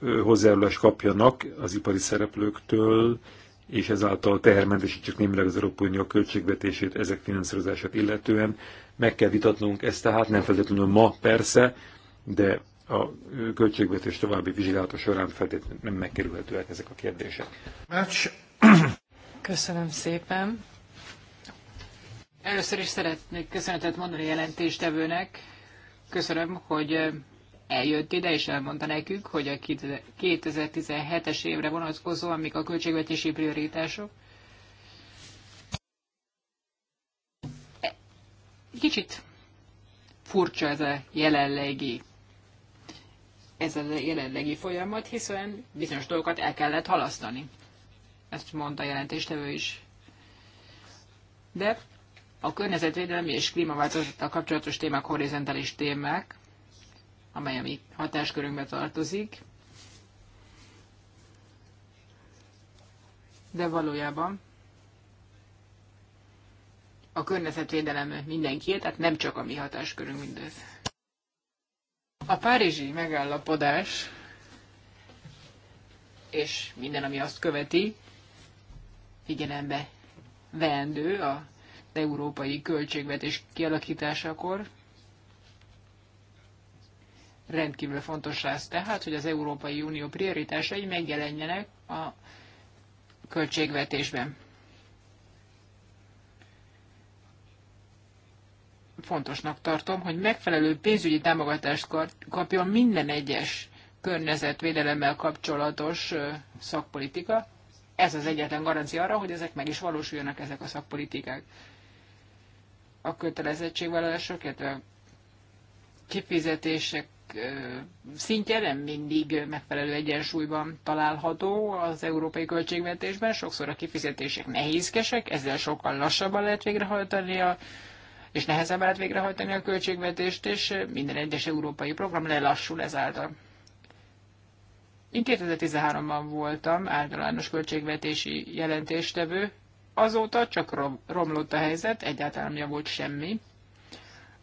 S3: hozzájárulást kapjanak az ipari szereplőktől, és ezáltal tehermentesítjük némileg az Európai Unió költségvetését ezek finanszírozását illetően. Meg kell vitatnunk ezt tehát, nem feltétlenül ma persze, de a költségvetés további vizsgálata során feltétlenül nem megkerülhetőek ezek a kérdések.
S5: Köszönöm
S2: szépen.
S4: Először is szeretnék köszönetet mondani a jelentéstevőnek. Köszönöm, hogy eljött ide, és elmondta nekünk, hogy a 2017-es évre vonatkozóan mik a költségvetési prioritások. E, kicsit furcsa ez a jelenlegi ez a jelenlegi folyamat, hiszen bizonyos dolgokat el kellett halasztani. Ezt mondta a jelentéstevő is. De a környezetvédelmi és klímaváltozattal kapcsolatos témák horizontális témák, amely a mi hatáskörünkbe tartozik, de valójában a környezetvédelem mindenkié, tehát nem csak a mi hatáskörünk mindez. A párizsi megállapodás és minden, ami azt követi, figyelembe veendő a európai költségvetés kialakításakor. Rendkívül fontos lesz tehát, hogy az Európai Unió prioritásai megjelenjenek a költségvetésben. Fontosnak tartom, hogy megfelelő pénzügyi támogatást kapjon minden egyes környezetvédelemmel kapcsolatos szakpolitika. Ez az egyetlen garancia arra, hogy ezek meg is valósuljanak ezek a szakpolitikák. A kötelezettségvállalások, illetve a kifizetések szintje nem mindig megfelelő egyensúlyban található az európai költségvetésben, sokszor a kifizetések nehézkesek, ezzel sokkal lassabban lehet végrehajtani a és nehezebb lehet végrehajtani a költségvetést, és minden egyes európai program lelassul ezáltal. Én 2013-ban voltam általános költségvetési jelentéstevő, azóta csak romlott a helyzet, egyáltalán nem javult semmi.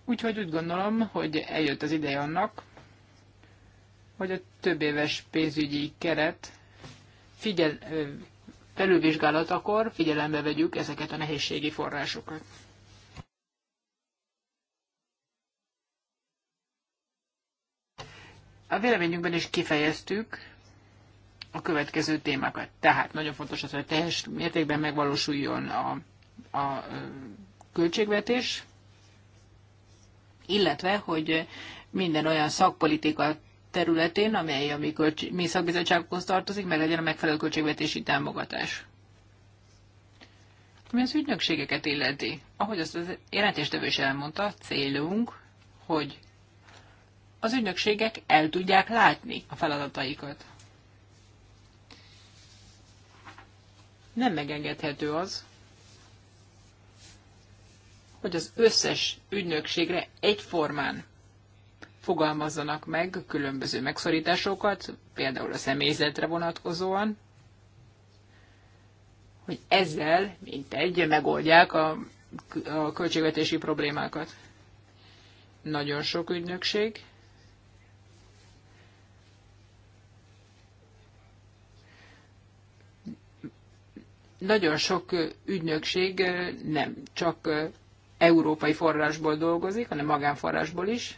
S4: Úgyhogy úgy gondolom, hogy eljött az ideje annak, hogy a több éves pénzügyi keret figyel, felülvizsgálatakor figyelembe vegyük ezeket a nehézségi forrásokat. A véleményünkben is kifejeztük a következő témákat. Tehát nagyon fontos az, hogy teljes mértékben megvalósuljon a, a költségvetés, illetve, hogy minden olyan szakpolitika területén, amely a mi, költs- mi szakbizottságokhoz tartozik, meg legyen a megfelelő költségvetési támogatás. Ami az ügynökségeket illeti, ahogy azt az jelentéstevő is elmondta, célunk, hogy az ügynökségek el tudják látni a feladataikat. Nem megengedhető az, hogy az összes ügynökségre egyformán fogalmazzanak meg különböző megszorításokat, például a személyzetre vonatkozóan, hogy ezzel, mint egy, megoldják a, a költségvetési problémákat. Nagyon sok ügynökség. Nagyon sok ügynökség eh, nem csak eh, európai forrásból dolgozik, hanem magánforrásból is.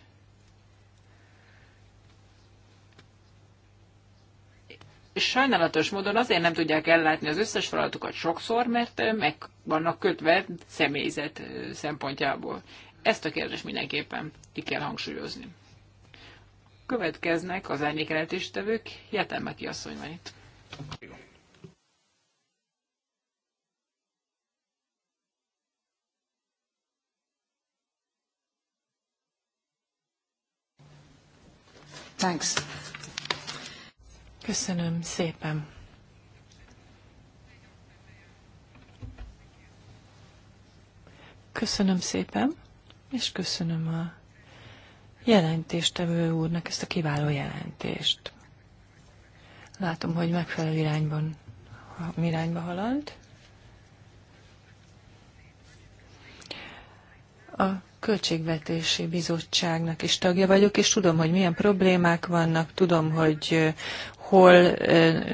S4: sajnálatos módon azért nem tudják ellátni az összes feladatukat sokszor, mert meg vannak kötve személyzet szempontjából. Ezt a kérdést mindenképpen ki kell hangsúlyozni. Következnek az árnyékelentéstevők,
S5: Jetemeki asszony van itt. Thanks.
S2: Köszönöm szépen. Köszönöm szépen, és köszönöm a jelentéstevő úrnak ezt a kiváló jelentést. Látom, hogy megfelelő irányban, irányba halad. A Költségvetési Bizottságnak is tagja vagyok, és tudom, hogy milyen problémák vannak, tudom, hogy hol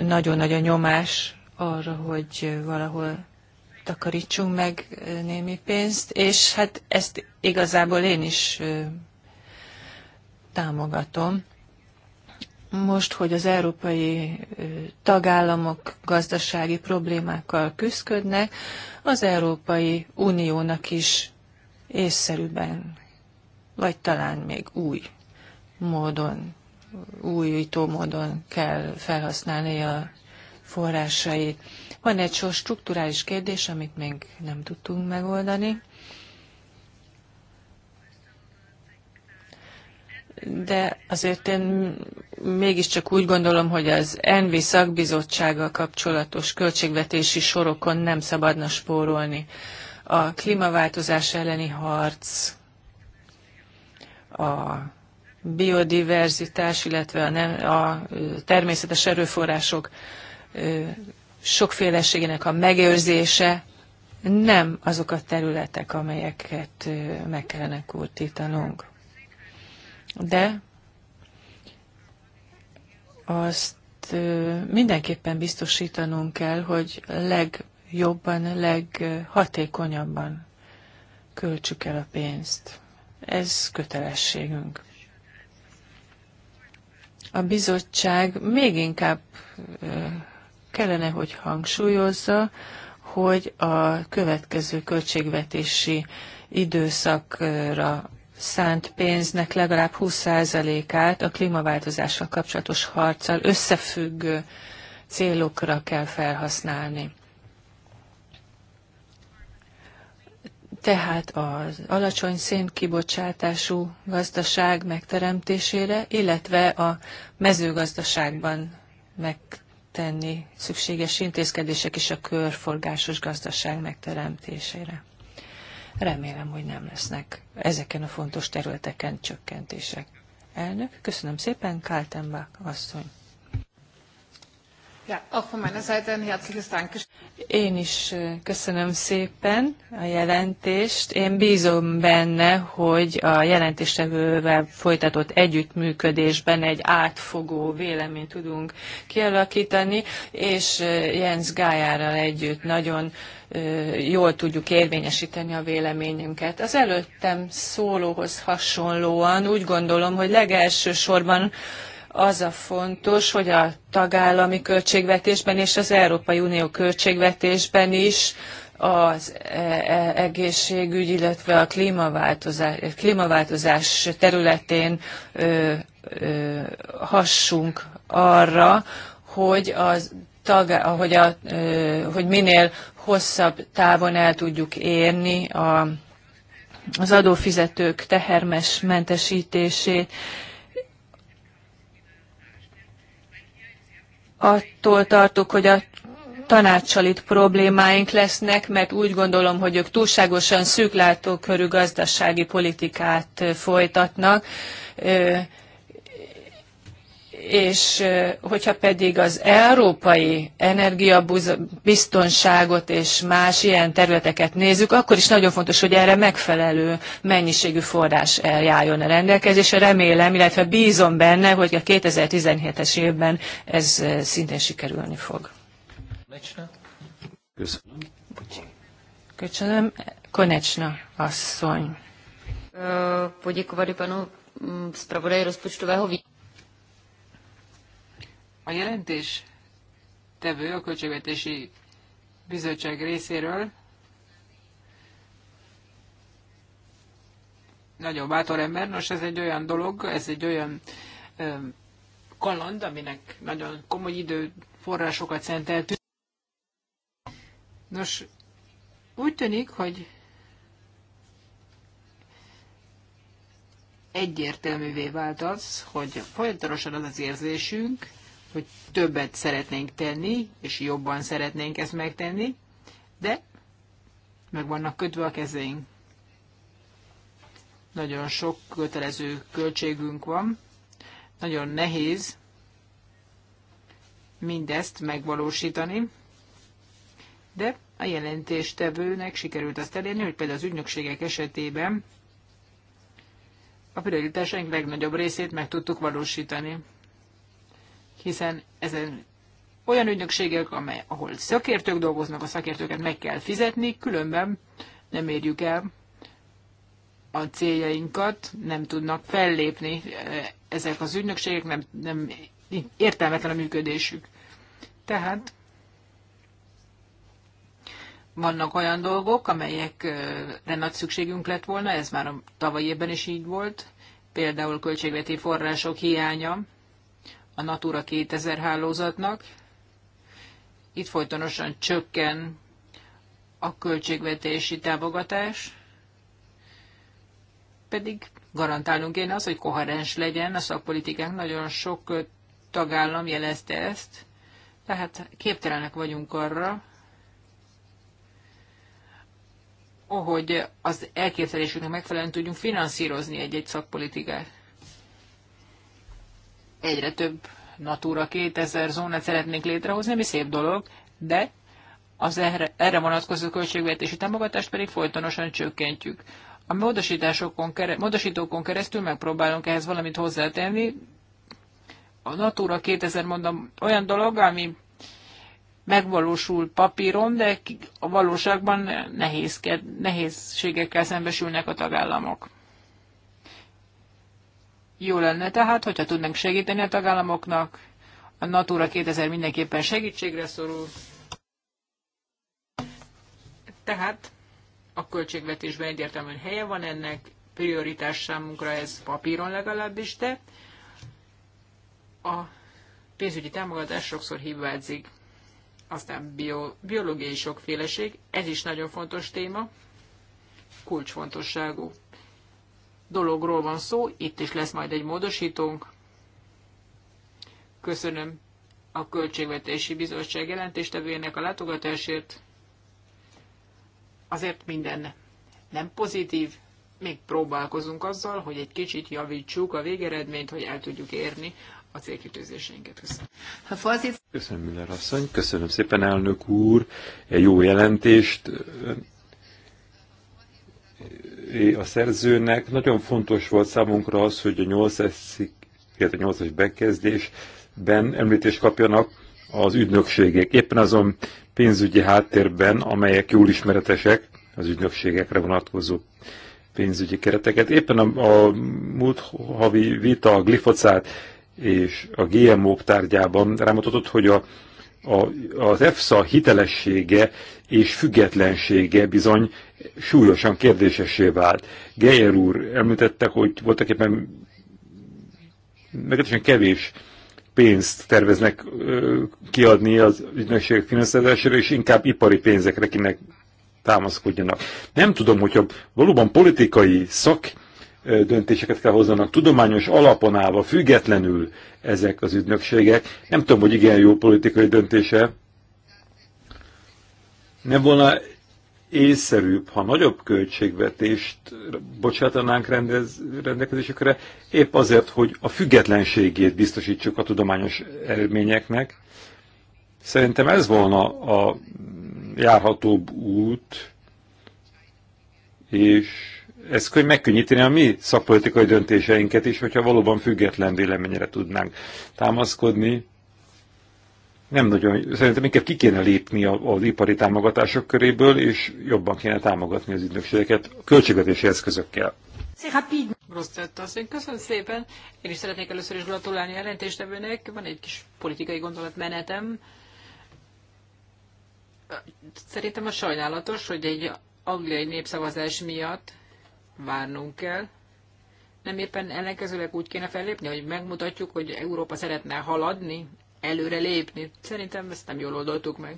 S2: nagyon nagy a nyomás arra, hogy valahol takarítsunk meg némi pénzt, és hát ezt igazából én is támogatom. Most, hogy az európai tagállamok gazdasági problémákkal küzdködnek, az Európai Uniónak is észszerűben, vagy talán még új módon újító módon kell felhasználni a forrásait. Van egy sor strukturális kérdés, amit még nem tudtunk megoldani. de azért én mégiscsak úgy gondolom, hogy az ENVI szakbizottsággal kapcsolatos költségvetési sorokon nem szabadna spórolni. A klímaváltozás elleni harc, a biodiverzitás, illetve a, nem, a természetes erőforrások sokféleségének a megőrzése nem azok a területek, amelyeket meg kellene kurtítanunk. De azt mindenképpen biztosítanunk kell, hogy legjobban, leghatékonyabban költsük el a pénzt. Ez kötelességünk a bizottság még inkább kellene, hogy hangsúlyozza, hogy a következő költségvetési időszakra szánt pénznek legalább 20%-át a klímaváltozással kapcsolatos harccal összefüggő célokra kell felhasználni. tehát az alacsony szénkibocsátású gazdaság megteremtésére, illetve a mezőgazdaságban megtenni szükséges intézkedések is a körforgásos gazdaság megteremtésére. Remélem, hogy nem lesznek ezeken a fontos területeken csökkentések. Elnök, köszönöm szépen, Káltenbach asszony. Én is köszönöm szépen a jelentést. Én bízom benne, hogy a jelentéstevővel folytatott együttműködésben egy átfogó véleményt tudunk kialakítani, és Jens Gájárral együtt nagyon jól tudjuk érvényesíteni a véleményünket. Az előttem szólóhoz hasonlóan úgy gondolom, hogy legelsősorban sorban az a fontos, hogy a tagállami költségvetésben és az Európai Unió költségvetésben is az e, e, egészségügy, illetve a klímaváltozás, klímaváltozás területén ö, ö, hassunk arra, hogy az tag, a, ö, hogy minél hosszabb távon el tudjuk érni a, az adófizetők tehermes mentesítését. Ö, attól tartok, hogy a tanácssal itt problémáink lesznek, mert úgy gondolom, hogy ők túlságosan szűklátókörű gazdasági politikát folytatnak és hogyha pedig az európai energiabiztonságot és más ilyen területeket nézzük, akkor is nagyon fontos, hogy erre megfelelő mennyiségű forrás eljárjon a rendelkezésre. Remélem, illetve bízom benne, hogy a 2017-es évben ez szintén sikerülni fog. Köszönöm. Köszönöm. Konecsna asszony.
S5: Poděkovali panu mm, zpravodaji rozpočtového výboru. A
S4: jelentés tevő a Költségvetési Bizottság részéről nagyon bátor ember. Nos, ez egy olyan dolog, ez egy olyan ö, kaland, aminek nagyon komoly idő forrásokat szenteltünk. Nos, úgy tűnik, hogy egyértelművé vált az, hogy folyamatosan az az érzésünk, hogy többet szeretnénk tenni, és jobban szeretnénk ezt megtenni, de meg vannak kötve a kezeink. Nagyon sok kötelező költségünk van, nagyon nehéz mindezt megvalósítani, de a jelentéstevőnek sikerült azt elérni, hogy például az ügynökségek esetében a prioritásaink legnagyobb részét meg tudtuk valósítani hiszen ezen olyan ügynökségek, amely, ahol szakértők dolgoznak, a szakértőket meg kell fizetni, különben nem érjük el a céljainkat, nem tudnak fellépni eh, ezek az ügynökségek, nem, nem értelmetlen a működésük. Tehát vannak olyan dolgok, amelyekre nagy szükségünk lett volna, ez már a tavalyi évben is így volt, például költségveti források hiánya, a Natura 2000 hálózatnak. Itt folytonosan csökken a költségvetési támogatás, pedig garantálunk én az, hogy koherens legyen a szakpolitikánk. Nagyon sok tagállam jelezte ezt, tehát képtelenek vagyunk arra, hogy az elképzelésünknek megfelelően tudjunk finanszírozni egy-egy szakpolitikát egyre több Natura 2000 zónát szeretnénk létrehozni, ami szép dolog, de az erre, erre vonatkozó költségvetési támogatást pedig folytonosan csökkentjük. A módosításokon, módosítókon keresztül megpróbálunk ehhez valamit hozzátenni. A Natura 2000 mondom olyan dolog, ami megvalósul papíron, de a valóságban nehézked, nehézségekkel szembesülnek a tagállamok jó lenne tehát, hogyha tudnánk segíteni a tagállamoknak, a Natura 2000 mindenképpen segítségre szorul. Tehát a költségvetésben egyértelműen helye van ennek, prioritás számunkra ez papíron legalábbis, de a pénzügyi támogatás sokszor hibázik. Aztán bio, biológiai sokféleség, ez is nagyon fontos téma, kulcsfontosságú dologról van szó, itt is lesz majd egy módosítónk. Köszönöm a Költségvetési Bizottság jelentéstevőjének a látogatásért. Azért minden nem pozitív, még próbálkozunk azzal, hogy egy kicsit javítsuk a végeredményt, hogy el tudjuk érni a célkitűzéseinket.
S3: Köszönöm. Köszönöm, Müller asszony. Köszönöm szépen, elnök úr. Egy jó jelentést a szerzőnek. Nagyon fontos volt számunkra az, hogy a 8 as bekezdésben említést kapjanak az ügynökségek. Éppen azon pénzügyi háttérben, amelyek jól ismeretesek, az ügynökségekre vonatkozó pénzügyi kereteket. Éppen a, a múlt havi vita a glifocát és a gmo tárgyában rámutatott, hogy a, a, az EFSA hitelessége és függetlensége bizony súlyosan kérdésessé vált. Geyer úr említette, hogy voltak éppen meglehetősen kevés pénzt terveznek kiadni az ügynökség finanszírozására, és inkább ipari pénzekre kinek támaszkodjanak. Nem tudom, hogyha valóban politikai szak döntéseket kell hozzanak, tudományos alapon állva, függetlenül ezek az ügynökségek. Nem tudom, hogy igen jó politikai döntése. Nem volna észszerűbb, ha nagyobb költségvetést bocsátanánk rendez, rendelkezésükre, épp azért, hogy a függetlenségét biztosítsuk a tudományos eredményeknek. Szerintem ez volna a járhatóbb út, és ez könyv megkönnyíteni a mi szakpolitikai döntéseinket is, hogyha valóban független véleményre tudnánk támaszkodni, nem nagyon, szerintem inkább ki kéne lépni az ipari támogatások köréből, és jobban kéne támogatni az ügynökségeket költségvetési eszközökkel.
S4: Hát Grosztett asszony, köszönöm szépen. Én is szeretnék először is gratulálni a jelentéstevőnek. Van egy kis politikai gondolatmenetem. Szerintem a sajnálatos, hogy egy angliai népszavazás miatt várnunk kell. Nem éppen ellenkezőleg úgy kéne fellépni, hogy megmutatjuk, hogy Európa szeretne haladni, előre lépni. Szerintem ezt nem jól oldottuk meg.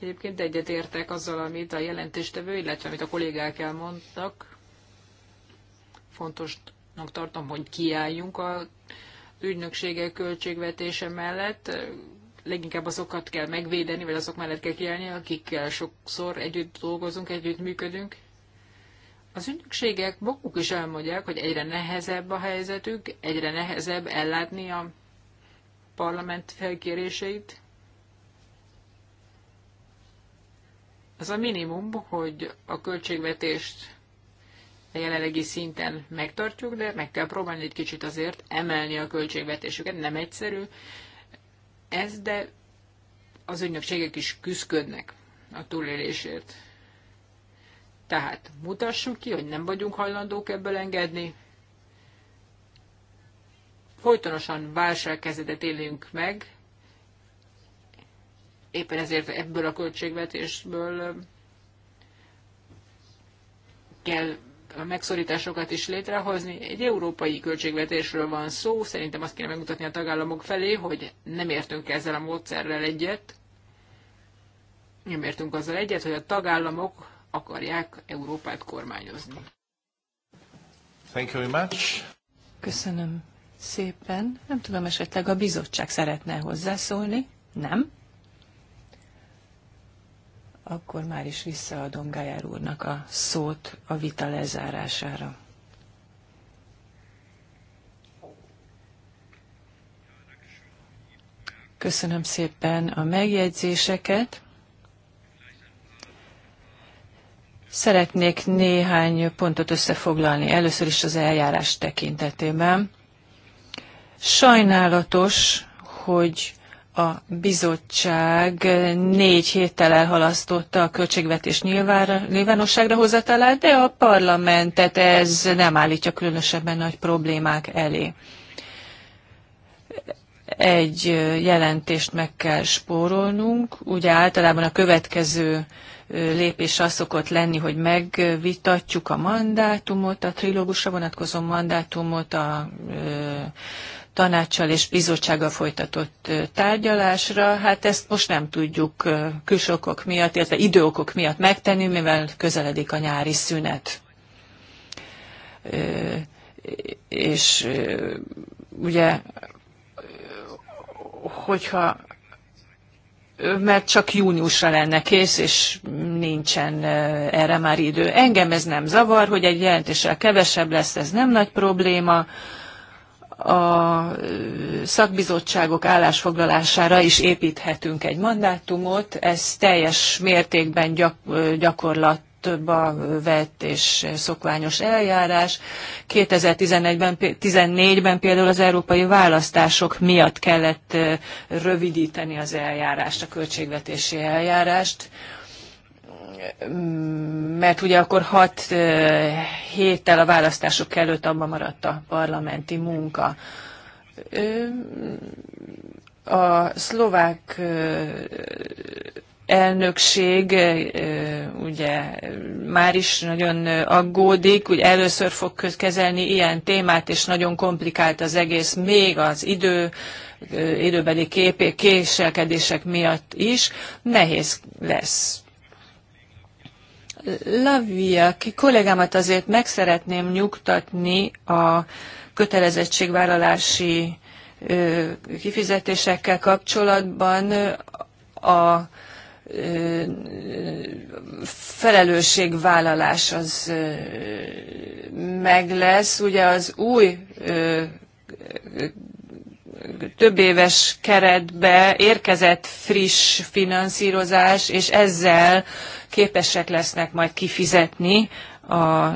S4: Egyébként egyetértek azzal, amit a jelentéstevő, illetve amit a kollégák elmondtak. Fontosnak tartom, hogy kiálljunk a ügynökségek költségvetése mellett. Leginkább azokat kell megvédeni, vagy azok mellett kell kiállni, akikkel sokszor együtt dolgozunk, együtt működünk. Az ügynökségek maguk is elmondják, hogy egyre nehezebb a helyzetük, egyre nehezebb ellátni a parlament felkéréseit. Az a minimum, hogy a költségvetést a jelenlegi szinten megtartjuk, de meg kell próbálni egy kicsit azért emelni a költségvetésüket. Nem egyszerű ez, de az ügynökségek is küzdködnek a túlélésért. Tehát mutassuk ki, hogy nem vagyunk hajlandók ebből engedni, folytonosan válságkezetet élünk meg, éppen ezért ebből a költségvetésből kell a megszorításokat is létrehozni. Egy európai költségvetésről van szó, szerintem azt kéne megmutatni a tagállamok felé, hogy nem értünk ezzel a módszerrel egyet, nem értünk azzal egyet, hogy a tagállamok akarják Európát kormányozni.
S1: Thank you very much.
S2: Köszönöm szépen. Nem tudom, esetleg a bizottság szeretne hozzászólni? Nem? Akkor már is visszaadom Gájár úrnak a szót a vita lezárására. Köszönöm szépen a megjegyzéseket. Szeretnék néhány pontot összefoglalni. Először is az eljárás tekintetében. Sajnálatos, hogy a bizottság négy héttel elhalasztotta a költségvetés nyilvánosságra hozatalát, de a parlamentet ez nem állítja különösebben nagy problémák elé. Egy jelentést meg kell spórolnunk, ugye általában a következő lépés az szokott lenni, hogy megvitatjuk a mandátumot, a trilógusra vonatkozó mandátumot, a tanácssal és bizottsággal folytatott tárgyalásra. Hát ezt most nem tudjuk külsokok miatt, illetve időokok miatt megtenni, mivel közeledik a nyári szünet. És ugye, hogyha mert csak júniusra lenne kész, és nincsen erre már idő. Engem ez nem zavar, hogy egy jelentéssel kevesebb lesz, ez nem nagy probléma a szakbizottságok állásfoglalására is építhetünk egy mandátumot. Ez teljes mértékben gyak, gyakorlat vett és szokványos eljárás. 2011-ben, 14-ben például az európai választások miatt kellett rövidíteni az eljárást, a költségvetési eljárást mert ugye akkor hat héttel a választások előtt abban maradt a parlamenti munka. A szlovák elnökség ugye már is nagyon aggódik, ugye először fog kezelni ilyen témát, és nagyon komplikált az egész, még az idő, időbeli kép, késelkedések miatt is nehéz lesz Lavia kollégámat azért meg szeretném nyugtatni a kötelezettségvállalási kifizetésekkel kapcsolatban a felelősségvállalás az meg lesz. Ugye az új több éves keretbe érkezett friss finanszírozás, és ezzel képesek lesznek majd kifizetni a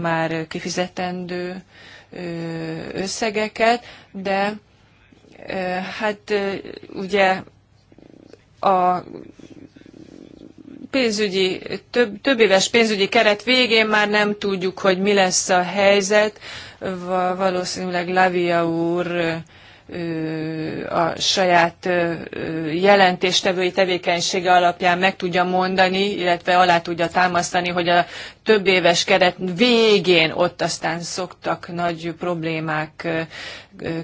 S2: már kifizetendő összegeket, de hát ugye a pénzügyi, több, több éves pénzügyi keret végén már nem tudjuk, hogy mi lesz a helyzet. Valószínűleg Lavia úr a saját jelentéstevői tevékenysége alapján meg tudja mondani, illetve alá tudja támasztani, hogy a több éves keret végén ott aztán szoktak nagy problémák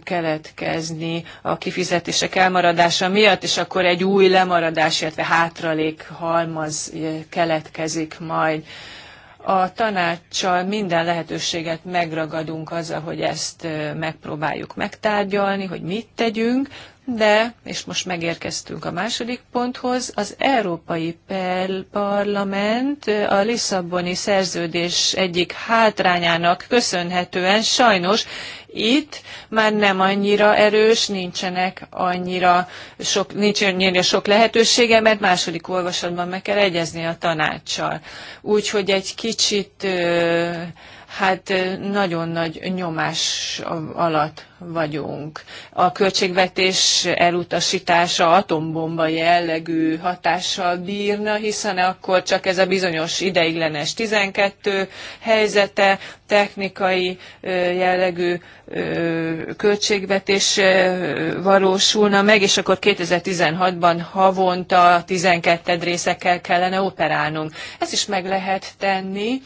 S2: keletkezni a kifizetések elmaradása miatt, és akkor egy új lemaradás, illetve hátralék halmaz keletkezik majd a tanácssal minden lehetőséget megragadunk azzal, hogy ezt megpróbáljuk megtárgyalni, hogy mit tegyünk de, és most megérkeztünk a második ponthoz, az Európai Parlament a Lisszaboni szerződés egyik hátrányának köszönhetően sajnos itt már nem annyira erős, nincsenek annyira sok, nincs annyira sok lehetősége, mert második olvasatban meg kell egyezni a tanácssal. Úgyhogy egy kicsit hát nagyon nagy nyomás alatt vagyunk. A költségvetés elutasítása atombomba jellegű hatással bírna, hiszen akkor csak ez a bizonyos ideiglenes 12 helyzete, technikai jellegű költségvetés valósulna meg, és akkor 2016-ban havonta 12 részekkel kellene operálnunk. Ezt is meg lehet tenni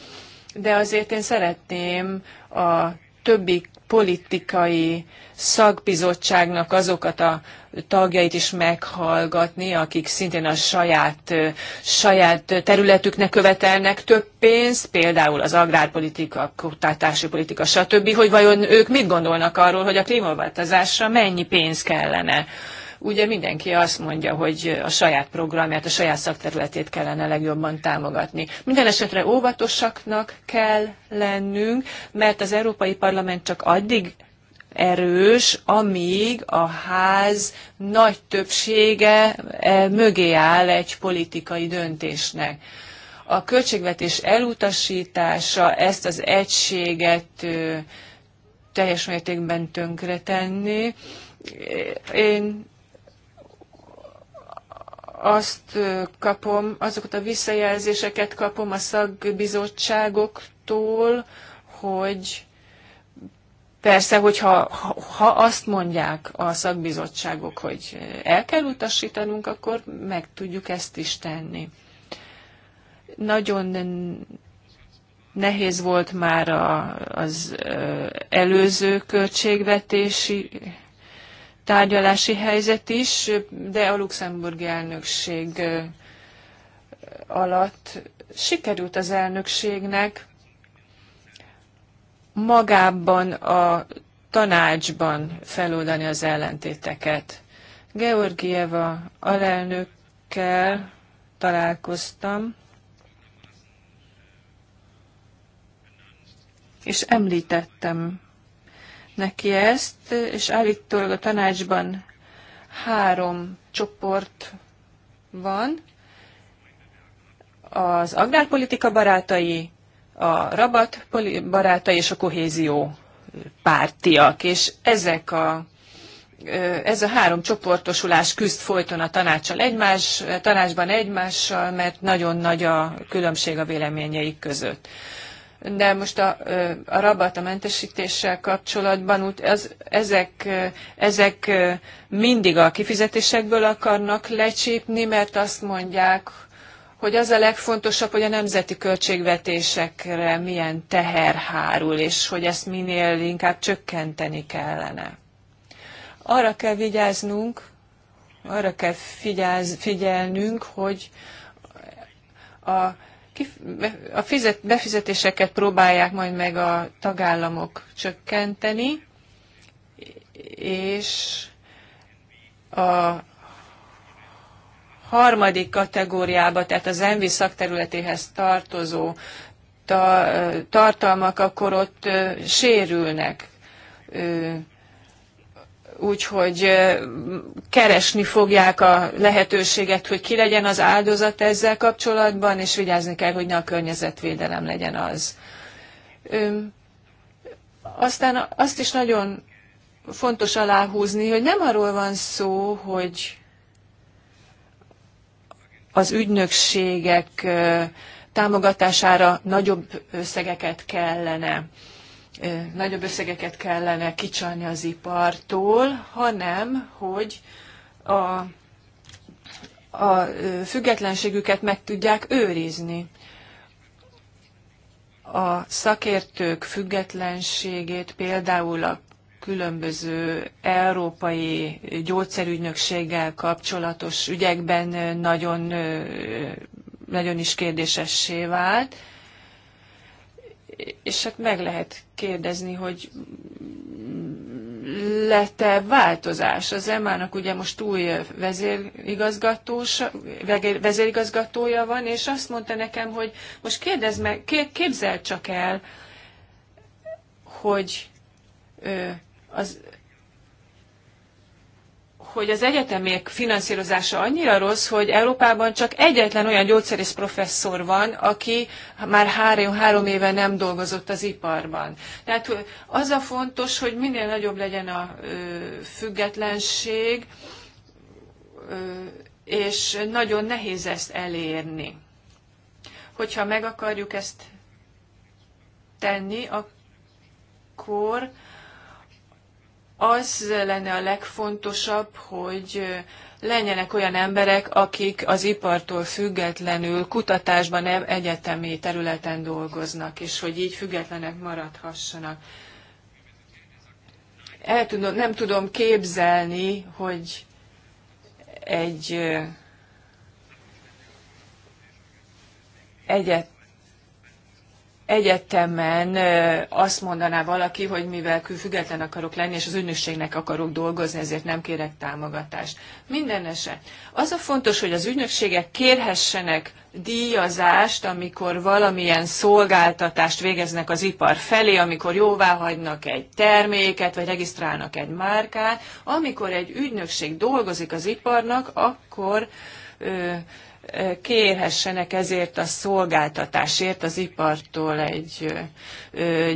S2: de azért én szeretném a többi politikai szakbizottságnak azokat a tagjait is meghallgatni, akik szintén a saját, saját területüknek követelnek több pénzt, például az agrárpolitika, kutatási politika, stb., hogy vajon ők mit gondolnak arról, hogy a klímaváltozásra mennyi pénz kellene ugye mindenki azt mondja, hogy a saját programját, a saját szakterületét kellene legjobban támogatni. Minden esetre óvatosaknak kell lennünk, mert az Európai Parlament csak addig erős, amíg a ház nagy többsége e, mögé áll egy politikai döntésnek a költségvetés elutasítása ezt az egységet teljes mértékben tönkretenni. Én azt kapom, azokat a visszajelzéseket kapom a szakbizottságoktól, hogy persze, hogyha ha, ha azt mondják a szakbizottságok, hogy el kell utasítanunk, akkor meg tudjuk ezt is tenni. Nagyon nehéz volt már a, az előző költségvetési tárgyalási helyzet is, de a luxemburgi elnökség alatt sikerült az elnökségnek magában a tanácsban feloldani az ellentéteket. Georgieva alelnökkel találkoztam, és említettem neki ezt, és állítólag a tanácsban három csoport van. Az agrárpolitika barátai, a rabat barátai és a kohézió pártiak, és ezek a ez a három csoportosulás küzd folyton a tanácsal egymás, tanácsban egymással, mert nagyon nagy a különbség a véleményeik között de most a, a rabat, a mentesítéssel kapcsolatban úgy, az, ezek, ezek mindig a kifizetésekből akarnak lecsípni, mert azt mondják, hogy az a legfontosabb, hogy a nemzeti költségvetésekre milyen teher hárul, és hogy ezt minél inkább csökkenteni kellene. Arra kell vigyáznunk, arra kell figyelnünk, hogy a a fizet, befizetéseket próbálják majd meg a tagállamok csökkenteni, és a harmadik kategóriába, tehát az ENVI szakterületéhez tartozó ta, tartalmak, akkor ott ö, sérülnek. Ö, úgyhogy keresni fogják a lehetőséget, hogy ki legyen az áldozat ezzel kapcsolatban, és vigyázni kell, hogy ne a környezetvédelem legyen az. Aztán azt is nagyon fontos aláhúzni, hogy nem arról van szó, hogy az ügynökségek támogatására nagyobb összegeket kellene nagyobb összegeket kellene kicsalni az ipartól, hanem hogy a, a függetlenségüket meg tudják őrizni. A szakértők függetlenségét például a különböző európai gyógyszerügynökséggel kapcsolatos ügyekben nagyon, nagyon is kérdésessé vált és hát meg lehet kérdezni, hogy lett-e változás? Az EMA-nak ugye most új vezérigazgatója van, és azt mondta nekem, hogy most kérdezz meg, képzel csak el, hogy az hogy az egyetemek finanszírozása annyira rossz, hogy Európában csak egyetlen olyan gyógyszerész professzor van, aki már három-három éve nem dolgozott az iparban. Tehát az a fontos, hogy minél nagyobb legyen a függetlenség, és nagyon nehéz ezt elérni. Hogyha meg akarjuk ezt tenni, akkor az lenne a legfontosabb, hogy legyenek olyan emberek, akik az ipartól függetlenül kutatásban, egyetemi területen dolgoznak, és hogy így függetlenek maradhassanak. El tudom, nem tudom képzelni, hogy egy egyet egyetemen azt mondaná valaki, hogy mivel külfüggetlen akarok lenni, és az ügynökségnek akarok dolgozni, ezért nem kérek támogatást. Minden eset. Az a fontos, hogy az ügynökségek kérhessenek díjazást, amikor valamilyen szolgáltatást végeznek az ipar felé, amikor hagynak egy terméket, vagy regisztrálnak egy márkát. Amikor egy ügynökség dolgozik az iparnak, akkor ö, kérhessenek ezért a szolgáltatásért az ipartól egy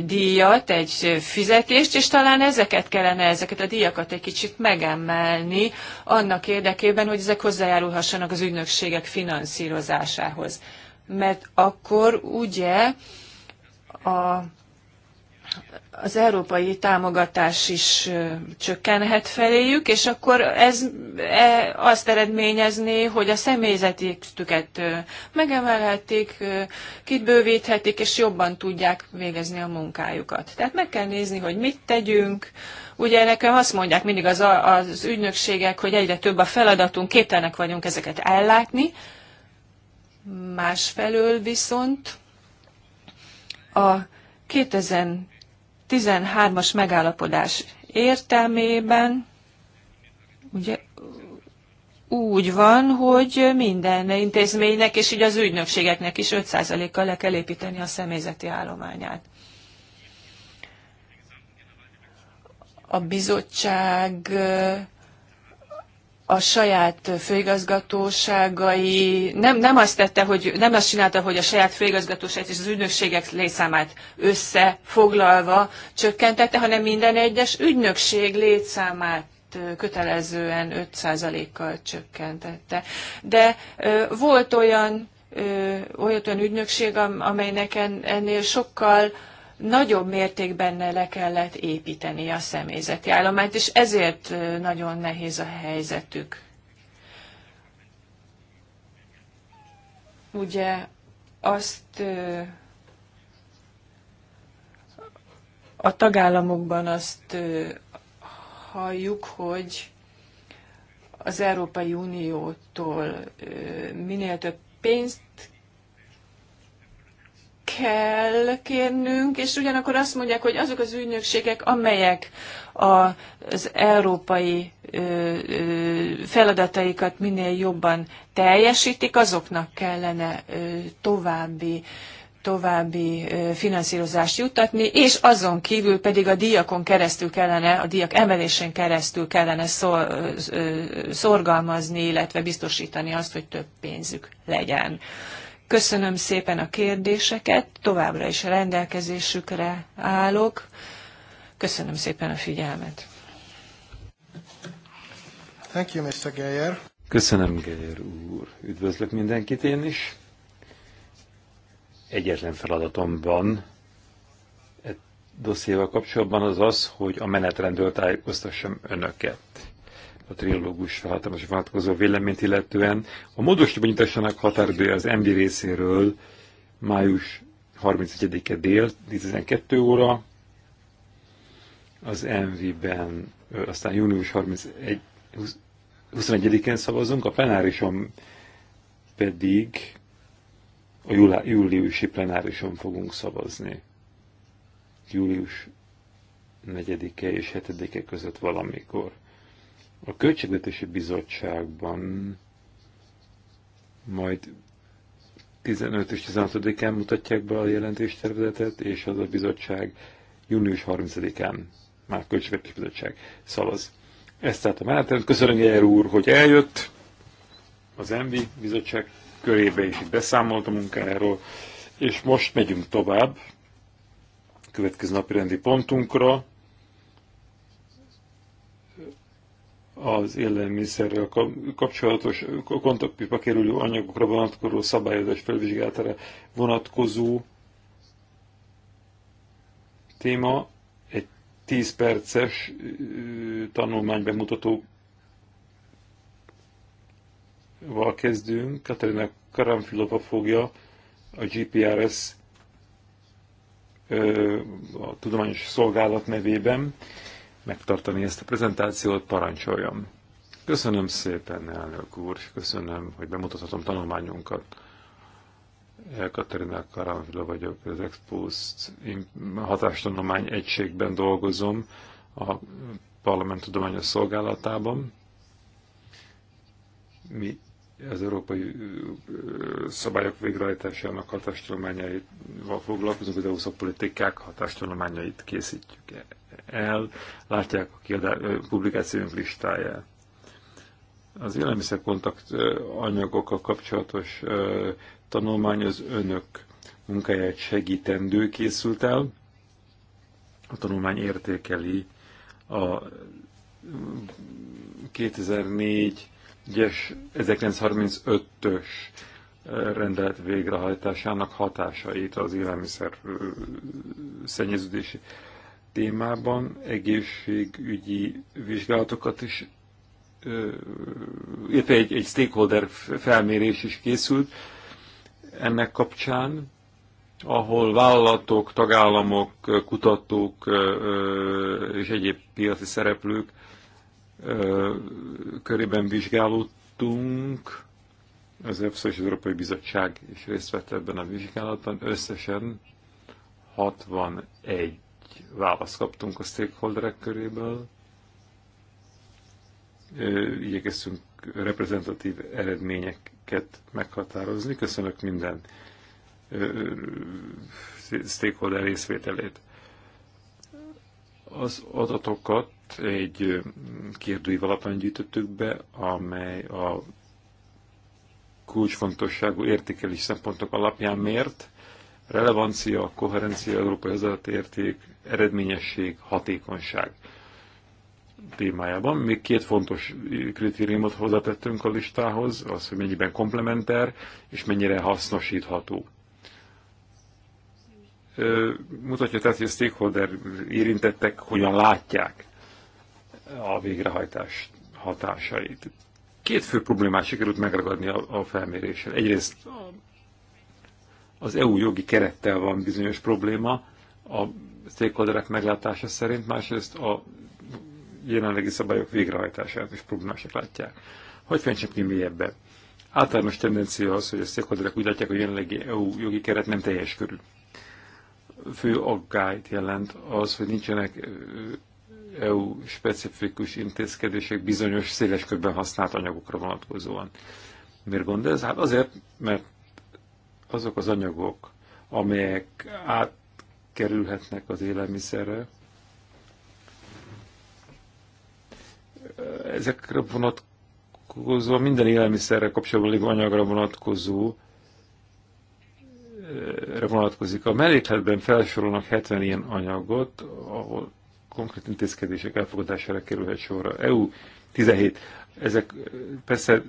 S2: díjat, egy fizetést, és talán ezeket kellene, ezeket a díjakat egy kicsit megemelni annak érdekében, hogy ezek hozzájárulhassanak az ügynökségek finanszírozásához. Mert akkor ugye a az európai támogatás is csökkenhet feléjük, és akkor ez e, azt eredményezné, hogy a személyzetüket megemelhetik, kibővíthetik, és jobban tudják végezni a munkájukat. Tehát meg kell nézni, hogy mit tegyünk. Ugye nekem azt mondják mindig az, az ügynökségek, hogy egyre több a feladatunk, képtelenek vagyunk ezeket ellátni. Másfelől viszont a 2000 13-as megállapodás értelmében ugye úgy van, hogy minden intézménynek és így az ügynökségeknek is 5%-kal le kell építeni a személyzeti állományát. A bizottság a saját főigazgatóságai nem, nem azt tette, hogy nem azt csinálta, hogy a saját főigazgatóságát és az ügynökségek létszámát összefoglalva csökkentette, hanem minden egyes ügynökség létszámát kötelezően 5%-kal csökkentette. De volt olyan, ö, olyan ügynökség, amelynek ennél sokkal nagyobb mértékben le kellett építeni a személyzeti állományt, és ezért nagyon nehéz a helyzetük. Ugye azt a tagállamokban azt halljuk, hogy az Európai Uniótól minél több pénzt kell kérnünk, és ugyanakkor azt mondják, hogy azok az ügynökségek, amelyek az európai feladataikat minél jobban teljesítik, azoknak kellene további további finanszírozást juttatni, és azon kívül pedig a díjakon keresztül kellene, a díjak emelésén keresztül kellene szor, szorgalmazni, illetve biztosítani azt, hogy több pénzük legyen Köszönöm szépen a kérdéseket, továbbra is a rendelkezésükre állok. Köszönöm szépen a figyelmet.
S7: Thank you, Mr. Geyer.
S3: Köszönöm, Geyer úr. Üdvözlök mindenkit én is. Egyetlen feladatom van e dossziéval kapcsolatban az az, hogy a menetrendről tájékoztassam önöket a trilógus általános vonatkozó véleményt illetően. A módosítóbonyításának határidője az MB részéről május 31-e dél, 12 óra, az MV-ben aztán június 31, 21-én szavazunk, a plenárison pedig a júliusi plenárison fogunk szavazni. Július 4-e és 7-e között valamikor. A Költségvetési Bizottságban majd 15 és 16-án mutatják be a jelentéstervezetet, és az a bizottság június 30-án már Költségvetési Bizottság szavaz. Ezt tehát a menetet. Köszönöm, Jair úr, hogy eljött az MV bizottság körébe, és itt beszámolt a munkájáról. És most megyünk tovább. Következő napi rendi pontunkra. az élelmiszerrel kapcsolatos kontaktba kerülő anyagokra vonatkozó szabályozás felvizsgálatára vonatkozó téma egy 10 perces tanulmány bemutató val kezdünk. Katerina Karamfilova fogja a GPRS a Tudományos Szolgálat nevében megtartani ezt a prezentációt, parancsoljam. Köszönöm szépen, elnök úr, és köszönöm, hogy bemutathatom tanulmányunkat. Katerina Karanfila vagyok, az Expost hatástanulmány egységben dolgozom a Parlament Tudományos Szolgálatában. Mi az európai szabályok végrehajtásának hatástanulmányaival foglalkozunk, az EU szakpolitikák hatástanulmányait készítjük el el, látják a publikációink listáját. Az élelmiszerkontakt anyagokkal kapcsolatos tanulmány az önök munkáját segítendő készült el. A tanulmány értékeli a 2004-es, 1935-ös rendelet végrehajtásának hatásait az élelmiszer szennyeződési témában egészségügyi vizsgálatokat is, illetve egy, egy stakeholder felmérés is készült ennek kapcsán, ahol vállalatok, tagállamok, kutatók és egyéb piaci szereplők körében vizsgálódtunk. Az EFSA és az Európai Bizottság is részt vett ebben a vizsgálatban. Összesen 61 választ kaptunk a stakeholderek köréből. Igyekeztünk reprezentatív eredményeket meghatározni. Köszönök minden stakeholder részvételét. Az adatokat egy kérdőív alapján gyűjtöttük be, amely a kulcsfontosságú értékelés szempontok alapján mért, relevancia, koherencia, európai érték, eredményesség, hatékonyság témájában. Még két fontos kritériumot hozzátettünk a listához, az, hogy mennyiben komplementer és mennyire hasznosítható. Mutatja tehát, hogy a stakeholder érintettek hogyan látják a végrehajtás hatásait. Két fő problémát sikerült megragadni a, a Egyrészt az EU jogi kerettel van bizonyos probléma a stakeholderek meglátása szerint, másrészt a jelenlegi szabályok végrehajtását is problémásak látják. Hogy fejtsem ki mélyebben? Általános tendencia az, hogy a stakeholderek úgy látják, hogy a jelenlegi EU jogi keret nem teljes körül. Fő aggályt jelent az, hogy nincsenek EU specifikus intézkedések bizonyos széles körben használt anyagokra vonatkozóan. Miért gond ez? Hát azért, mert azok az anyagok, amelyek átkerülhetnek az élelmiszerre, ezekre vonatkozó, minden élelmiszerre kapcsolódó lévő anyagra vonatkozó eh, vonatkozik. A mellékletben felsorolnak 70 ilyen anyagot, ahol konkrét intézkedések elfogadására kerülhet sorra. EU 17. Ezek eh, persze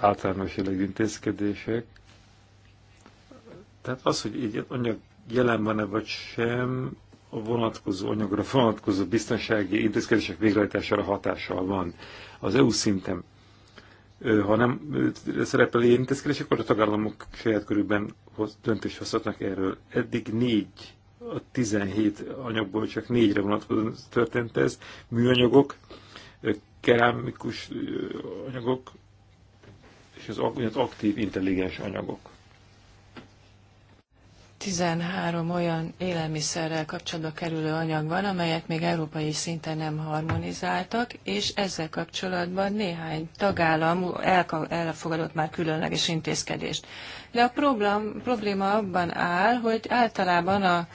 S3: általános jellegű intézkedések, tehát az, hogy egy anyag jelen van-e vagy sem, a vonatkozó anyagra vonatkozó biztonsági intézkedések végrehajtására hatással van. Az EU szinten, ha nem szerepel ilyen intézkedés, akkor a tagállamok saját körülben döntést hozhatnak erről. Eddig négy a 17 anyagból csak négyre vonatkozóan történt ez. Műanyagok, kerámikus anyagok, és az aktív intelligens anyagok.
S2: 13 olyan élelmiszerrel kapcsolatba kerülő anyag van, amelyet még európai szinten nem harmonizáltak, és ezzel kapcsolatban néhány tagállam elfogadott már különleges intézkedést de a problém, probléma abban áll, hogy általában, a,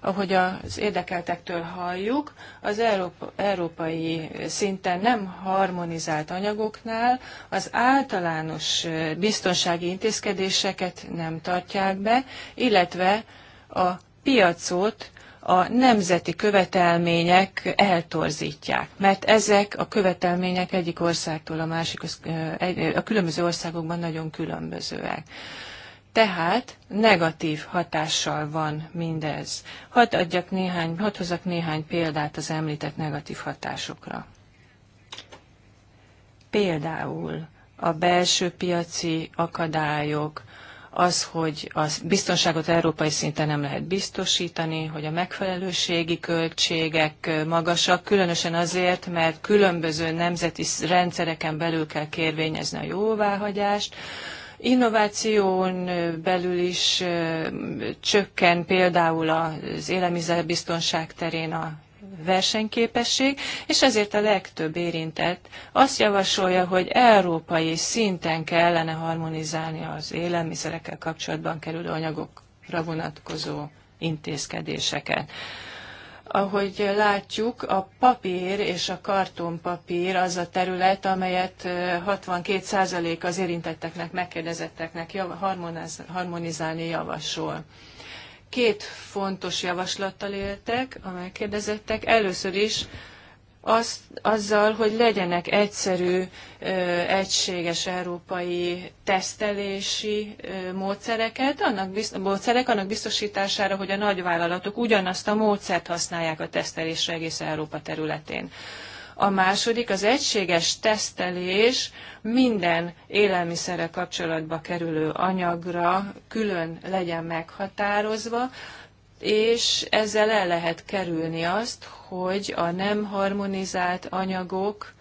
S2: ahogy az érdekeltektől halljuk, az Európa, európai szinten nem harmonizált anyagoknál az általános biztonsági intézkedéseket nem tartják be, illetve a piacot a nemzeti követelmények eltorzítják, mert ezek a követelmények egyik országtól a másik, a különböző országokban nagyon különbözőek. Tehát negatív hatással van mindez. Hadd adjak néhány, hadd hozzak néhány példát az említett negatív hatásokra. Például a belső piaci akadályok, az, hogy a biztonságot európai szinten nem lehet biztosítani, hogy a megfelelőségi költségek magasak, különösen azért, mert különböző nemzeti rendszereken belül kell kérvényezni a jóváhagyást, Innováción belül is csökken például az élelmiszerbiztonság terén a versenyképesség, és ezért a legtöbb érintett azt javasolja, hogy európai szinten kellene harmonizálni az élelmiszerekkel kapcsolatban kerülő anyagokra vonatkozó intézkedéseket. Ahogy látjuk, a papír és a kartonpapír az a terület, amelyet 62% az érintetteknek, megkérdezetteknek harmonizálni javasol két fontos javaslattal éltek, a megkérdezettek. Először is az, azzal, hogy legyenek egyszerű, egységes európai tesztelési módszereket, annak biztos, módszerek annak biztosítására, hogy a nagyvállalatok ugyanazt a módszert használják a tesztelésre egész Európa területén. A második, az egységes tesztelés minden élelmiszerre kapcsolatba kerülő anyagra külön legyen meghatározva, és ezzel el lehet kerülni azt, hogy a nem harmonizált anyagok,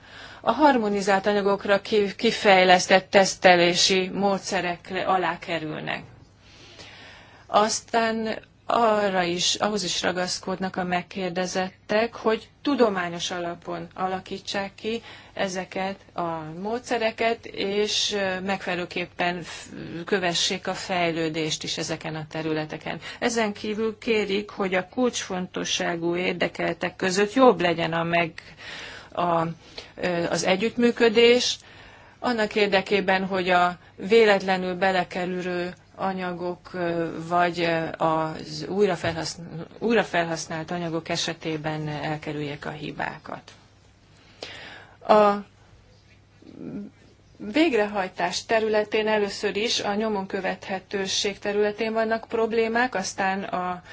S2: a harmonizált anyagokra kifejlesztett tesztelési módszerek alá kerülnek. Aztán arra is, ahhoz is ragaszkodnak a megkérdezettek, hogy tudományos alapon alakítsák ki ezeket a módszereket, és megfelelőképpen kövessék a fejlődést is ezeken a területeken. Ezen kívül kérik, hogy a kulcsfontosságú érdekeltek között jobb legyen a meg a, az együttműködés, annak érdekében, hogy a véletlenül belekerülő anyagok, vagy az újrafelhasznált, újrafelhasznált anyagok esetében elkerüljék a hibákat. A végrehajtás területén először is a nyomon követhetőség területén vannak problémák, aztán a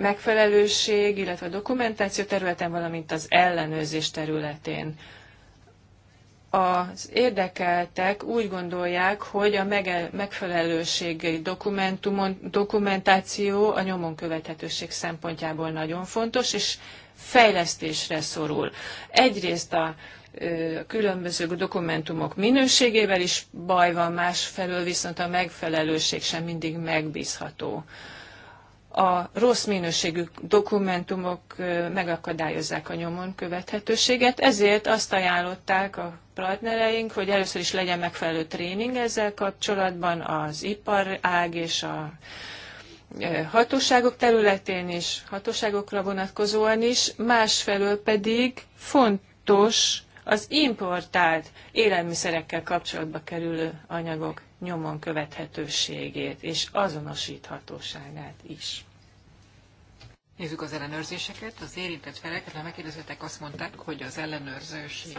S2: megfelelőség, illetve a dokumentáció területen, valamint az ellenőrzés területén az érdekeltek úgy gondolják, hogy a megfelelőségi dokumentáció a nyomon követhetőség szempontjából nagyon fontos, és fejlesztésre szorul. Egyrészt a különböző dokumentumok minőségével is baj van, másfelől viszont a megfelelőség sem mindig megbízható a rossz minőségű dokumentumok megakadályozzák a nyomon követhetőséget, ezért azt ajánlották a partnereink, hogy először is legyen megfelelő tréning ezzel kapcsolatban az iparág és a hatóságok területén is, hatóságokra vonatkozóan is, másfelől pedig fontos az importált élelmiszerekkel kapcsolatba kerülő anyagok nyomon követhetőségét és azonosíthatóságát is.
S4: Nézzük az ellenőrzéseket. Az érintett felek, hát a megkérdezettek azt mondták, hogy az ellenőrzési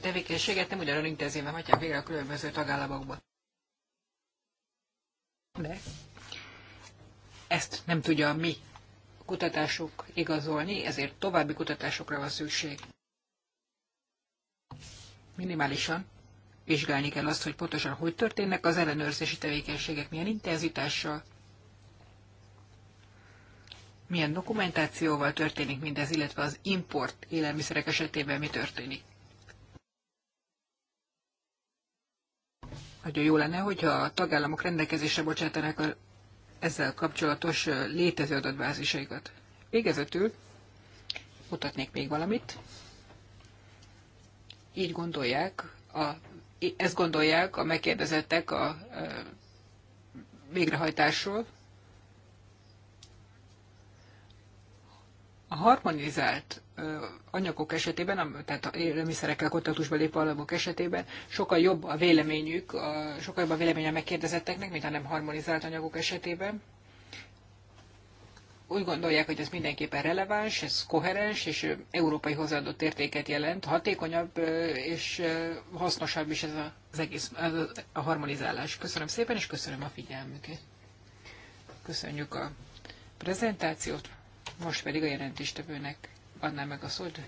S4: tevékenységet nem intézi, mert hagyják végre a különböző tagállamokban. De ezt nem tudja a mi kutatásuk igazolni, ezért további kutatásokra van szükség. Minimálisan vizsgálni kell azt, hogy pontosan hogy történnek az ellenőrzési tevékenységek, milyen intenzitással, milyen dokumentációval történik mindez, illetve az import élelmiszerek esetében mi történik. Nagyon jó lenne, hogyha a tagállamok rendelkezésre bocsátanák a ezzel kapcsolatos létező adatbázisaikat. Végezetül mutatnék még valamit. Így gondolják a ezt gondolják a megkérdezettek a végrehajtásról. A harmonizált anyagok esetében, tehát élelmiszerekkel kontaktusba lépő alapok esetében sokkal jobb a véleményük, sokkal jobb a véleménye megkérdezetteknek, mint a nem harmonizált anyagok esetében úgy gondolják, hogy ez mindenképpen releváns, ez koherens, és európai hozzáadott értéket jelent, hatékonyabb és hasznosabb is ez a, az egész a harmonizálás. Köszönöm szépen, és köszönöm a figyelmüket. Köszönjük a prezentációt, most pedig a jelentéstevőnek adnám meg a szót,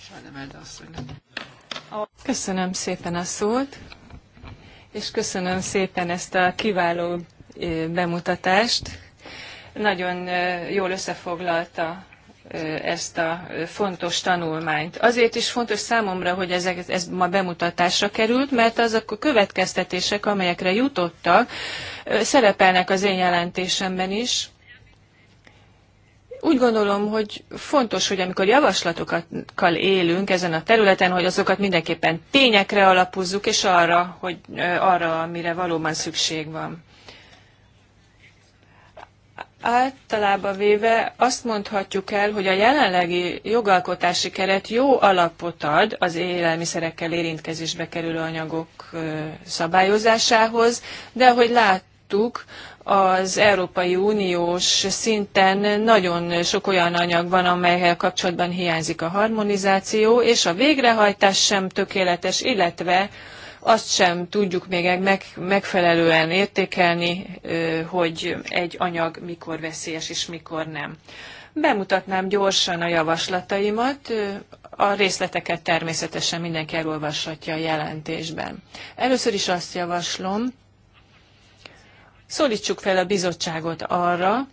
S4: Sajnálom Elde asszonynak.
S2: Köszönöm szépen a szót, és köszönöm szépen ezt a kiváló bemutatást nagyon jól összefoglalta ezt a fontos tanulmányt. Azért is fontos számomra, hogy ez, ez ma bemutatásra került, mert azok a következtetések, amelyekre jutottak, szerepelnek az én jelentésemben is. Úgy gondolom, hogy fontos, hogy amikor javaslatokkal élünk ezen a területen, hogy azokat mindenképpen tényekre alapozzuk, és arra, hogy arra, amire valóban szükség van. Általában véve azt mondhatjuk el, hogy a jelenlegi jogalkotási keret jó alapot ad az élelmiszerekkel érintkezésbe kerülő anyagok szabályozásához, de ahogy láttuk, az Európai Uniós szinten nagyon sok olyan anyag van, amelyhez kapcsolatban hiányzik a harmonizáció, és a végrehajtás sem tökéletes, illetve azt sem tudjuk még meg, megfelelően értékelni, hogy egy anyag mikor veszélyes és mikor nem. Bemutatnám gyorsan a javaslataimat, a részleteket természetesen mindenki elolvashatja a jelentésben. Először is azt javaslom, szólítsuk fel a bizottságot arra,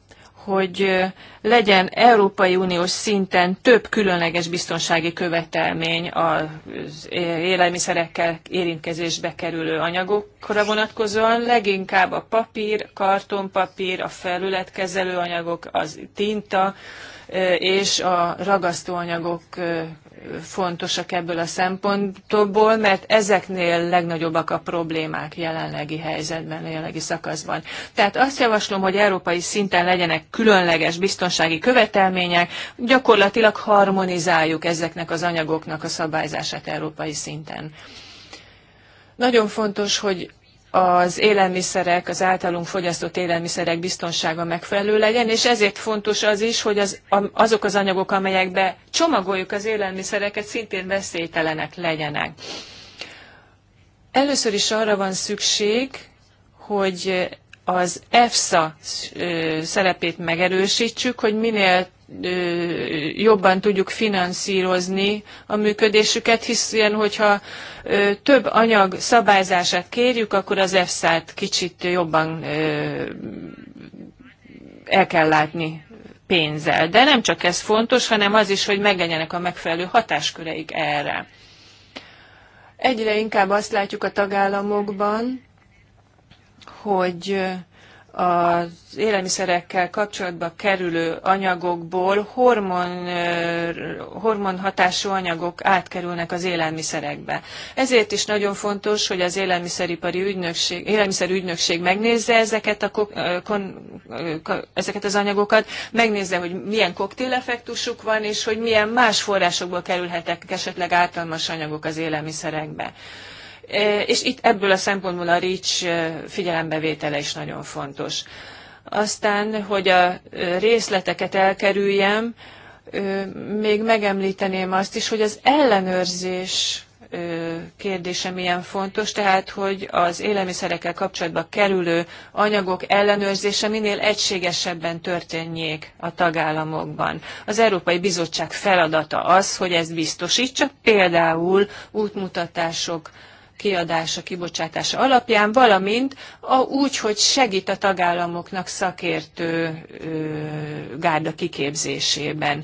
S2: hogy legyen Európai Uniós szinten több különleges biztonsági követelmény az élelmiszerekkel érintkezésbe kerülő anyagokra vonatkozóan, leginkább a papír, kartonpapír, a felületkezelő anyagok, az tinta, és a ragasztóanyagok fontosak ebből a szempontból, mert ezeknél legnagyobbak a problémák jelenlegi helyzetben, jelenlegi szakaszban. Tehát azt javaslom, hogy európai szinten legyenek különleges biztonsági követelmények, gyakorlatilag harmonizáljuk ezeknek az anyagoknak a szabályzását európai szinten. Nagyon fontos, hogy az élelmiszerek, az általunk fogyasztott élelmiszerek biztonsága megfelelő legyen, és ezért fontos az is, hogy az, azok az anyagok, amelyekbe csomagoljuk az élelmiszereket, szintén veszélytelenek legyenek. Először is arra van szükség, hogy az EFSA szerepét megerősítsük, hogy minél jobban tudjuk finanszírozni a működésüket, hiszen hogyha több anyag szabályzását kérjük, akkor az EFSA-t kicsit jobban el kell látni pénzzel. De nem csak ez fontos, hanem az is, hogy megenjenek a megfelelő hatásköreik erre. Egyre inkább azt látjuk a tagállamokban, hogy az élelmiszerekkel kapcsolatba kerülő anyagokból hormon, hormon hatású anyagok átkerülnek az élelmiszerekbe. Ezért is nagyon fontos, hogy az élelmiszeripari ügynökség, élelmiszerügynökség megnézze ezeket, a, kon, ezeket az anyagokat, megnézze, hogy milyen koktéleffektusuk van, és hogy milyen más forrásokból kerülhetek esetleg ártalmas anyagok az élelmiszerekbe. E, és itt ebből a szempontból a REACH e, figyelembevétele is nagyon fontos. Aztán, hogy a e, részleteket elkerüljem, még megemlíteném azt is, hogy az ellenőrzés kérdése milyen fontos, tehát hogy az élelmiszerekkel kapcsolatban kerülő anyagok ellenőrzése minél egységesebben történjék a tagállamokban. Az Európai Bizottság feladata az, hogy ezt biztosítsa, például útmutatások kiadása, kibocsátása alapján, valamint a, úgy, hogy segít a tagállamoknak szakértő gárda kiképzésében.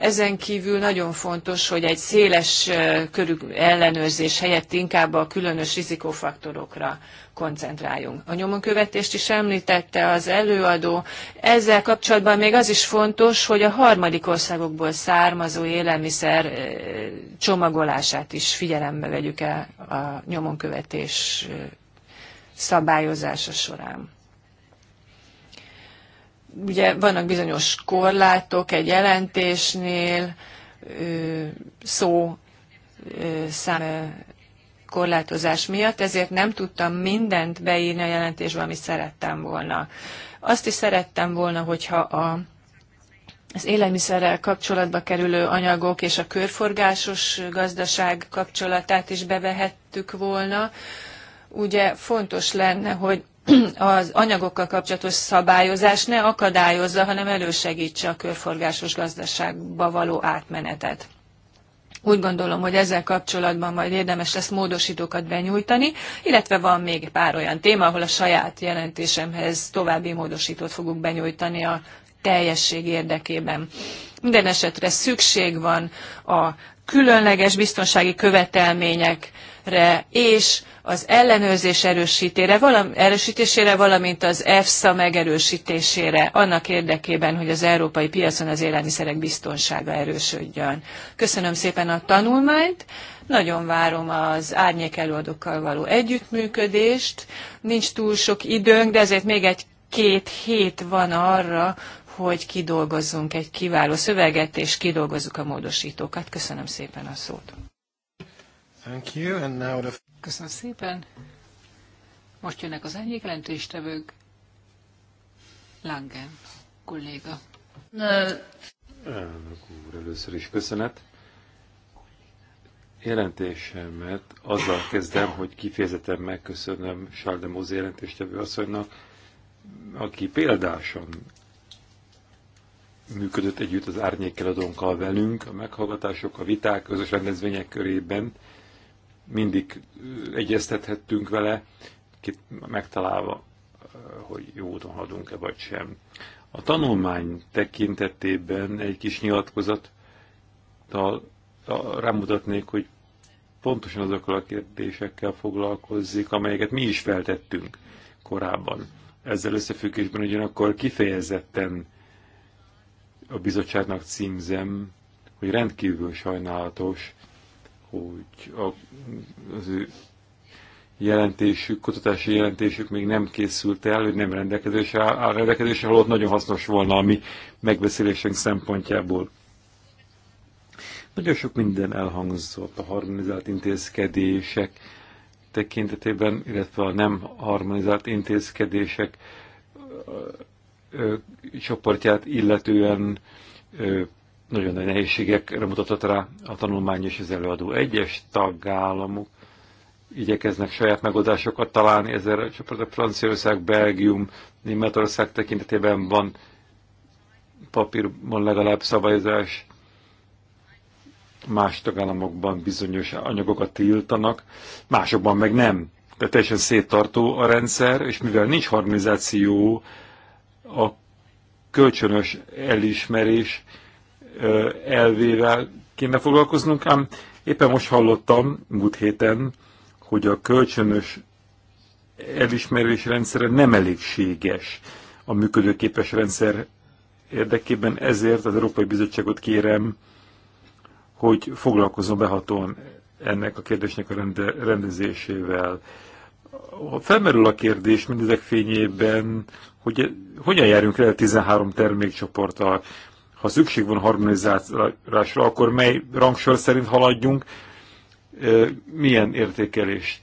S2: Ezen kívül nagyon fontos, hogy egy széles körű ellenőrzés helyett inkább a különös rizikófaktorokra koncentráljunk. A nyomonkövetést is említette az előadó. Ezzel kapcsolatban még az is fontos, hogy a harmadik országokból származó élelmiszer csomagolását is figyelembe vegyük el a nyomonkövetés szabályozása során ugye vannak bizonyos korlátok egy jelentésnél, szó szám korlátozás miatt, ezért nem tudtam mindent beírni a jelentésbe, amit szerettem volna. Azt is szerettem volna, hogyha a, az élelmiszerrel kapcsolatba kerülő anyagok és a körforgásos gazdaság kapcsolatát is bevehettük volna. Ugye fontos lenne, hogy az anyagokkal kapcsolatos szabályozás ne akadályozza, hanem elősegítse a körforgásos gazdaságba való átmenetet. Úgy gondolom, hogy ezzel kapcsolatban majd érdemes lesz módosítókat benyújtani, illetve van még pár olyan téma, ahol a saját jelentésemhez további módosítót fogunk benyújtani a teljesség érdekében. Minden esetre szükség van a különleges biztonsági követelmények re és az ellenőrzés erősítére, valam, erősítésére, valamint az EFSA megerősítésére, annak érdekében, hogy az európai piacon az élelmiszerek biztonsága erősödjön. Köszönöm szépen a tanulmányt, nagyon várom az árnyék előadókkal való együttműködést, nincs túl sok időnk, de ezért még egy két hét van arra, hogy kidolgozzunk egy kiváló szöveget, és kidolgozzuk a módosítókat. Köszönöm szépen a szót.
S1: Thank you, and now the...
S2: Köszönöm szépen. Most jönnek az enyék
S1: jelentéstevők.
S4: Langen, kolléga.
S1: Elnök
S3: úr, először is köszönet. Jelentésemet azzal kezdem, hogy kifejezetten megköszönöm Sáldemóz jelentéstevő asszonynak, aki példáson működött együtt az árnyékeladónkkal velünk, a meghallgatások, a viták, közös rendezvények körében, mindig egyeztethettünk vele, megtalálva, hogy jó úton haladunk-e vagy sem. A tanulmány tekintetében egy kis a rámutatnék, hogy pontosan azokkal a kérdésekkel foglalkozzik, amelyeket mi is feltettünk korábban. Ezzel összefüggésben ugyanakkor kifejezetten a bizottságnak címzem, hogy rendkívül sajnálatos, hogy a, az ő jelentésük, kutatási jelentésük még nem készült el, hogy nem rendelkezésre áll, rendelkezésre, holott nagyon hasznos volna a mi megbeszélésünk szempontjából. Nagyon sok minden elhangzott a harmonizált intézkedések tekintetében, illetve a nem harmonizált intézkedések ö, ö, csoportját illetően ö, nagyon nagy nehézségekre mutatott rá a tanulmány és az előadó. Egyes tagállamok igyekeznek saját megoldásokat találni, ezzel a Franciaország, Belgium, Németország tekintetében van papírban legalább szabályozás, más tagállamokban bizonyos anyagokat tiltanak, másokban meg nem. Tehát teljesen széttartó a rendszer, és mivel nincs harmonizáció, a kölcsönös elismerés, elvével kéne foglalkoznunk, ám éppen most hallottam múlt héten, hogy a kölcsönös elismerés rendszere nem elégséges a működőképes rendszer érdekében, ezért az Európai Bizottságot kérem, hogy foglalkozzon behatóan ennek a kérdésnek a rende, rendezésével. Felmerül a kérdés mindezek fényében, hogy hogyan járjunk el 13 termékcsoporttal, ha szükség van harmonizálásra, akkor mely rangsor szerint haladjunk, milyen értékelést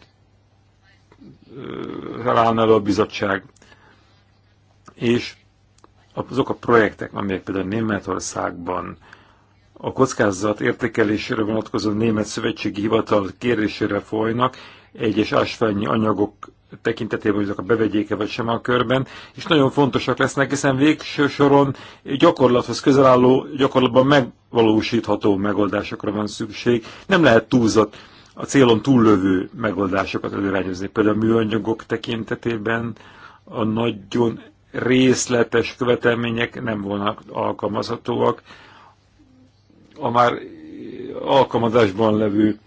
S3: találna elő a bizottság. És azok a projektek, amelyek például Németországban a kockázat értékelésére vonatkozó Német Szövetségi Hivatal kérésére folynak, egyes ásványi anyagok tekintetében, hogy ezek a bevegyéke vagy sem a körben, és nagyon fontosak lesznek, hiszen végső soron gyakorlathoz közel álló, gyakorlatban megvalósítható megoldásokra van szükség. Nem lehet túlzott a célon túllövő megoldásokat előrányozni. Például a műanyagok tekintetében a nagyon részletes követelmények nem volna alkalmazhatóak. A már alkalmazásban levő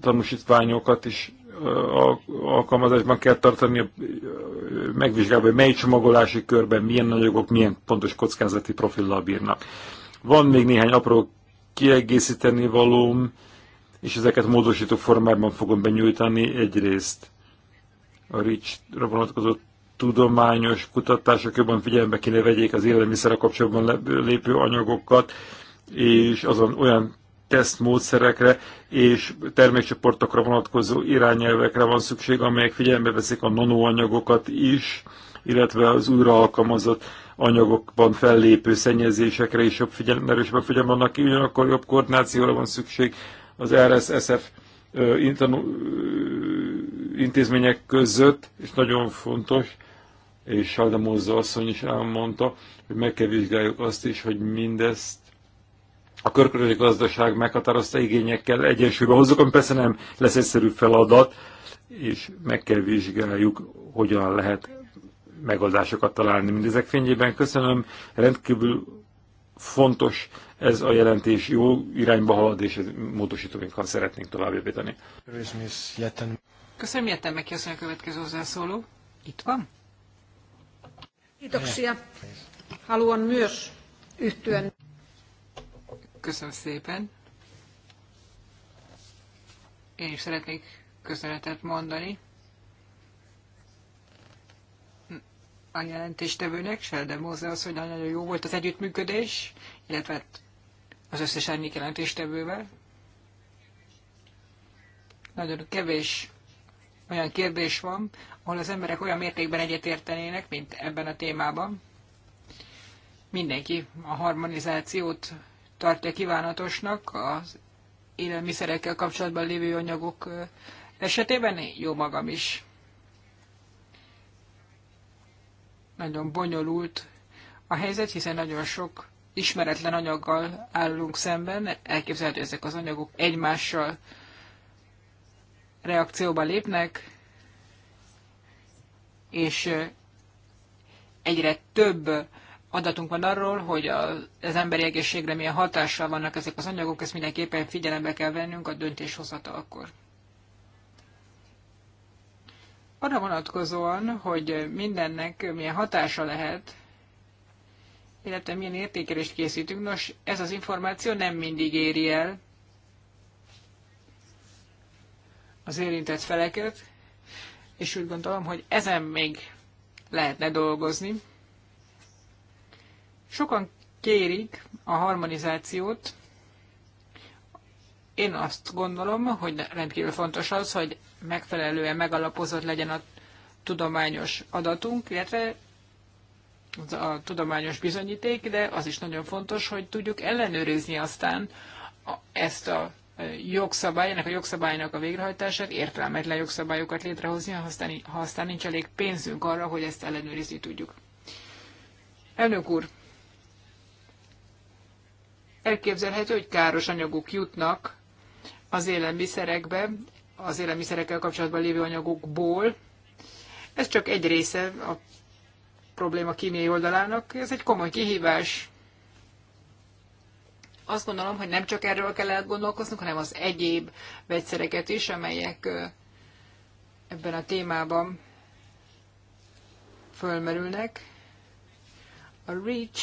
S3: tanúsítványokat is alkalmazásban kell tartani, megvizsgálva, hogy mely csomagolási körben milyen anyagok, milyen pontos kockázati profillal bírnak. Van még néhány apró kiegészíteni valóm, és ezeket módosító formában fogom benyújtani. Egyrészt a RICS-ra vonatkozó tudományos kutatások jobban figyelembe kéne vegyék az élelmiszerre kapcsolatban lépő anyagokat, és azon olyan tesztmódszerekre és termékcsoportokra vonatkozó irányelvekre van szükség, amelyek figyelembe veszik a nanoanyagokat is, illetve az újraalkalmazott anyagokban fellépő szennyezésekre is jobb figyelem, erősebb figyelem annak ki, ugyanakkor jobb koordinációra van szükség az RSSF intézmények között, és nagyon fontos, és Sáldamózza asszony is elmondta, hogy meg kell vizsgáljuk azt is, hogy mindezt a körkörös gazdaság meghatározta igényekkel egyensúlyba hozzuk, ami persze nem lesz egyszerű feladat, és meg kell vizsgáljuk, hogyan lehet megoldásokat találni. Mindezek fényében köszönöm, rendkívül fontos ez a jelentés, jó irányba halad, és módosítóinkkal szeretnénk tovább javítani.
S4: Köszönöm, jöttem meg, köszönöm a következő hozzászóló. Itt van. Kiitoksia. Haluan myös yhtyä Köszönöm szépen. Én is szeretnék köszönetet mondani a jelentéstevőnek, Selde Móze az, hogy nagyon jó volt az együttműködés, illetve hát az összes ennyi jelentéstevővel. Nagyon kevés olyan kérdés van, ahol az emberek olyan mértékben egyetértenének, mint ebben a témában. Mindenki a harmonizációt tartja kívánatosnak az élelmiszerekkel kapcsolatban lévő anyagok esetében, jó magam is. Nagyon bonyolult a helyzet, hiszen nagyon sok ismeretlen anyaggal állunk szemben, elképzelhető, ezek az anyagok egymással reakcióba lépnek, és egyre több adatunk van arról, hogy az emberi egészségre milyen hatással vannak ezek az anyagok, ezt mindenképpen figyelembe kell vennünk a döntéshozatalkor. Arra vonatkozóan, hogy mindennek milyen hatása lehet, illetve milyen értékelést készítünk, nos, ez az információ nem mindig éri el az érintett feleket, és úgy gondolom, hogy ezen még lehetne dolgozni. Sokan kérik a harmonizációt. Én azt gondolom, hogy rendkívül fontos az, hogy megfelelően megalapozott legyen a tudományos adatunk, illetve a tudományos bizonyíték, de az is nagyon fontos, hogy tudjuk ellenőrizni aztán ezt a e, jogszabály, ennek a jogszabálynak a végrehajtását, értelmetlen jogszabályokat létrehozni, ha aztán, ha aztán nincs elég pénzünk arra, hogy ezt ellenőrizni tudjuk. Elnök úr, elképzelhető, hogy káros anyagok jutnak az élelmiszerekbe, az élelmiszerekkel kapcsolatban lévő anyagokból. Ez csak egy része a probléma kémiai oldalának. Ez egy komoly kihívás. Azt gondolom, hogy nem csak erről kell elgondolkoznunk, hanem az egyéb vegyszereket is, amelyek ebben a témában fölmerülnek. A REACH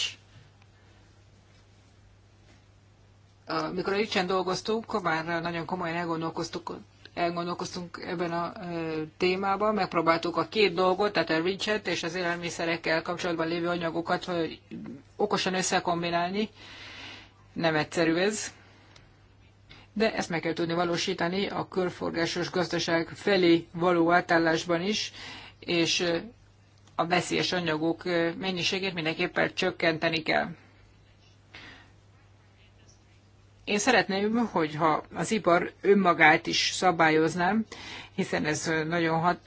S4: amikor a Ricsen dolgoztunk, már nagyon komolyan elgondolkoztuk, elgondolkoztunk ebben a témában, megpróbáltuk a két dolgot, tehát a Ricset és az élelmiszerekkel kapcsolatban lévő anyagokat hogy okosan összekombinálni. Nem egyszerű ez, de ezt meg kell tudni valósítani a körforgásos gazdaság felé való átállásban is, és a veszélyes anyagok mennyiségét mindenképpen csökkenteni kell. Én szeretném, hogyha az ipar önmagát is szabályoznám, hiszen ez nagyon, hat,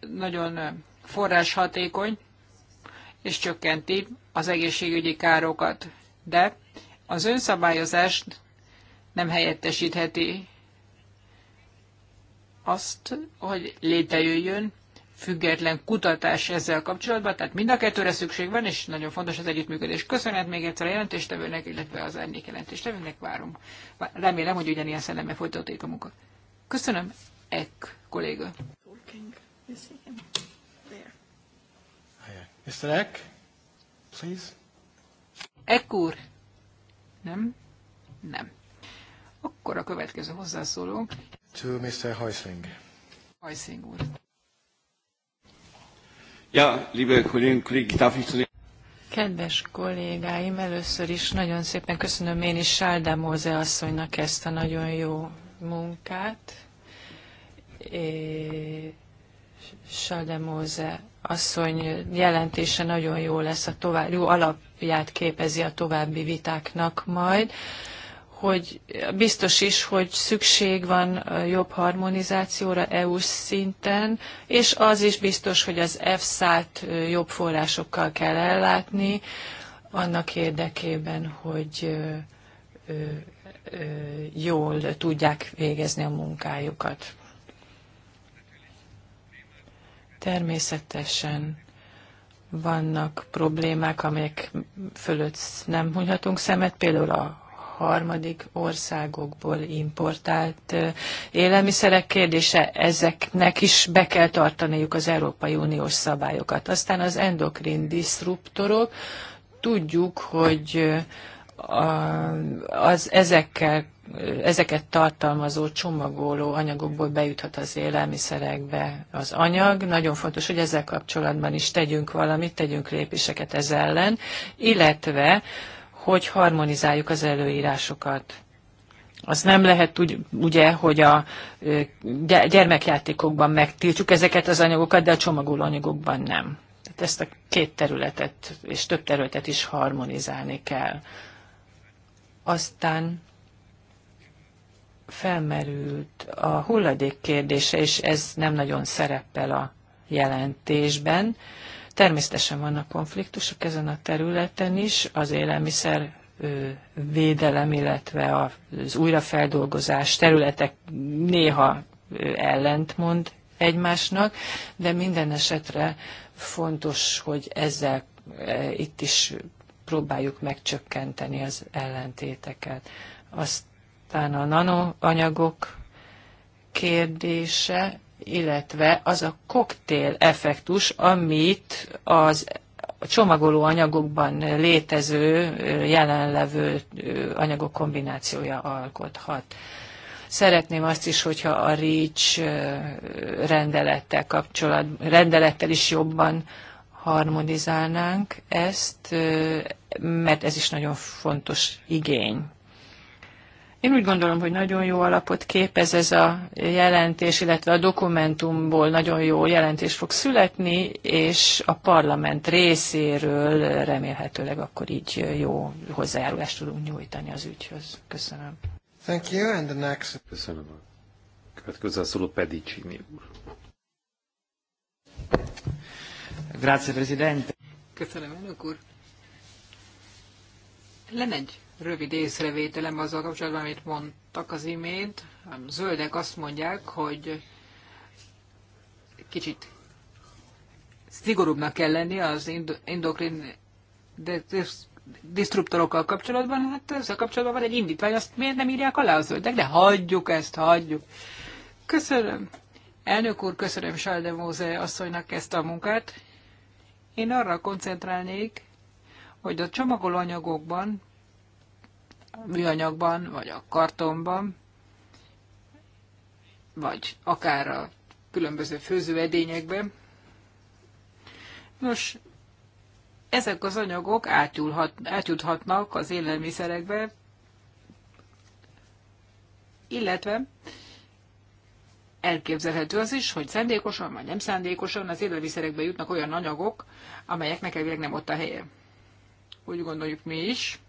S4: nagyon forráshatékony, és csökkenti az egészségügyi károkat. De az önszabályozást nem helyettesítheti azt, hogy létrejöjjön független kutatás ezzel kapcsolatban, tehát mind a kettőre szükség van, és nagyon fontos az együttműködés. Köszönet még egyszer a jelentéstevőnek, illetve az árnyék jelentéstevőnek várom. Remélem, hogy ugyanilyen szellemmel folytatódik a munka. Köszönöm, Ek kolléga. Mr. Eck, please. Ek úr. Nem? Nem. Akkor a következő hozzászólunk.
S1: To Mr. Heusling.
S2: Heusling úr.
S7: Ja, liebe Kolleginnen Kollegen, darf ich zu
S2: Kedves kollégáim, először is nagyon szépen köszönöm én is Sáldá Móze asszonynak ezt a nagyon jó munkát. Sáldá Móze asszony jelentése nagyon jó lesz, a tovább, jó alapját képezi a további vitáknak majd hogy biztos is, hogy szükség van jobb harmonizációra EU szinten, és az is biztos, hogy az EFSA-t jobb forrásokkal kell ellátni, annak érdekében, hogy jól tudják végezni a munkájukat. Természetesen vannak problémák, amelyek fölött nem hunyhatunk szemet, például a harmadik országokból importált élelmiszerek kérdése, ezeknek is be kell tartaniuk az Európai Uniós szabályokat. Aztán az endokrin diszruptorok, tudjuk, hogy az ezekkel, ezeket tartalmazó csomagoló anyagokból bejuthat az élelmiszerekbe az anyag. Nagyon fontos, hogy ezzel kapcsolatban is tegyünk valamit, tegyünk lépéseket ez ellen, illetve hogy harmonizáljuk az előírásokat. Az nem lehet úgy, ugye, hogy a gyermekjátékokban megtiltjuk ezeket az anyagokat, de a anyagokban nem. Tehát ezt a két területet és több területet is harmonizálni kell. Aztán felmerült a hulladék kérdése, és ez nem nagyon szerepel a jelentésben. Természetesen vannak konfliktusok ezen a területen is, az élelmiszer védelem, illetve az újrafeldolgozás területek néha ellentmond egymásnak, de minden esetre fontos, hogy ezzel itt is próbáljuk megcsökkenteni az ellentéteket. Aztán a nanoanyagok kérdése, illetve az a koktél effektus, amit az csomagoló anyagokban létező, jelenlevő anyagok kombinációja alkothat. Szeretném azt is, hogyha a REACH rendelettel kapcsolatban, rendelettel is jobban harmonizálnánk ezt, mert ez is nagyon fontos igény. Én úgy gondolom, hogy nagyon jó alapot képez ez a jelentés, illetve a dokumentumból nagyon jó jelentés fog születni, és a parlament részéről remélhetőleg akkor így jó hozzájárulást tudunk nyújtani az ügyhöz. Köszönöm.
S3: Thank you, and the next. Köszönöm. Következő a szóló Pedicini úr.
S2: Grazie, Presidente.
S4: Köszönöm, elnök úr. Lemegy rövid észrevételem azzal kapcsolatban, amit mondtak az imént. A zöldek azt mondják, hogy kicsit szigorúbbnak kell lenni az endokrin disruptorokkal kapcsolatban. Hát ezzel kapcsolatban van egy indítvány, azt miért nem írják alá a zöldek? De hagyjuk ezt, hagyjuk. Köszönöm. Elnök úr, köszönöm Salde Móze asszonynak ezt a munkát. Én arra koncentrálnék, hogy a csomagolóanyagokban műanyagban, vagy a kartonban, vagy akár a különböző főzőedényekben. Nos, ezek az anyagok átjulhat, átjuthatnak az élelmiszerekbe, illetve elképzelhető az is, hogy szándékosan vagy nem szándékosan az élelmiszerekbe jutnak olyan anyagok, amelyeknek elvileg nem ott a helye. Úgy gondoljuk mi is,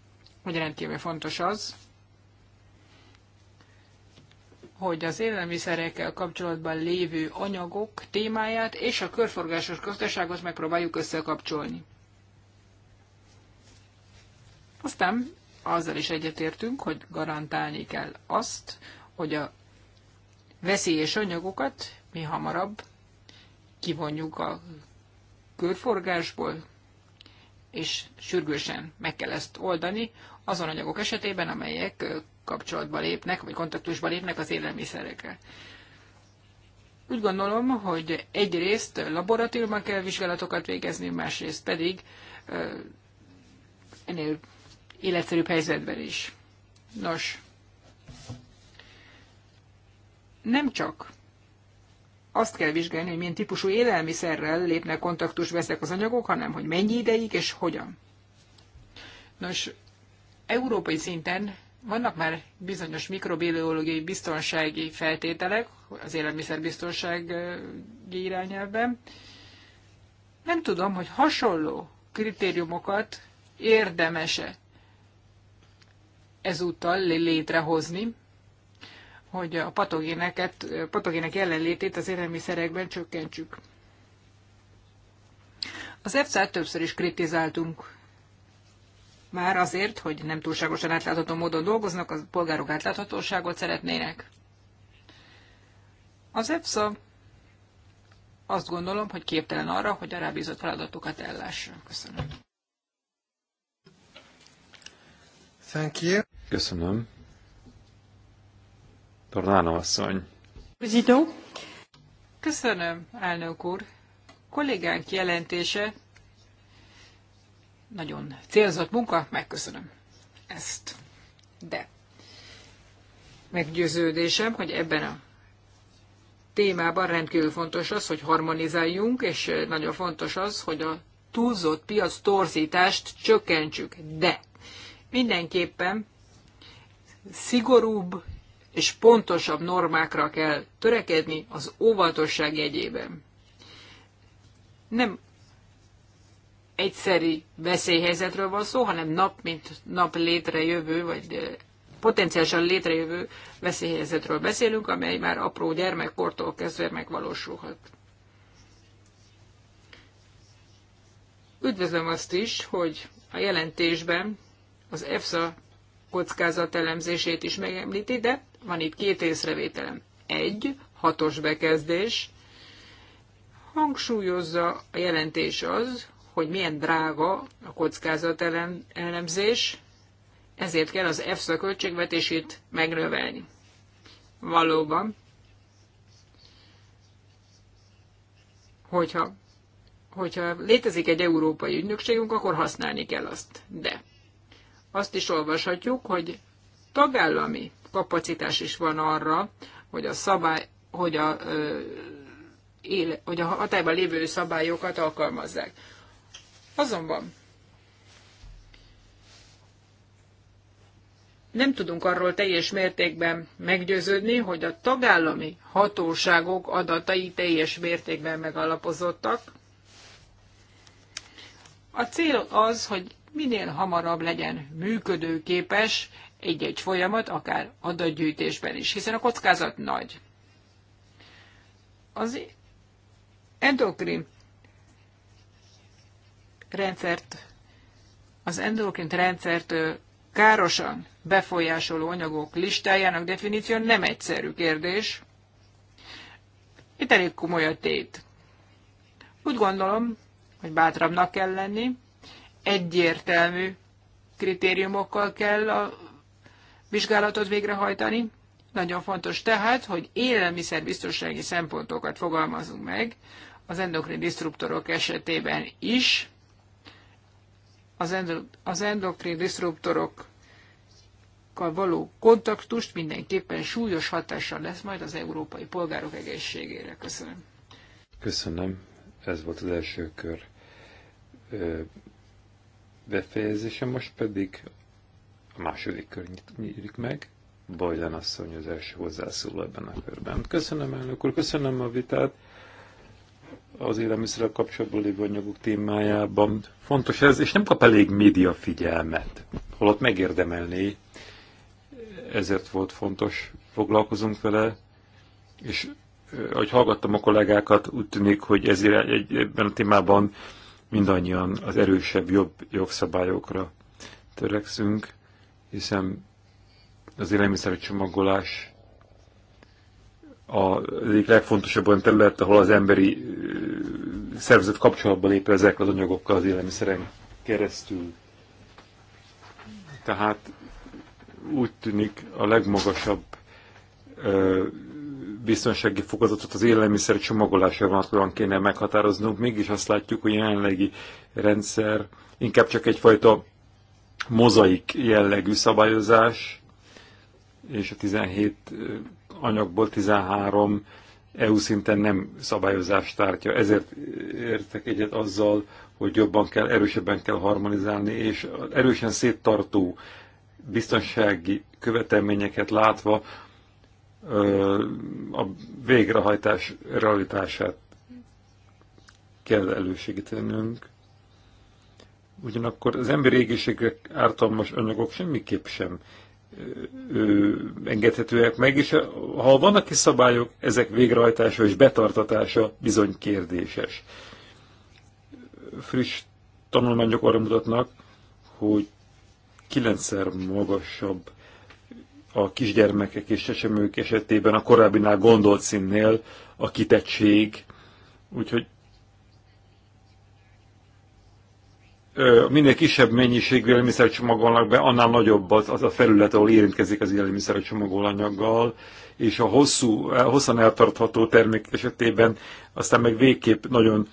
S4: hogy rendkívül fontos az, hogy az élelmiszerekkel kapcsolatban lévő anyagok témáját és a körforgásos gazdaságot megpróbáljuk összekapcsolni. Aztán azzal is egyetértünk, hogy garantálni kell azt, hogy a veszélyes anyagokat mi hamarabb kivonjuk a körforgásból, és sürgősen meg kell ezt oldani, azon anyagok esetében, amelyek kapcsolatba lépnek, vagy kontaktusba lépnek az élelmiszerekkel. Úgy gondolom, hogy egyrészt laboratóriumban kell vizsgálatokat végezni, másrészt pedig ennél életszerűbb helyzetben is. Nos, nem csak azt kell vizsgálni, hogy milyen típusú élelmiszerrel lépnek kontaktusba ezek az anyagok, hanem hogy mennyi ideig és hogyan. Nos, európai szinten vannak már bizonyos mikrobiológiai biztonsági feltételek az élelmiszerbiztonsági irányelvben. Nem tudom, hogy hasonló kritériumokat érdemese ezúttal létrehozni, hogy a patogéneket, patogének jelenlétét az élelmiszerekben csökkentsük. Az EFSA-t többször is kritizáltunk már azért, hogy nem túlságosan átlátható módon dolgoznak, a polgárok átláthatóságot szeretnének. Az EFSA azt gondolom, hogy képtelen arra, hogy a rábízott feladatokat ellássa.
S1: Köszönöm. Thank you.
S3: Köszönöm. Tornánó asszony.
S4: Köszönöm, elnök úr. Kollégánk jelentése nagyon célzott munka, megköszönöm ezt. De meggyőződésem, hogy ebben a témában rendkívül fontos az, hogy harmonizáljunk, és nagyon fontos az, hogy a túlzott piac torzítást csökkentsük. De mindenképpen szigorúbb és pontosabb normákra kell törekedni az óvatosság jegyében. Nem egyszeri veszélyhelyzetről van szó, hanem nap mint nap létrejövő, vagy potenciálisan létrejövő veszélyhelyzetről beszélünk, amely már apró gyermekkortól kezdve megvalósulhat. Üdvözlöm azt is, hogy a jelentésben az EFSA kockázatelemzését is megemlíti, de van itt két észrevételem. Egy, hatos bekezdés, hangsúlyozza a jelentés az, hogy milyen drága a kockázat elemzés, ezért kell az EFSA költségvetését megnövelni. Valóban, hogyha, hogyha létezik egy európai ügynökségünk, akkor használni kell azt. De azt is olvashatjuk, hogy tagállami kapacitás is van arra, hogy a szabály, hogy a, ö, éle, hogy a hatályban lévő szabályokat alkalmazzák. Azonban nem tudunk arról teljes mértékben meggyőződni, hogy a tagállami hatóságok adatai teljes mértékben megalapozottak. A cél az, hogy minél hamarabb legyen működőképes egy-egy folyamat, akár adatgyűjtésben is, hiszen a kockázat nagy. Az endokrin rendszert, az endokrin rendszert károsan befolyásoló anyagok listájának definíció nem egyszerű kérdés. Itt elég komoly a tét. Úgy gondolom, hogy bátrabbnak kell lenni, egyértelmű kritériumokkal kell a vizsgálatot végrehajtani. Nagyon fontos tehát, hogy élelmiszerbiztonsági szempontokat fogalmazunk meg az endokrin disruptorok esetében is, az, endo, az endokrin diszruptorokkal való kontaktust mindenképpen súlyos hatással lesz majd az európai polgárok egészségére.
S5: Köszönöm.
S3: Köszönöm. Ez volt az első kör befejezése, most pedig a második kör nyílik meg. Bajlan asszony az első hozzászóló ebben a körben. Köszönöm, elnök úr, köszönöm a vitát az élelmiszerrel kapcsolatban lévő anyagok témájában. Fontos ez, és nem kap elég média figyelmet, holott megérdemelné. Ezért volt fontos, foglalkozunk vele, és eh, ahogy hallgattam a kollégákat, úgy tűnik, hogy ezért egy, ebben a témában mindannyian az erősebb, jobb jogszabályokra törekszünk, hiszen az élelmiszer csomagolás a egyik legfontosabb olyan terület, ahol az emberi szervezet kapcsolatban lép ezekkel az anyagokkal az élelmiszeren keresztül. Tehát úgy tűnik a legmagasabb ö, biztonsági fokozatot az élelmiszer csomagolásra vonatkozóan kéne meghatároznunk, mégis azt látjuk, hogy a jelenlegi rendszer inkább csak egyfajta
S1: mozaik
S3: jellegű szabályozás, és a 17 anyagból 13 EU szinten nem szabályozást tártja. Ezért értek egyet azzal, hogy jobban kell, erősebben kell harmonizálni, és erősen széttartó biztonsági követelményeket látva a végrehajtás realitását kell elősegítenünk. Ugyanakkor az emberi égéségre ártalmas anyagok semmiképp sem engedhetőek meg, és ha vannak is szabályok, ezek végrehajtása és betartatása bizony kérdéses. Friss tanulmányok arra mutatnak, hogy kilencszer magasabb a kisgyermekek és csecsemők esetében a korábbinál gondolt színnél a kitettség, úgyhogy minél kisebb mennyiségű élelmiszer csomagolnak be, annál nagyobb az, az a felület, ahol érintkezik az élelmiszer csomagolanyaggal, és a hosszú, eh, hosszan eltartható termék esetében aztán meg végképp nagyon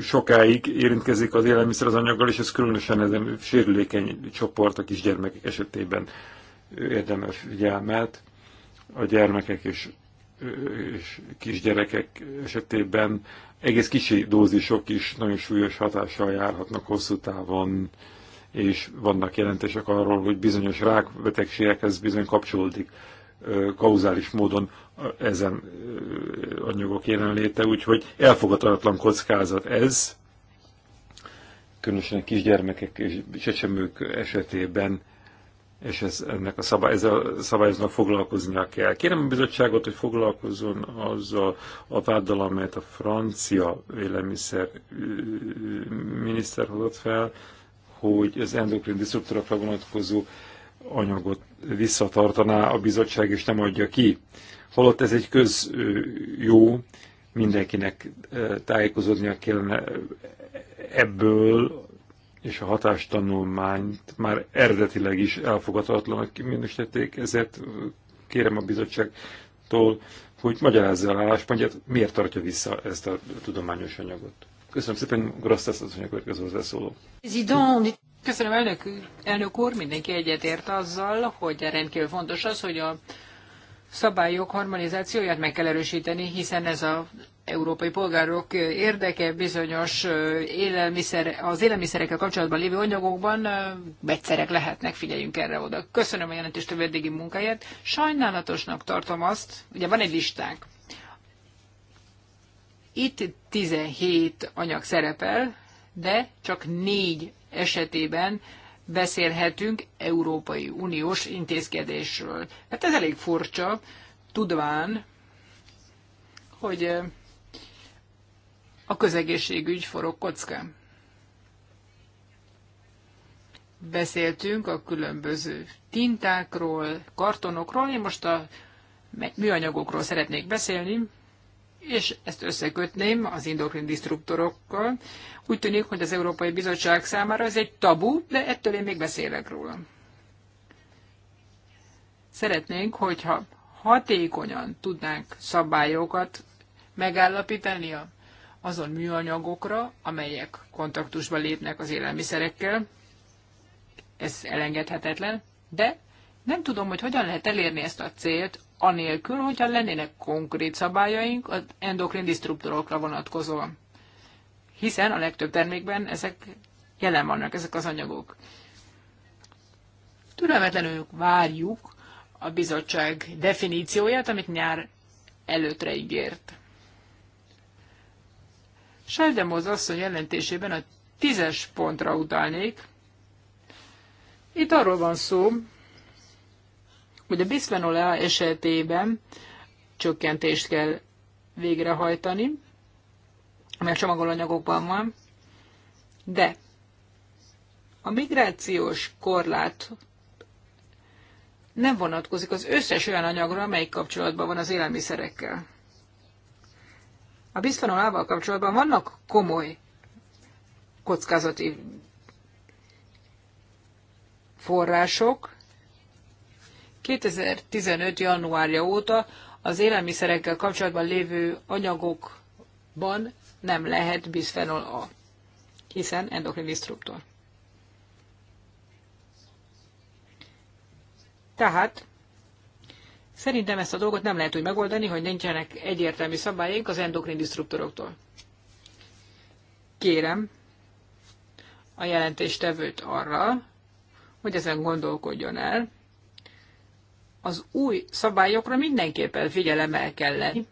S3: sokáig érintkezik az élelmiszer az anyaggal, és ez különösen a sérülékeny csoport a kisgyermekek esetében érdemes figyelmet. A gyermekek és, és kisgyerekek esetében egész kicsi dózisok is nagyon súlyos hatással járhatnak hosszú távon, és vannak jelentések arról, hogy bizonyos rákbetegségekhez bizony kapcsolódik kauzális módon ezen anyagok jelenléte, úgyhogy elfogadhatatlan kockázat ez, különösen a kisgyermekek és csecsemők esetében és ez, ennek a szabály, ezzel szabályoznak foglalkoznia kell. Kérem a bizottságot, hogy foglalkozzon azzal a váddal, amelyet a francia élelmiszer miniszter hozott fel, hogy az endokrin diszruptorokra vonatkozó anyagot visszatartaná a bizottság, és nem adja ki. Holott ez egy köz jó mindenkinek tájékozódnia kellene ebből és a hatástanulmányt már eredetileg is elfogadhatatlanak minősítették, ezért kérem a bizottságtól, hogy magyarázza a álláspontját, miért tartja vissza ezt a tudományos anyagot. Köszönöm szépen, Grasszesz az anyag következő hozzászóló.
S4: Köszönöm, elnök, elnök úr, mindenki egyetért azzal, hogy rendkívül fontos az, hogy a szabályok harmonizációját meg kell erősíteni, hiszen ez a európai polgárok érdeke bizonyos élelmiszer, az élelmiszerekkel kapcsolatban lévő anyagokban vegyszerek lehetnek, figyeljünk erre oda. Köszönöm a jelentéstevő eddigi munkáját. Sajnálatosnak tartom azt, ugye van egy listánk, itt 17 anyag szerepel, de csak négy esetében beszélhetünk Európai Uniós intézkedésről. Hát ez elég furcsa, tudván, hogy a közegészségügy forog kockán. Beszéltünk a különböző tintákról, kartonokról, én most a műanyagokról szeretnék beszélni, és ezt összekötném az endokrin disruptorokkal. Úgy tűnik, hogy az Európai Bizottság számára ez egy tabu, de ettől én még beszélek róla. Szeretnénk, hogyha hatékonyan tudnánk szabályokat megállapítani a azon műanyagokra, amelyek kontaktusba lépnek az élelmiszerekkel. Ez elengedhetetlen, de nem tudom, hogy hogyan lehet elérni ezt a célt, anélkül, hogyha lennének konkrét szabályaink az endokrin disruptorokra vonatkozóan. Hiszen a legtöbb termékben ezek jelen vannak, ezek az anyagok. Türelmetlenül várjuk a bizottság definícióját, amit nyár előttre ígért. Seldemoz asszony jelentésében a tízes pontra utalnék. Itt arról van szó, hogy a bisphenol A esetében csökkentést kell végrehajtani, mert csomagolanyagokban van, de a migrációs korlát nem vonatkozik az összes olyan anyagra, amely kapcsolatban van az élelmiszerekkel. A bizfenolával kapcsolatban vannak komoly kockázati források. 2015. januárja óta az élelmiszerekkel kapcsolatban lévő anyagokban nem lehet bisphenol A, hiszen endokrin disztruktor. Tehát Szerintem ezt a dolgot nem lehet úgy megoldani, hogy nincsenek egyértelmű szabályaink az endokrin disztruktoroktól. Kérem a jelentéstevőt arra, hogy ezen gondolkodjon el. Az új szabályokra mindenképpen figyelemmel kell lenni,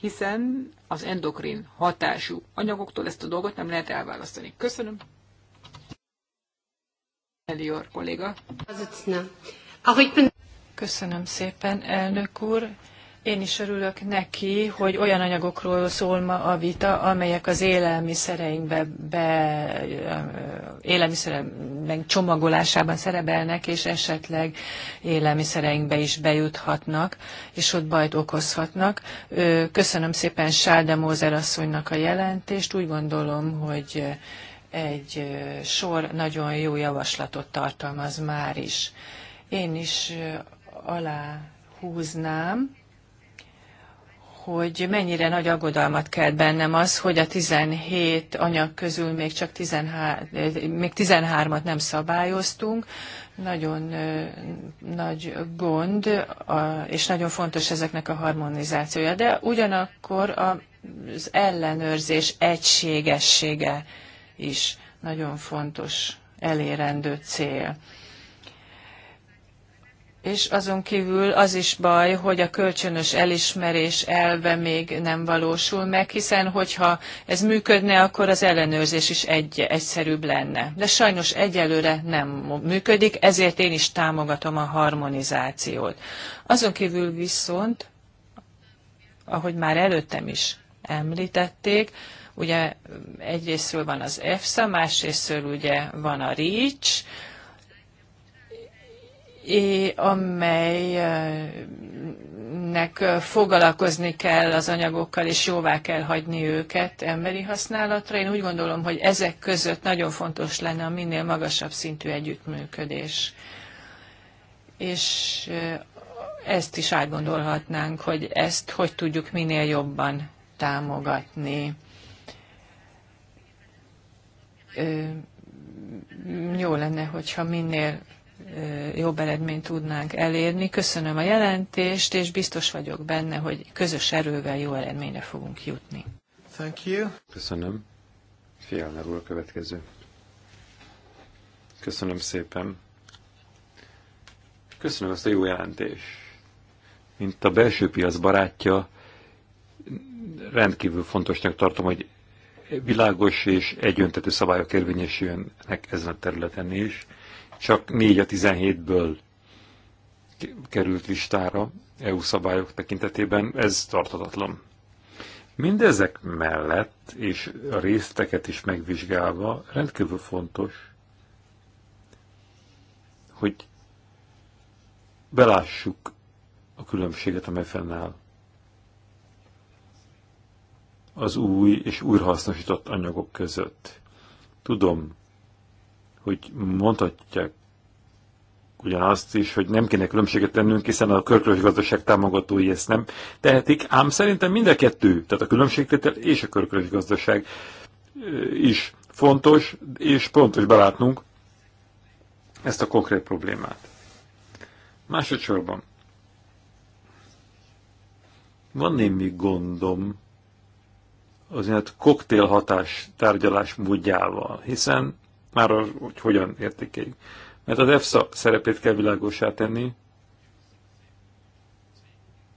S4: hiszen az endokrin hatású anyagoktól ezt a dolgot nem lehet elválasztani. Köszönöm.
S2: Elior kolléga. Az Köszönöm szépen, elnök úr. Én is örülök neki, hogy olyan anyagokról szól ma a vita, amelyek az élelmiszereinkbe, be, élelmiszereink csomagolásában szerepelnek, és esetleg élelmiszereinkbe is bejuthatnak, és ott bajt okozhatnak. Köszönöm szépen Sáde Mózer asszonynak a jelentést. Úgy gondolom, hogy egy sor nagyon jó javaslatot tartalmaz már is. Én is alá húznám, hogy mennyire nagy aggodalmat kelt bennem az, hogy a 17 anyag közül még csak 13, még 13-at nem szabályoztunk. Nagyon nagy gond, és nagyon fontos ezeknek a harmonizációja. De ugyanakkor az ellenőrzés egységessége is nagyon fontos elérendő cél. És azon kívül az is baj, hogy a kölcsönös elismerés elve még nem valósul meg, hiszen hogyha ez működne, akkor az ellenőrzés is egy, egyszerűbb lenne. De sajnos egyelőre nem működik, ezért én is támogatom a harmonizációt. Azon kívül viszont, ahogy már előttem is említették, ugye egyrésztről van az EFSA, másrésztről ugye van a REACH, amelynek foglalkozni kell az anyagokkal, és jóvá kell hagyni őket emberi használatra. Én úgy gondolom, hogy ezek között nagyon fontos lenne a minél magasabb szintű együttműködés. És ezt is átgondolhatnánk, hogy ezt hogy tudjuk minél jobban támogatni. Jó lenne, hogyha minél jobb eredményt tudnánk elérni. Köszönöm a jelentést, és biztos vagyok benne, hogy közös erővel jó eredményre fogunk jutni.
S4: Thank you.
S3: Köszönöm. Fialner úr a következő. Köszönöm szépen. Köszönöm ezt a jó jelentést. Mint a belső piac barátja, rendkívül fontosnak tartom, hogy világos és egyöntető szabályok érvényesüljenek ezen a területen is csak 4 a 17-ből került listára EU szabályok tekintetében, ez tartatatlan. Mindezek mellett, és a részteket is megvizsgálva, rendkívül fontos, hogy belássuk a különbséget, amely fennáll az új és újrahasznosított anyagok között. Tudom, hogy mondhatják ugyanazt is, hogy nem kéne különbséget tennünk, hiszen a körkörös gazdaság támogatói ezt nem tehetik, ám szerintem mind a kettő, tehát a különbségtétel és a körkörös gazdaság is fontos, és pontos belátnunk ezt a konkrét problémát. Másodszorban van némi gondom az ilyen koktél hatás tárgyalás módjával, hiszen már hogy hogyan értékeljük. Mert az EFSA szerepét kell világosá tenni,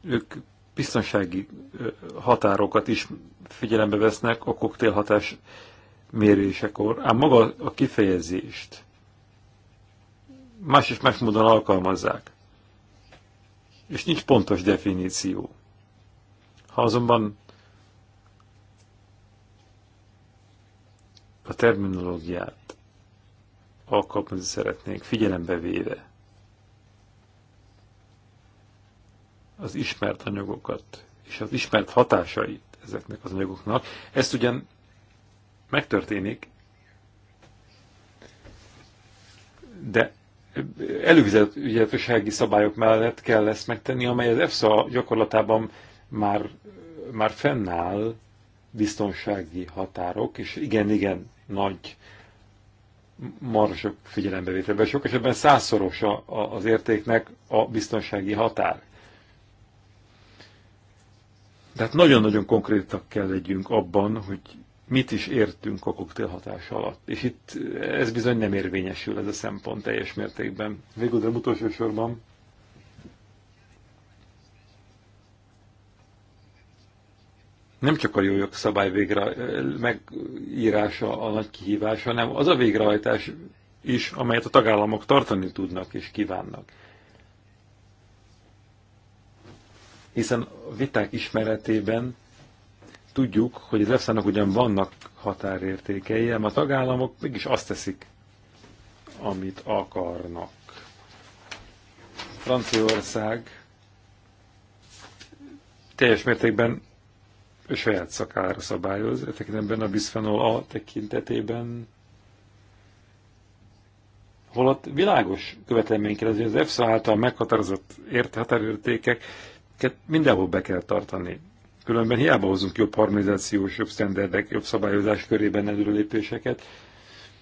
S3: ők biztonsági határokat is figyelembe vesznek a koktélhatás mérésekor, ám maga a kifejezést más és más módon alkalmazzák, és nincs pontos definíció. Ha azonban a terminológiát alkalmazni szeretnénk, figyelembe véve az ismert anyagokat és az ismert hatásait ezeknek az anyagoknak. Ezt ugyan megtörténik, de elővizetősági szabályok mellett kell ezt megtenni, amely az EFSA gyakorlatában már, már fennáll biztonsági határok, és igen-igen nagy marzsok figyelembevételben. Sok esetben százszoros a, a, az értéknek a biztonsági határ. Tehát nagyon-nagyon konkrétak kell legyünk abban, hogy mit is értünk a koktél hatás alatt. És itt ez bizony nem érvényesül ez a szempont teljes mértékben. Végül, de utolsó sorban nem csak a jó jogszabály végre eh, megírása a nagy kihívás, hanem az a végrehajtás is, amelyet a tagállamok tartani tudnak és kívánnak. Hiszen a viták ismeretében tudjuk, hogy az EFSA-nak ugyan vannak határértékei, ám a tagállamok mégis azt teszik, amit akarnak. Franciaország teljes mértékben a saját szakára szabályoz, e tekintetben a bisphenol A tekintetében holott világos követelmény kell, az EFSA által meghatározott érthatárértékeket mindenhol be kell tartani. Különben hiába hozunk jobb harmonizációs, jobb sztenderdek, jobb szabályozás körében előrelépéseket,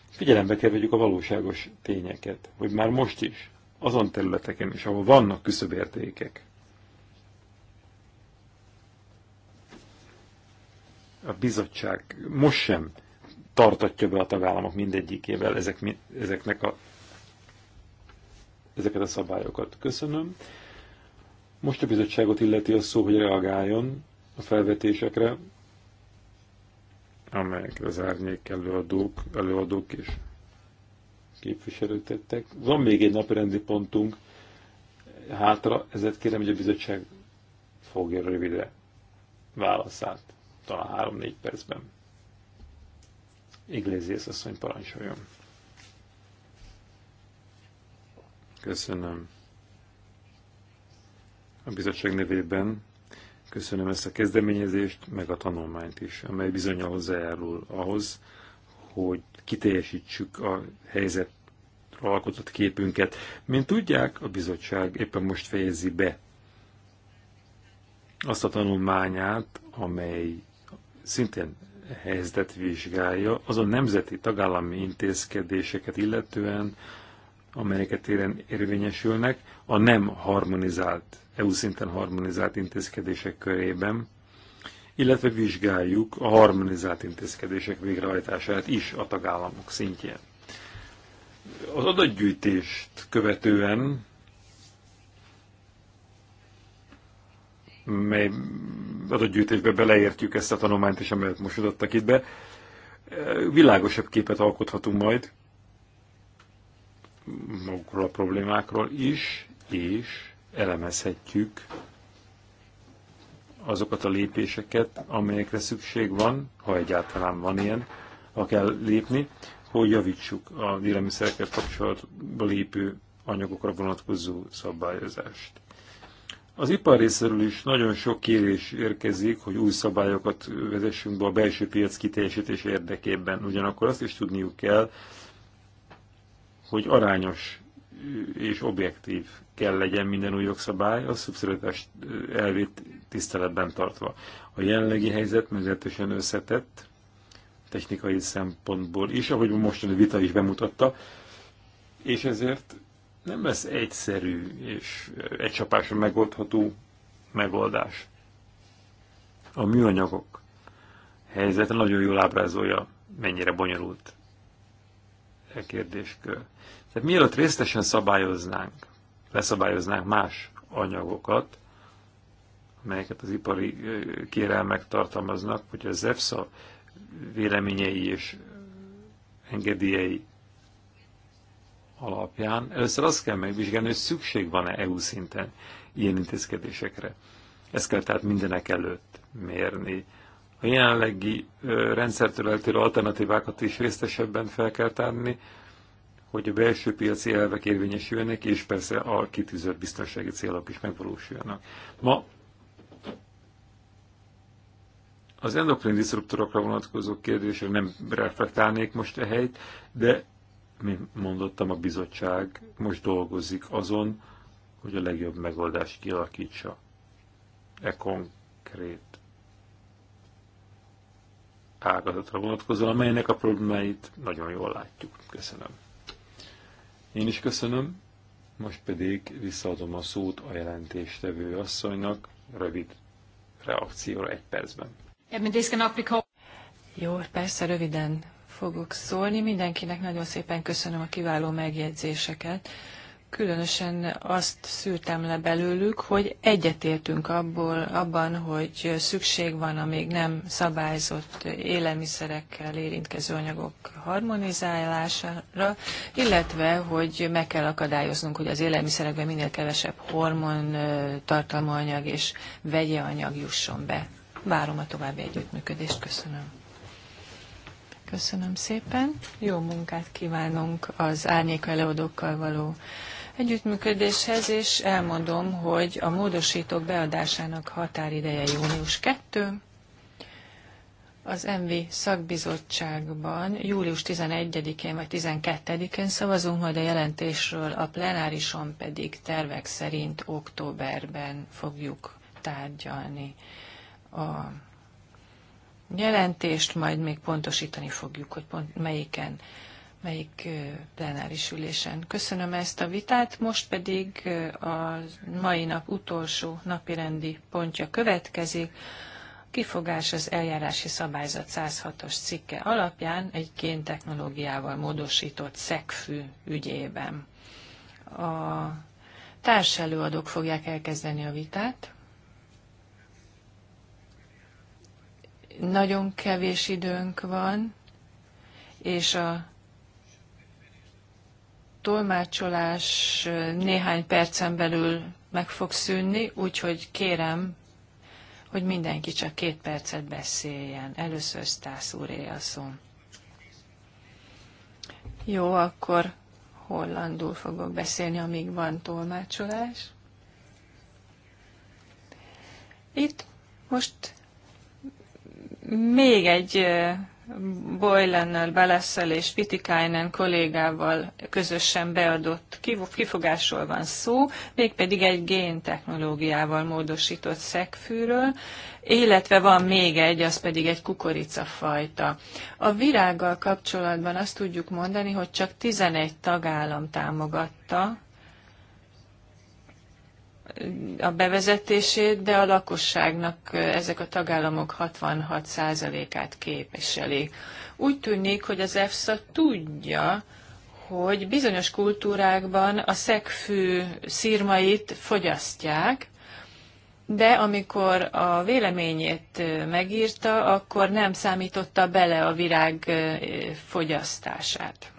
S3: figyelembe kell vegyük a valóságos tényeket, hogy már most is, azon területeken is, ahol vannak küszöbértékek, a bizottság most sem tartatja be a tagállamok mindegyikével ezek, ezeknek a, ezeket a szabályokat. Köszönöm. Most a bizottságot illeti a szó, hogy reagáljon a felvetésekre, amelyek az árnyék előadók, előadók és képviselők tettek. Van még egy napirendi pontunk hátra, ezért kérem, hogy a bizottság fogja rövidre válaszát talán 3-4 percben. Iglesias asszony parancsoljon. Köszönöm. A bizottság nevében köszönöm ezt a kezdeményezést, meg a tanulmányt is, amely bizonyal hozzájárul ahhoz, hogy kiteljesítsük a helyzet alkotott képünket. Mint tudják, a bizottság éppen most fejezi be azt a tanulmányát, amely szintén helyzetet vizsgálja azon nemzeti tagállami intézkedéseket illetően, amelyeket éren érvényesülnek, a nem harmonizált, EU szinten harmonizált intézkedések körében, illetve vizsgáljuk a harmonizált intézkedések végrehajtását is a tagállamok szintjén. Az adatgyűjtést követően, mely adatgyűjtésbe beleértjük ezt a tanulmányt is, amelyet most adottak itt be, világosabb képet alkothatunk majd magukról a problémákról is, és elemezhetjük azokat a lépéseket, amelyekre szükség van, ha egyáltalán van ilyen, ha kell lépni, hogy javítsuk a élelmiszerekkel kapcsolatba lépő anyagokra vonatkozó szabályozást. Az ipar részéről is nagyon sok kérés érkezik, hogy új szabályokat vezessünk be a belső piac kiteljesítés érdekében. Ugyanakkor azt is tudniuk kell, hogy arányos és objektív kell legyen minden új jogszabály, a szubszidiaritás elvét tiszteletben tartva. A jelenlegi helyzet meglehetősen összetett, technikai szempontból is, ahogy a mostani vita is bemutatta, és ezért nem lesz egyszerű és egy csapásra megoldható megoldás. A műanyagok helyzete nagyon jól ábrázolja, mennyire bonyolult e kérdéskör. Tehát mielőtt részletesen szabályoznánk, leszabályoznánk más anyagokat, melyeket az ipari kérelmek tartalmaznak, hogy az EFSA véleményei és engedélyei alapján először azt kell megvizsgálni, hogy szükség van-e EU szinten ilyen intézkedésekre. Ezt kell tehát mindenek előtt mérni. A jelenlegi rendszertől eltérő alternatívákat is részesebben fel kell tárni, hogy a belső piaci elvek érvényesüljenek, és persze a kitűzött biztonsági célok is megvalósuljanak. Ma az endokrin diszruptorokra vonatkozó kérdésre nem reflektálnék most e helyt, de mint mondottam, a bizottság most dolgozik azon, hogy a legjobb megoldást kialakítsa. E konkrét ágazatra vonatkozóan, amelynek a problémáit nagyon jól látjuk. Köszönöm. Én is köszönöm, most pedig visszaadom a szót a jelentéstevő asszonynak, rövid reakcióra egy percben.
S2: Jó, persze röviden fogok szólni. Mindenkinek nagyon szépen köszönöm a kiváló megjegyzéseket. Különösen azt szűrtem le belőlük, hogy egyetértünk abból, abban, hogy szükség van a még nem szabályzott élelmiszerekkel érintkező anyagok harmonizálására, illetve, hogy meg kell akadályoznunk, hogy az élelmiszerekben minél kevesebb hormon tartalmú anyag és vegyi anyag jusson be várom a további együttműködést. Köszönöm. Köszönöm szépen. Jó munkát kívánunk az árnyék előadókkal való együttműködéshez, és elmondom, hogy a módosítók beadásának határideje június 2. Az MV szakbizottságban július 11-én vagy 12-én szavazunk majd a jelentésről, a plenárison pedig tervek szerint októberben fogjuk tárgyalni a jelentést, majd még pontosítani fogjuk, hogy pont melyiken, melyik plenáris ülésen. Köszönöm ezt a vitát, most pedig a mai nap utolsó napirendi pontja következik. Kifogás az eljárási szabályzat 106-os cikke alapján egy géntechnológiával módosított szegfű ügyében. A társelőadók fogják elkezdeni a vitát. nagyon kevés időnk van, és a tolmácsolás néhány percen belül meg fog szűnni, úgyhogy kérem, hogy mindenki csak két percet beszéljen. Először Sztász úré a szó. Jó, akkor hollandul fogok beszélni, amíg van tolmácsolás. Itt most még egy Boylennel, Beleszel és Pitikainen kollégával közösen beadott kifogásról van szó, mégpedig egy géntechnológiával módosított szegfűről, illetve van még egy, az pedig egy kukoricafajta. A virággal kapcsolatban azt tudjuk mondani, hogy csak 11 tagállam támogatta a bevezetését, de a lakosságnak eh, ezek a tagállamok 66%-át képviseli. Úgy tűnik, hogy az EFSA tudja, hogy bizonyos kultúrákban a szegfű szírmait fogyasztják, de amikor a véleményét eh, megírta, akkor nem számította bele a virág eh, fogyasztását.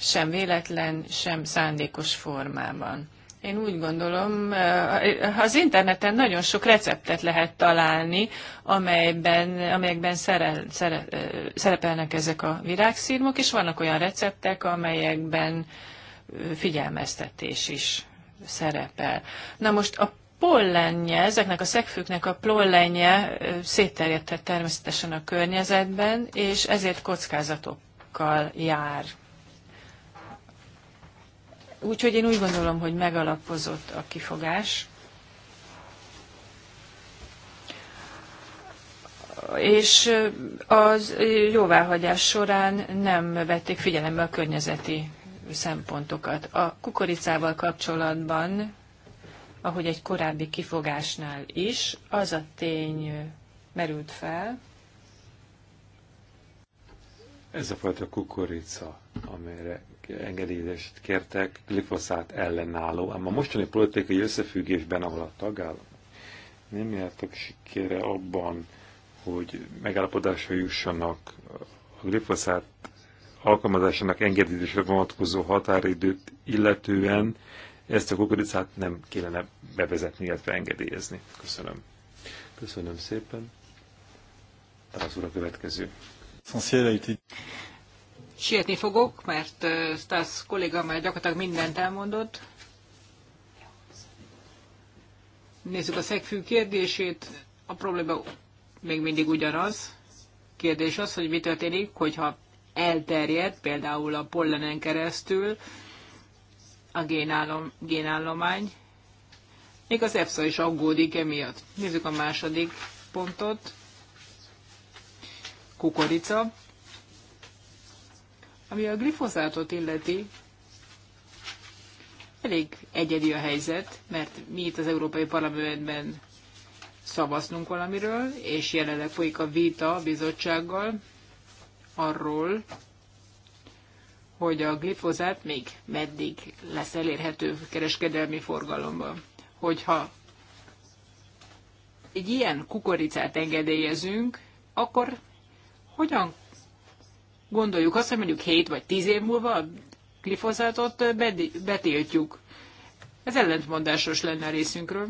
S2: Sem véletlen, sem szándékos formában. Én úgy gondolom, eh, az interneten nagyon sok receptet lehet találni, amelyben, amelyekben szerel, szere, eh, szerepelnek ezek a virágszírmok, és vannak olyan receptek, amelyekben eh, figyelmeztetés is szerepel. Na most a pollenje, ezeknek a szegfőknek a pollenje szétterjedhet természetesen a környezetben, és ezért kockázatokkal jár Úgyhogy én úgy gondolom, hogy megalapozott a kifogás. És az jóváhagyás során nem vették figyelembe a környezeti szempontokat. A kukoricával kapcsolatban, ahogy egy korábbi kifogásnál is, az a tény merült fel,
S3: ez a fajta kukorica, amelyre engedélyezést kértek glifoszát ellenálló, ám a mostani politikai összefüggésben, ahol a tagállam nem jártak sikere abban, hogy megállapodásra jussanak a glifoszát alkalmazásának engedélyezésre vonatkozó határidőt illetően, ezt a kukoricát nem kellene bevezetni, illetve engedélyezni. Köszönöm. Köszönöm szépen. az úr a következő sietni
S4: fogok, mert Stasz kolléga már gyakorlatilag mindent elmondott. Nézzük a szegfű kérdését. A probléma még mindig ugyanaz. Kérdés az, hogy mi történik, hogyha elterjed, például a pollenen keresztül a génállom, génállomány. Még az EFSA is aggódik emiatt. Nézzük a második pontot. Kukorica ami a glifozátot illeti, elég egyedi a helyzet, mert mi itt az Európai Parlamentben szavaznunk valamiről, és jelenleg folyik a vita a bizottsággal arról, hogy a glifozát még meddig lesz elérhető kereskedelmi forgalomban. Hogyha egy ilyen kukoricát engedélyezünk, akkor hogyan gondoljuk azt, hogy mondjuk 7 vagy 10 év múlva a glifozátot betiltjuk. Ez ellentmondásos lenne a részünkről.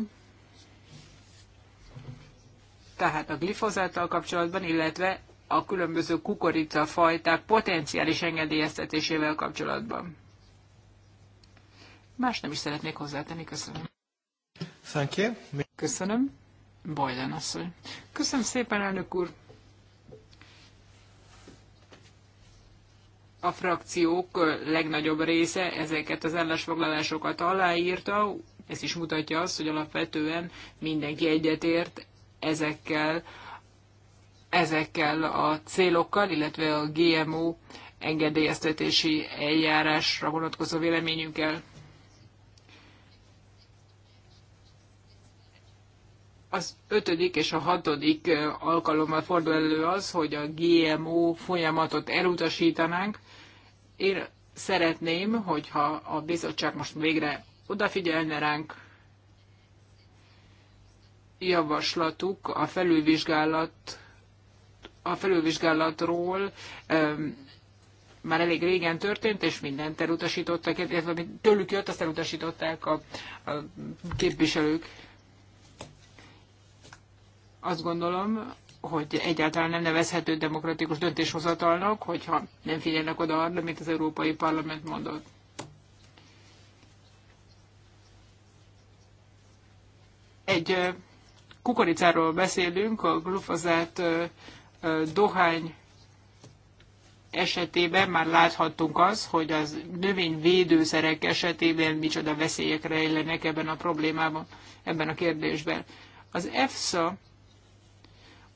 S4: Tehát a glifozáttal kapcsolatban, illetve a különböző kukoricafajták potenciális engedélyeztetésével kapcsolatban. Más nem is szeretnék hozzátenni, köszönöm. Thank you. Köszönöm. Bajlan asszony. Köszönöm szépen, elnök úr. a frakciók legnagyobb része ezeket az állásfoglalásokat aláírta, ez is mutatja azt, hogy alapvetően mindenki egyetért ezekkel, ezekkel a célokkal, illetve a GMO engedélyeztetési eljárásra vonatkozó véleményünkkel. az ötödik és a hatodik alkalommal fordul elő az, hogy a GMO folyamatot elutasítanánk. Én szeretném, hogyha a bizottság most végre odafigyelne ránk, javaslatuk a felülvizsgálat a felülvizsgálatról um, már elég régen történt, és mindent elutasítottak, illetve amit tőlük jött, azt elutasították a, a képviselők. Azt gondolom, hogy egyáltalán nem nevezhető demokratikus döntéshozatalnak, hogyha nem figyelnek oda arra, mint az Európai Parlament mondott. Egy kukoricáról beszélünk, a glufazát dohány esetében már láthattunk az, hogy az növényvédőszerek esetében micsoda veszélyek rejlenek ebben a problémában, ebben a kérdésben. Az EFSA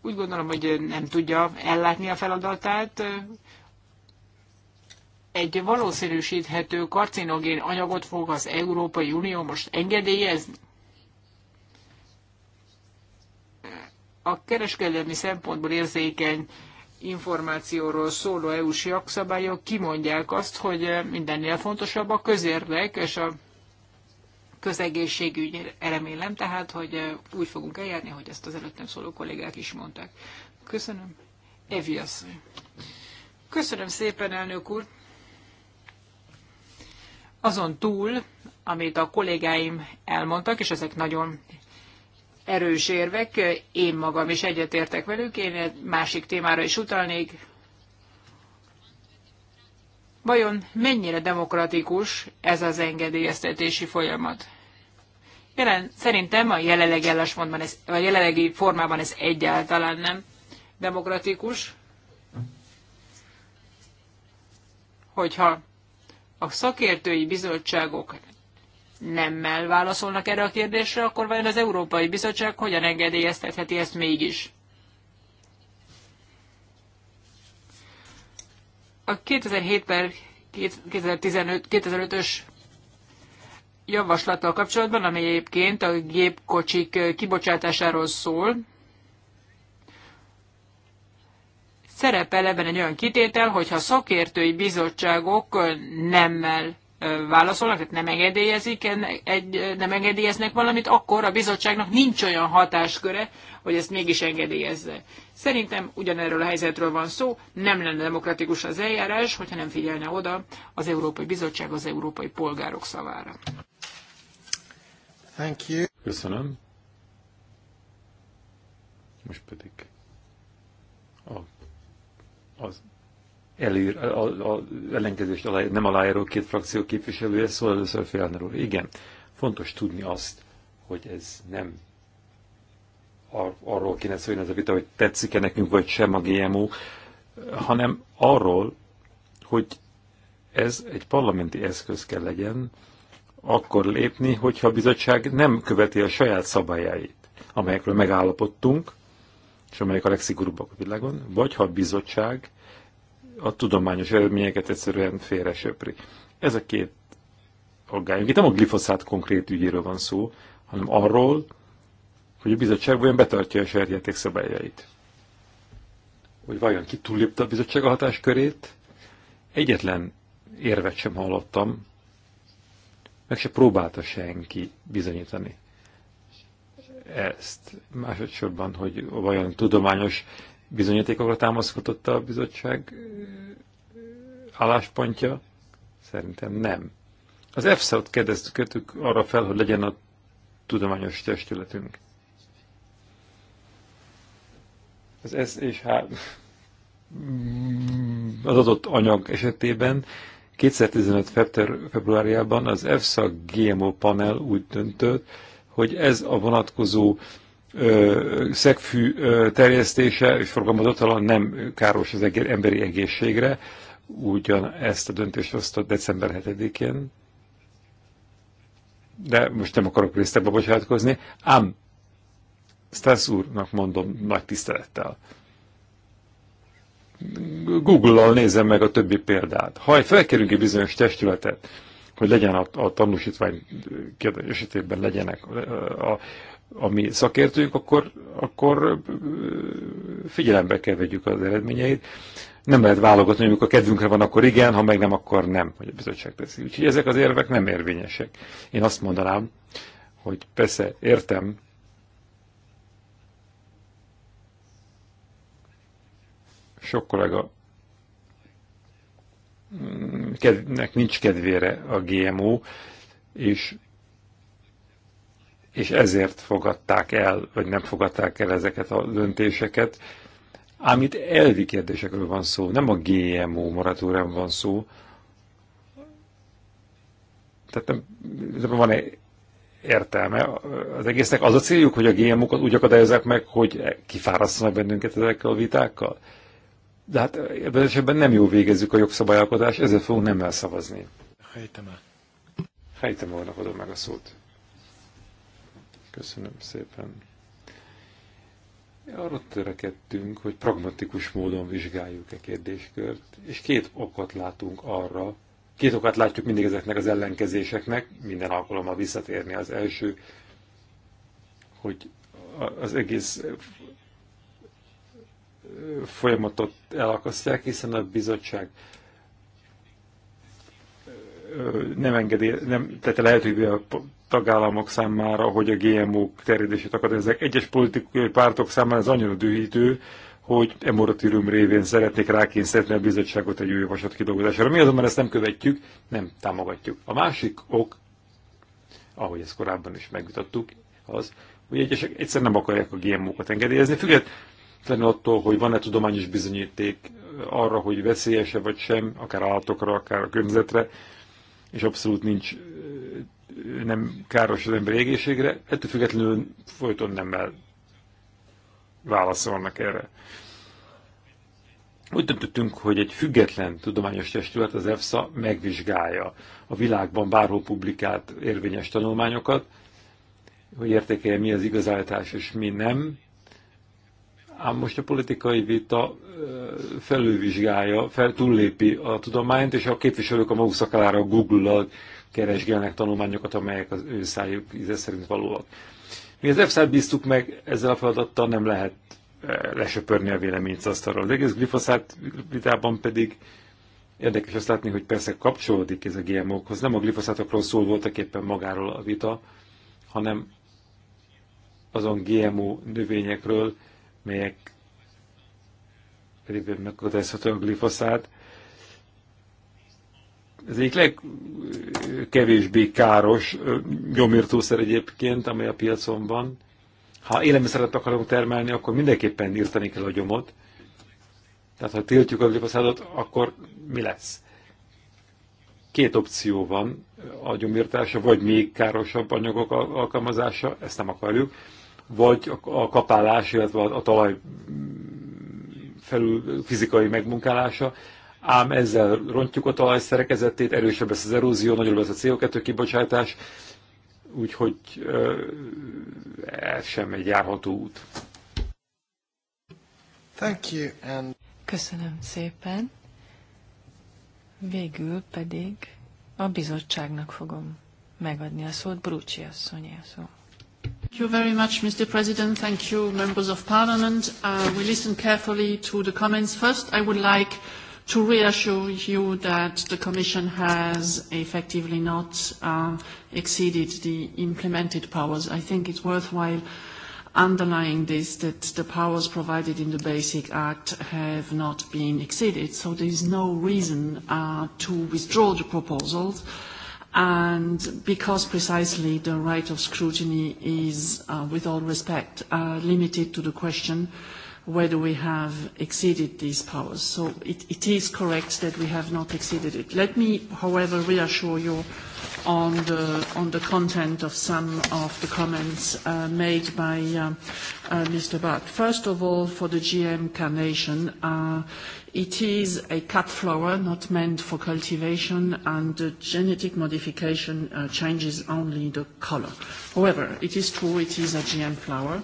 S4: úgy gondolom, hogy nem tudja ellátni a feladatát. Egy valószínűsíthető karcinogén anyagot fog az Európai Unió most engedélyezni? A kereskedelmi szempontból érzékeny információról szóló EU-s jogszabályok kimondják azt, hogy mindennél fontosabb a közérdek és a közegészségügy, remélem tehát, hogy úgy fogunk eljárni, hogy ezt az előttem szóló kollégák is mondták. Köszönöm.
S5: Evi asszony.
S4: Köszönöm szépen, elnök úr. Azon túl, amit a kollégáim elmondtak, és ezek nagyon erős érvek, én magam is egyetértek velük, én egy másik témára is utalnék, Vajon mennyire demokratikus ez az engedélyeztetési folyamat? Jelen, szerintem a jelenlegi ellásmondban, ez, a jelenlegi formában ez egyáltalán nem demokratikus. Hogyha a szakértői bizottságok nemmel válaszolnak erre a kérdésre, akkor vajon az Európai Bizottság hogyan engedélyeztetheti ezt mégis? A 2007-ben 2015-ös javaslattal kapcsolatban, ami egyébként a gépkocsik kibocsátásáról szól, szerepel ebben egy olyan kitétel, hogyha szakértői bizottságok nemmel válaszolnak, tehát nem engedélyezik, egy, nem engedélyeznek valamit, akkor a bizottságnak nincs olyan hatásköre, hogy ezt mégis engedélyezze. Szerintem ugyanerről a helyzetről van szó, nem lenne demokratikus az eljárás, hogyha nem figyelne oda az Európai Bizottság az európai polgárok szavára.
S3: Thank you. Köszönöm. Most pedig a, az előír, a, a ellenkezést alá, nem aláíró két frakció képviselője, szól először Fjellner úr. Igen, fontos tudni azt, hogy ez nem ar, arról kéne szólni ez a vita, hogy tetszik-e nekünk, vagy sem a GMO, hanem arról, hogy ez egy parlamenti eszköz kell legyen, akkor lépni, hogyha a bizottság nem követi a saját szabályait, amelyekről megállapodtunk, és amelyek a legszigorúbbak a világon, vagy ha a bizottság a tudományos eredményeket egyszerűen félre söpri. Ez a két aggályunk. Itt nem a glifoszát konkrét ügyéről van szó, hanem arról, hogy a bizottság vajon betartja a serjeték szabályait. Hogy vajon ki túllépte a bizottság a hatáskörét. Egyetlen érvet sem hallottam, meg se próbálta senki bizonyítani ezt. Másodszorban, hogy vajon tudományos bizonyítékokra támaszkodott a bizottság álláspontja? Szerintem nem. Az EFSA-t kérdeztük arra fel, hogy legyen a tudományos testületünk. Az S és H az adott anyag esetében 2015. februárjában az EFSA GMO panel úgy döntött, hogy ez a vonatkozó szegfű terjesztése és forgalmazatala nem káros az emberi egészségre, ugyan ezt a döntést hozta december 7-én, de most nem akarok részletbe bocsátkozni, ám Stász úrnak mondom nagy tisztelettel. Google-al nézem meg a többi példát. Ha felkerünk egy bizonyos testületet, hogy legyen a, a tanúsítvány esetében legyenek a, a, a mi szakértőjük, akkor, akkor figyelembe kell vegyük az eredményeit. Nem lehet válogatni, amikor kedvünkre van, akkor igen, ha meg nem, akkor nem, hogy a bizottság teszi. Úgyhogy ezek az érvek nem érvényesek. Én azt mondanám, hogy persze értem, sok kollega mm, kedvnek nincs kedvére a GMO, és és ezért fogadták el, vagy nem fogadták el ezeket a döntéseket. Ám itt elvi kérdésekről van szó, nem a GMO moratórium van szó. Tehát nem, nem van egy értelme az egésznek. Az a céljuk, hogy a GMO-kat úgy akadályozzák meg, hogy kifárasztanak bennünket ezekkel a vitákkal? De hát ebben esetben nem jó végezzük a jogszabályalkotást, ezért fogunk nem elszavazni. Helytem el. Helytem volna adom meg a szót. Köszönöm szépen. Arra törekedtünk, hogy pragmatikus módon vizsgáljuk a e kérdéskört, és két okot látunk arra, két okot látjuk mindig ezeknek az ellenkezéseknek, minden alkalommal visszatérni az első, hogy az egész folyamatot elakasztják, hiszen a bizottság nem engedi, nem tehát lehet, lehetővé a tagállamok számára, hogy a GMO-k terjedését akadályozzák. Egyes politikai pártok számára ez annyira dühítő, hogy e révén szeretnék rákényszeríteni a bizottságot egy új javaslat kidolgozására. Mi azonban ezt nem követjük, nem támogatjuk. A másik ok, ahogy ezt korábban is megvitattuk, az, hogy egyesek egyszer nem akarják a GMO-kat engedélyezni, függetlenül attól, hogy van-e tudományos bizonyíték arra, hogy veszélyese vagy sem, akár állatokra, akár a környezetre, és abszolút nincs nem káros az ember égészségre, ettől függetlenül folyton el válaszolnak erre. Úgy döntöttünk, hogy egy független tudományos testület, az EFSA megvizsgálja a világban bárhol publikált érvényes tanulmányokat, hogy értékelje mi az igazáltás és mi nem. Ám most a politikai vita felülvizsgálja, fel, túllépi a tudományt, és a képviselők a maguk szakalára Google-al keresgélnek tanulmányokat, amelyek az ő szájuk íze szerint valóak. Mi az f bíztuk meg, ezzel a feladattal nem lehet eh, lesöpörni a véleményt asztalról. Az egész glifoszát vitában pedig érdekes azt látni, hogy persze kapcsolódik ez a GMO-khoz. Nem a glifoszátokról szól voltak éppen magáról a vita, hanem azon GMO növényekről, melyek révén megkockázható a glifoszát, ez egyik legkevésbé káros gyomírtószer egyébként, amely a piacon van. Ha élelmiszeret akarunk termelni, akkor mindenképpen írtani kell a gyomot. Tehát ha tiltjuk a glifoszádot, akkor mi lesz? Két opció van a gyomírtása, vagy még károsabb anyagok alkalmazása, ezt nem akarjuk, vagy a kapálás, illetve a talaj mm, felül fizikai megmunkálása, ám ezzel rontjuk a talaj szerkezetét, erősebb lesz az erózió, nagyobb lesz a CO2 kibocsátás, úgyhogy ez sem egy járható út.
S2: Thank you and... Köszönöm szépen. Végül pedig a bizottságnak fogom megadni a szót, Brucsi asszony
S5: a szó.
S6: Thank you very much, Mr. President. Thank you, members of Parliament. Uh, we listen carefully to the comments. First, I would like to reassure you that the Commission has effectively not uh, exceeded the implemented powers. I think it's worthwhile underlying this, that the powers provided in the Basic Act have not been exceeded, so there is no reason uh, to withdraw the proposals and because precisely the right of scrutiny is, uh, with all respect, uh, limited to the question uh, whether we have exceeded these powers. So it, it is correct that we have not exceeded it. Let me, however, reassure you on the, on the content of some of the comments uh, made by um, uh, uh, Mr. Butt. First of all, for the GM carnation, uh, It is a cut flower, not meant for cultivation, and the genetic modification uh, changes only the color. However, it is true it is a GM flower.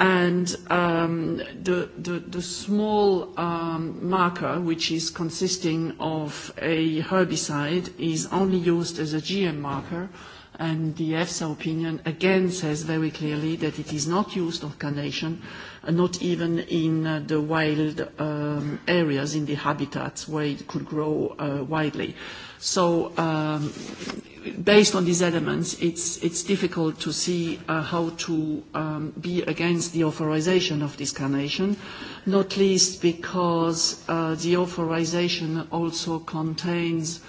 S6: and um, the, the, the small um, marker, which is consisting of a herbicide, is only used as a GM marker, and the EFSA opinion again says very clearly that it is not used on carnation, uh, not even in uh, the wild um, areas, in the habitats where it could grow uh, widely. So um, based on these elements, it's, it's difficult to see uh, how to um, be against the authorization of this carnation, not least because uh, the authorization also contains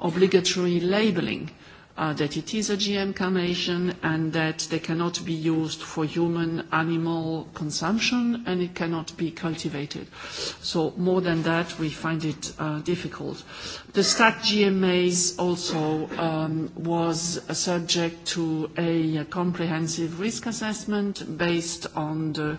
S6: obligatory labeling uh, Uh, that it is a GM carnation and that they cannot be used for human animal consumption and it cannot be cultivated. So more than that, we find it uh, difficult. The stacked GM maize also um, was subject to a comprehensive risk assessment based on the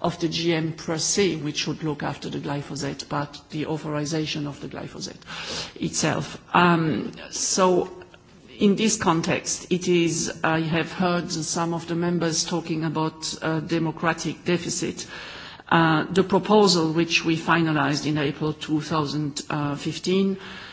S6: of the GM per se, which should look after the glyphosate, but the authorization of the glyphosate itself. Um, so in this context, it is, I have heard some of the members talking about a uh, democratic deficit. Uh, the proposal which we finalized in April 2015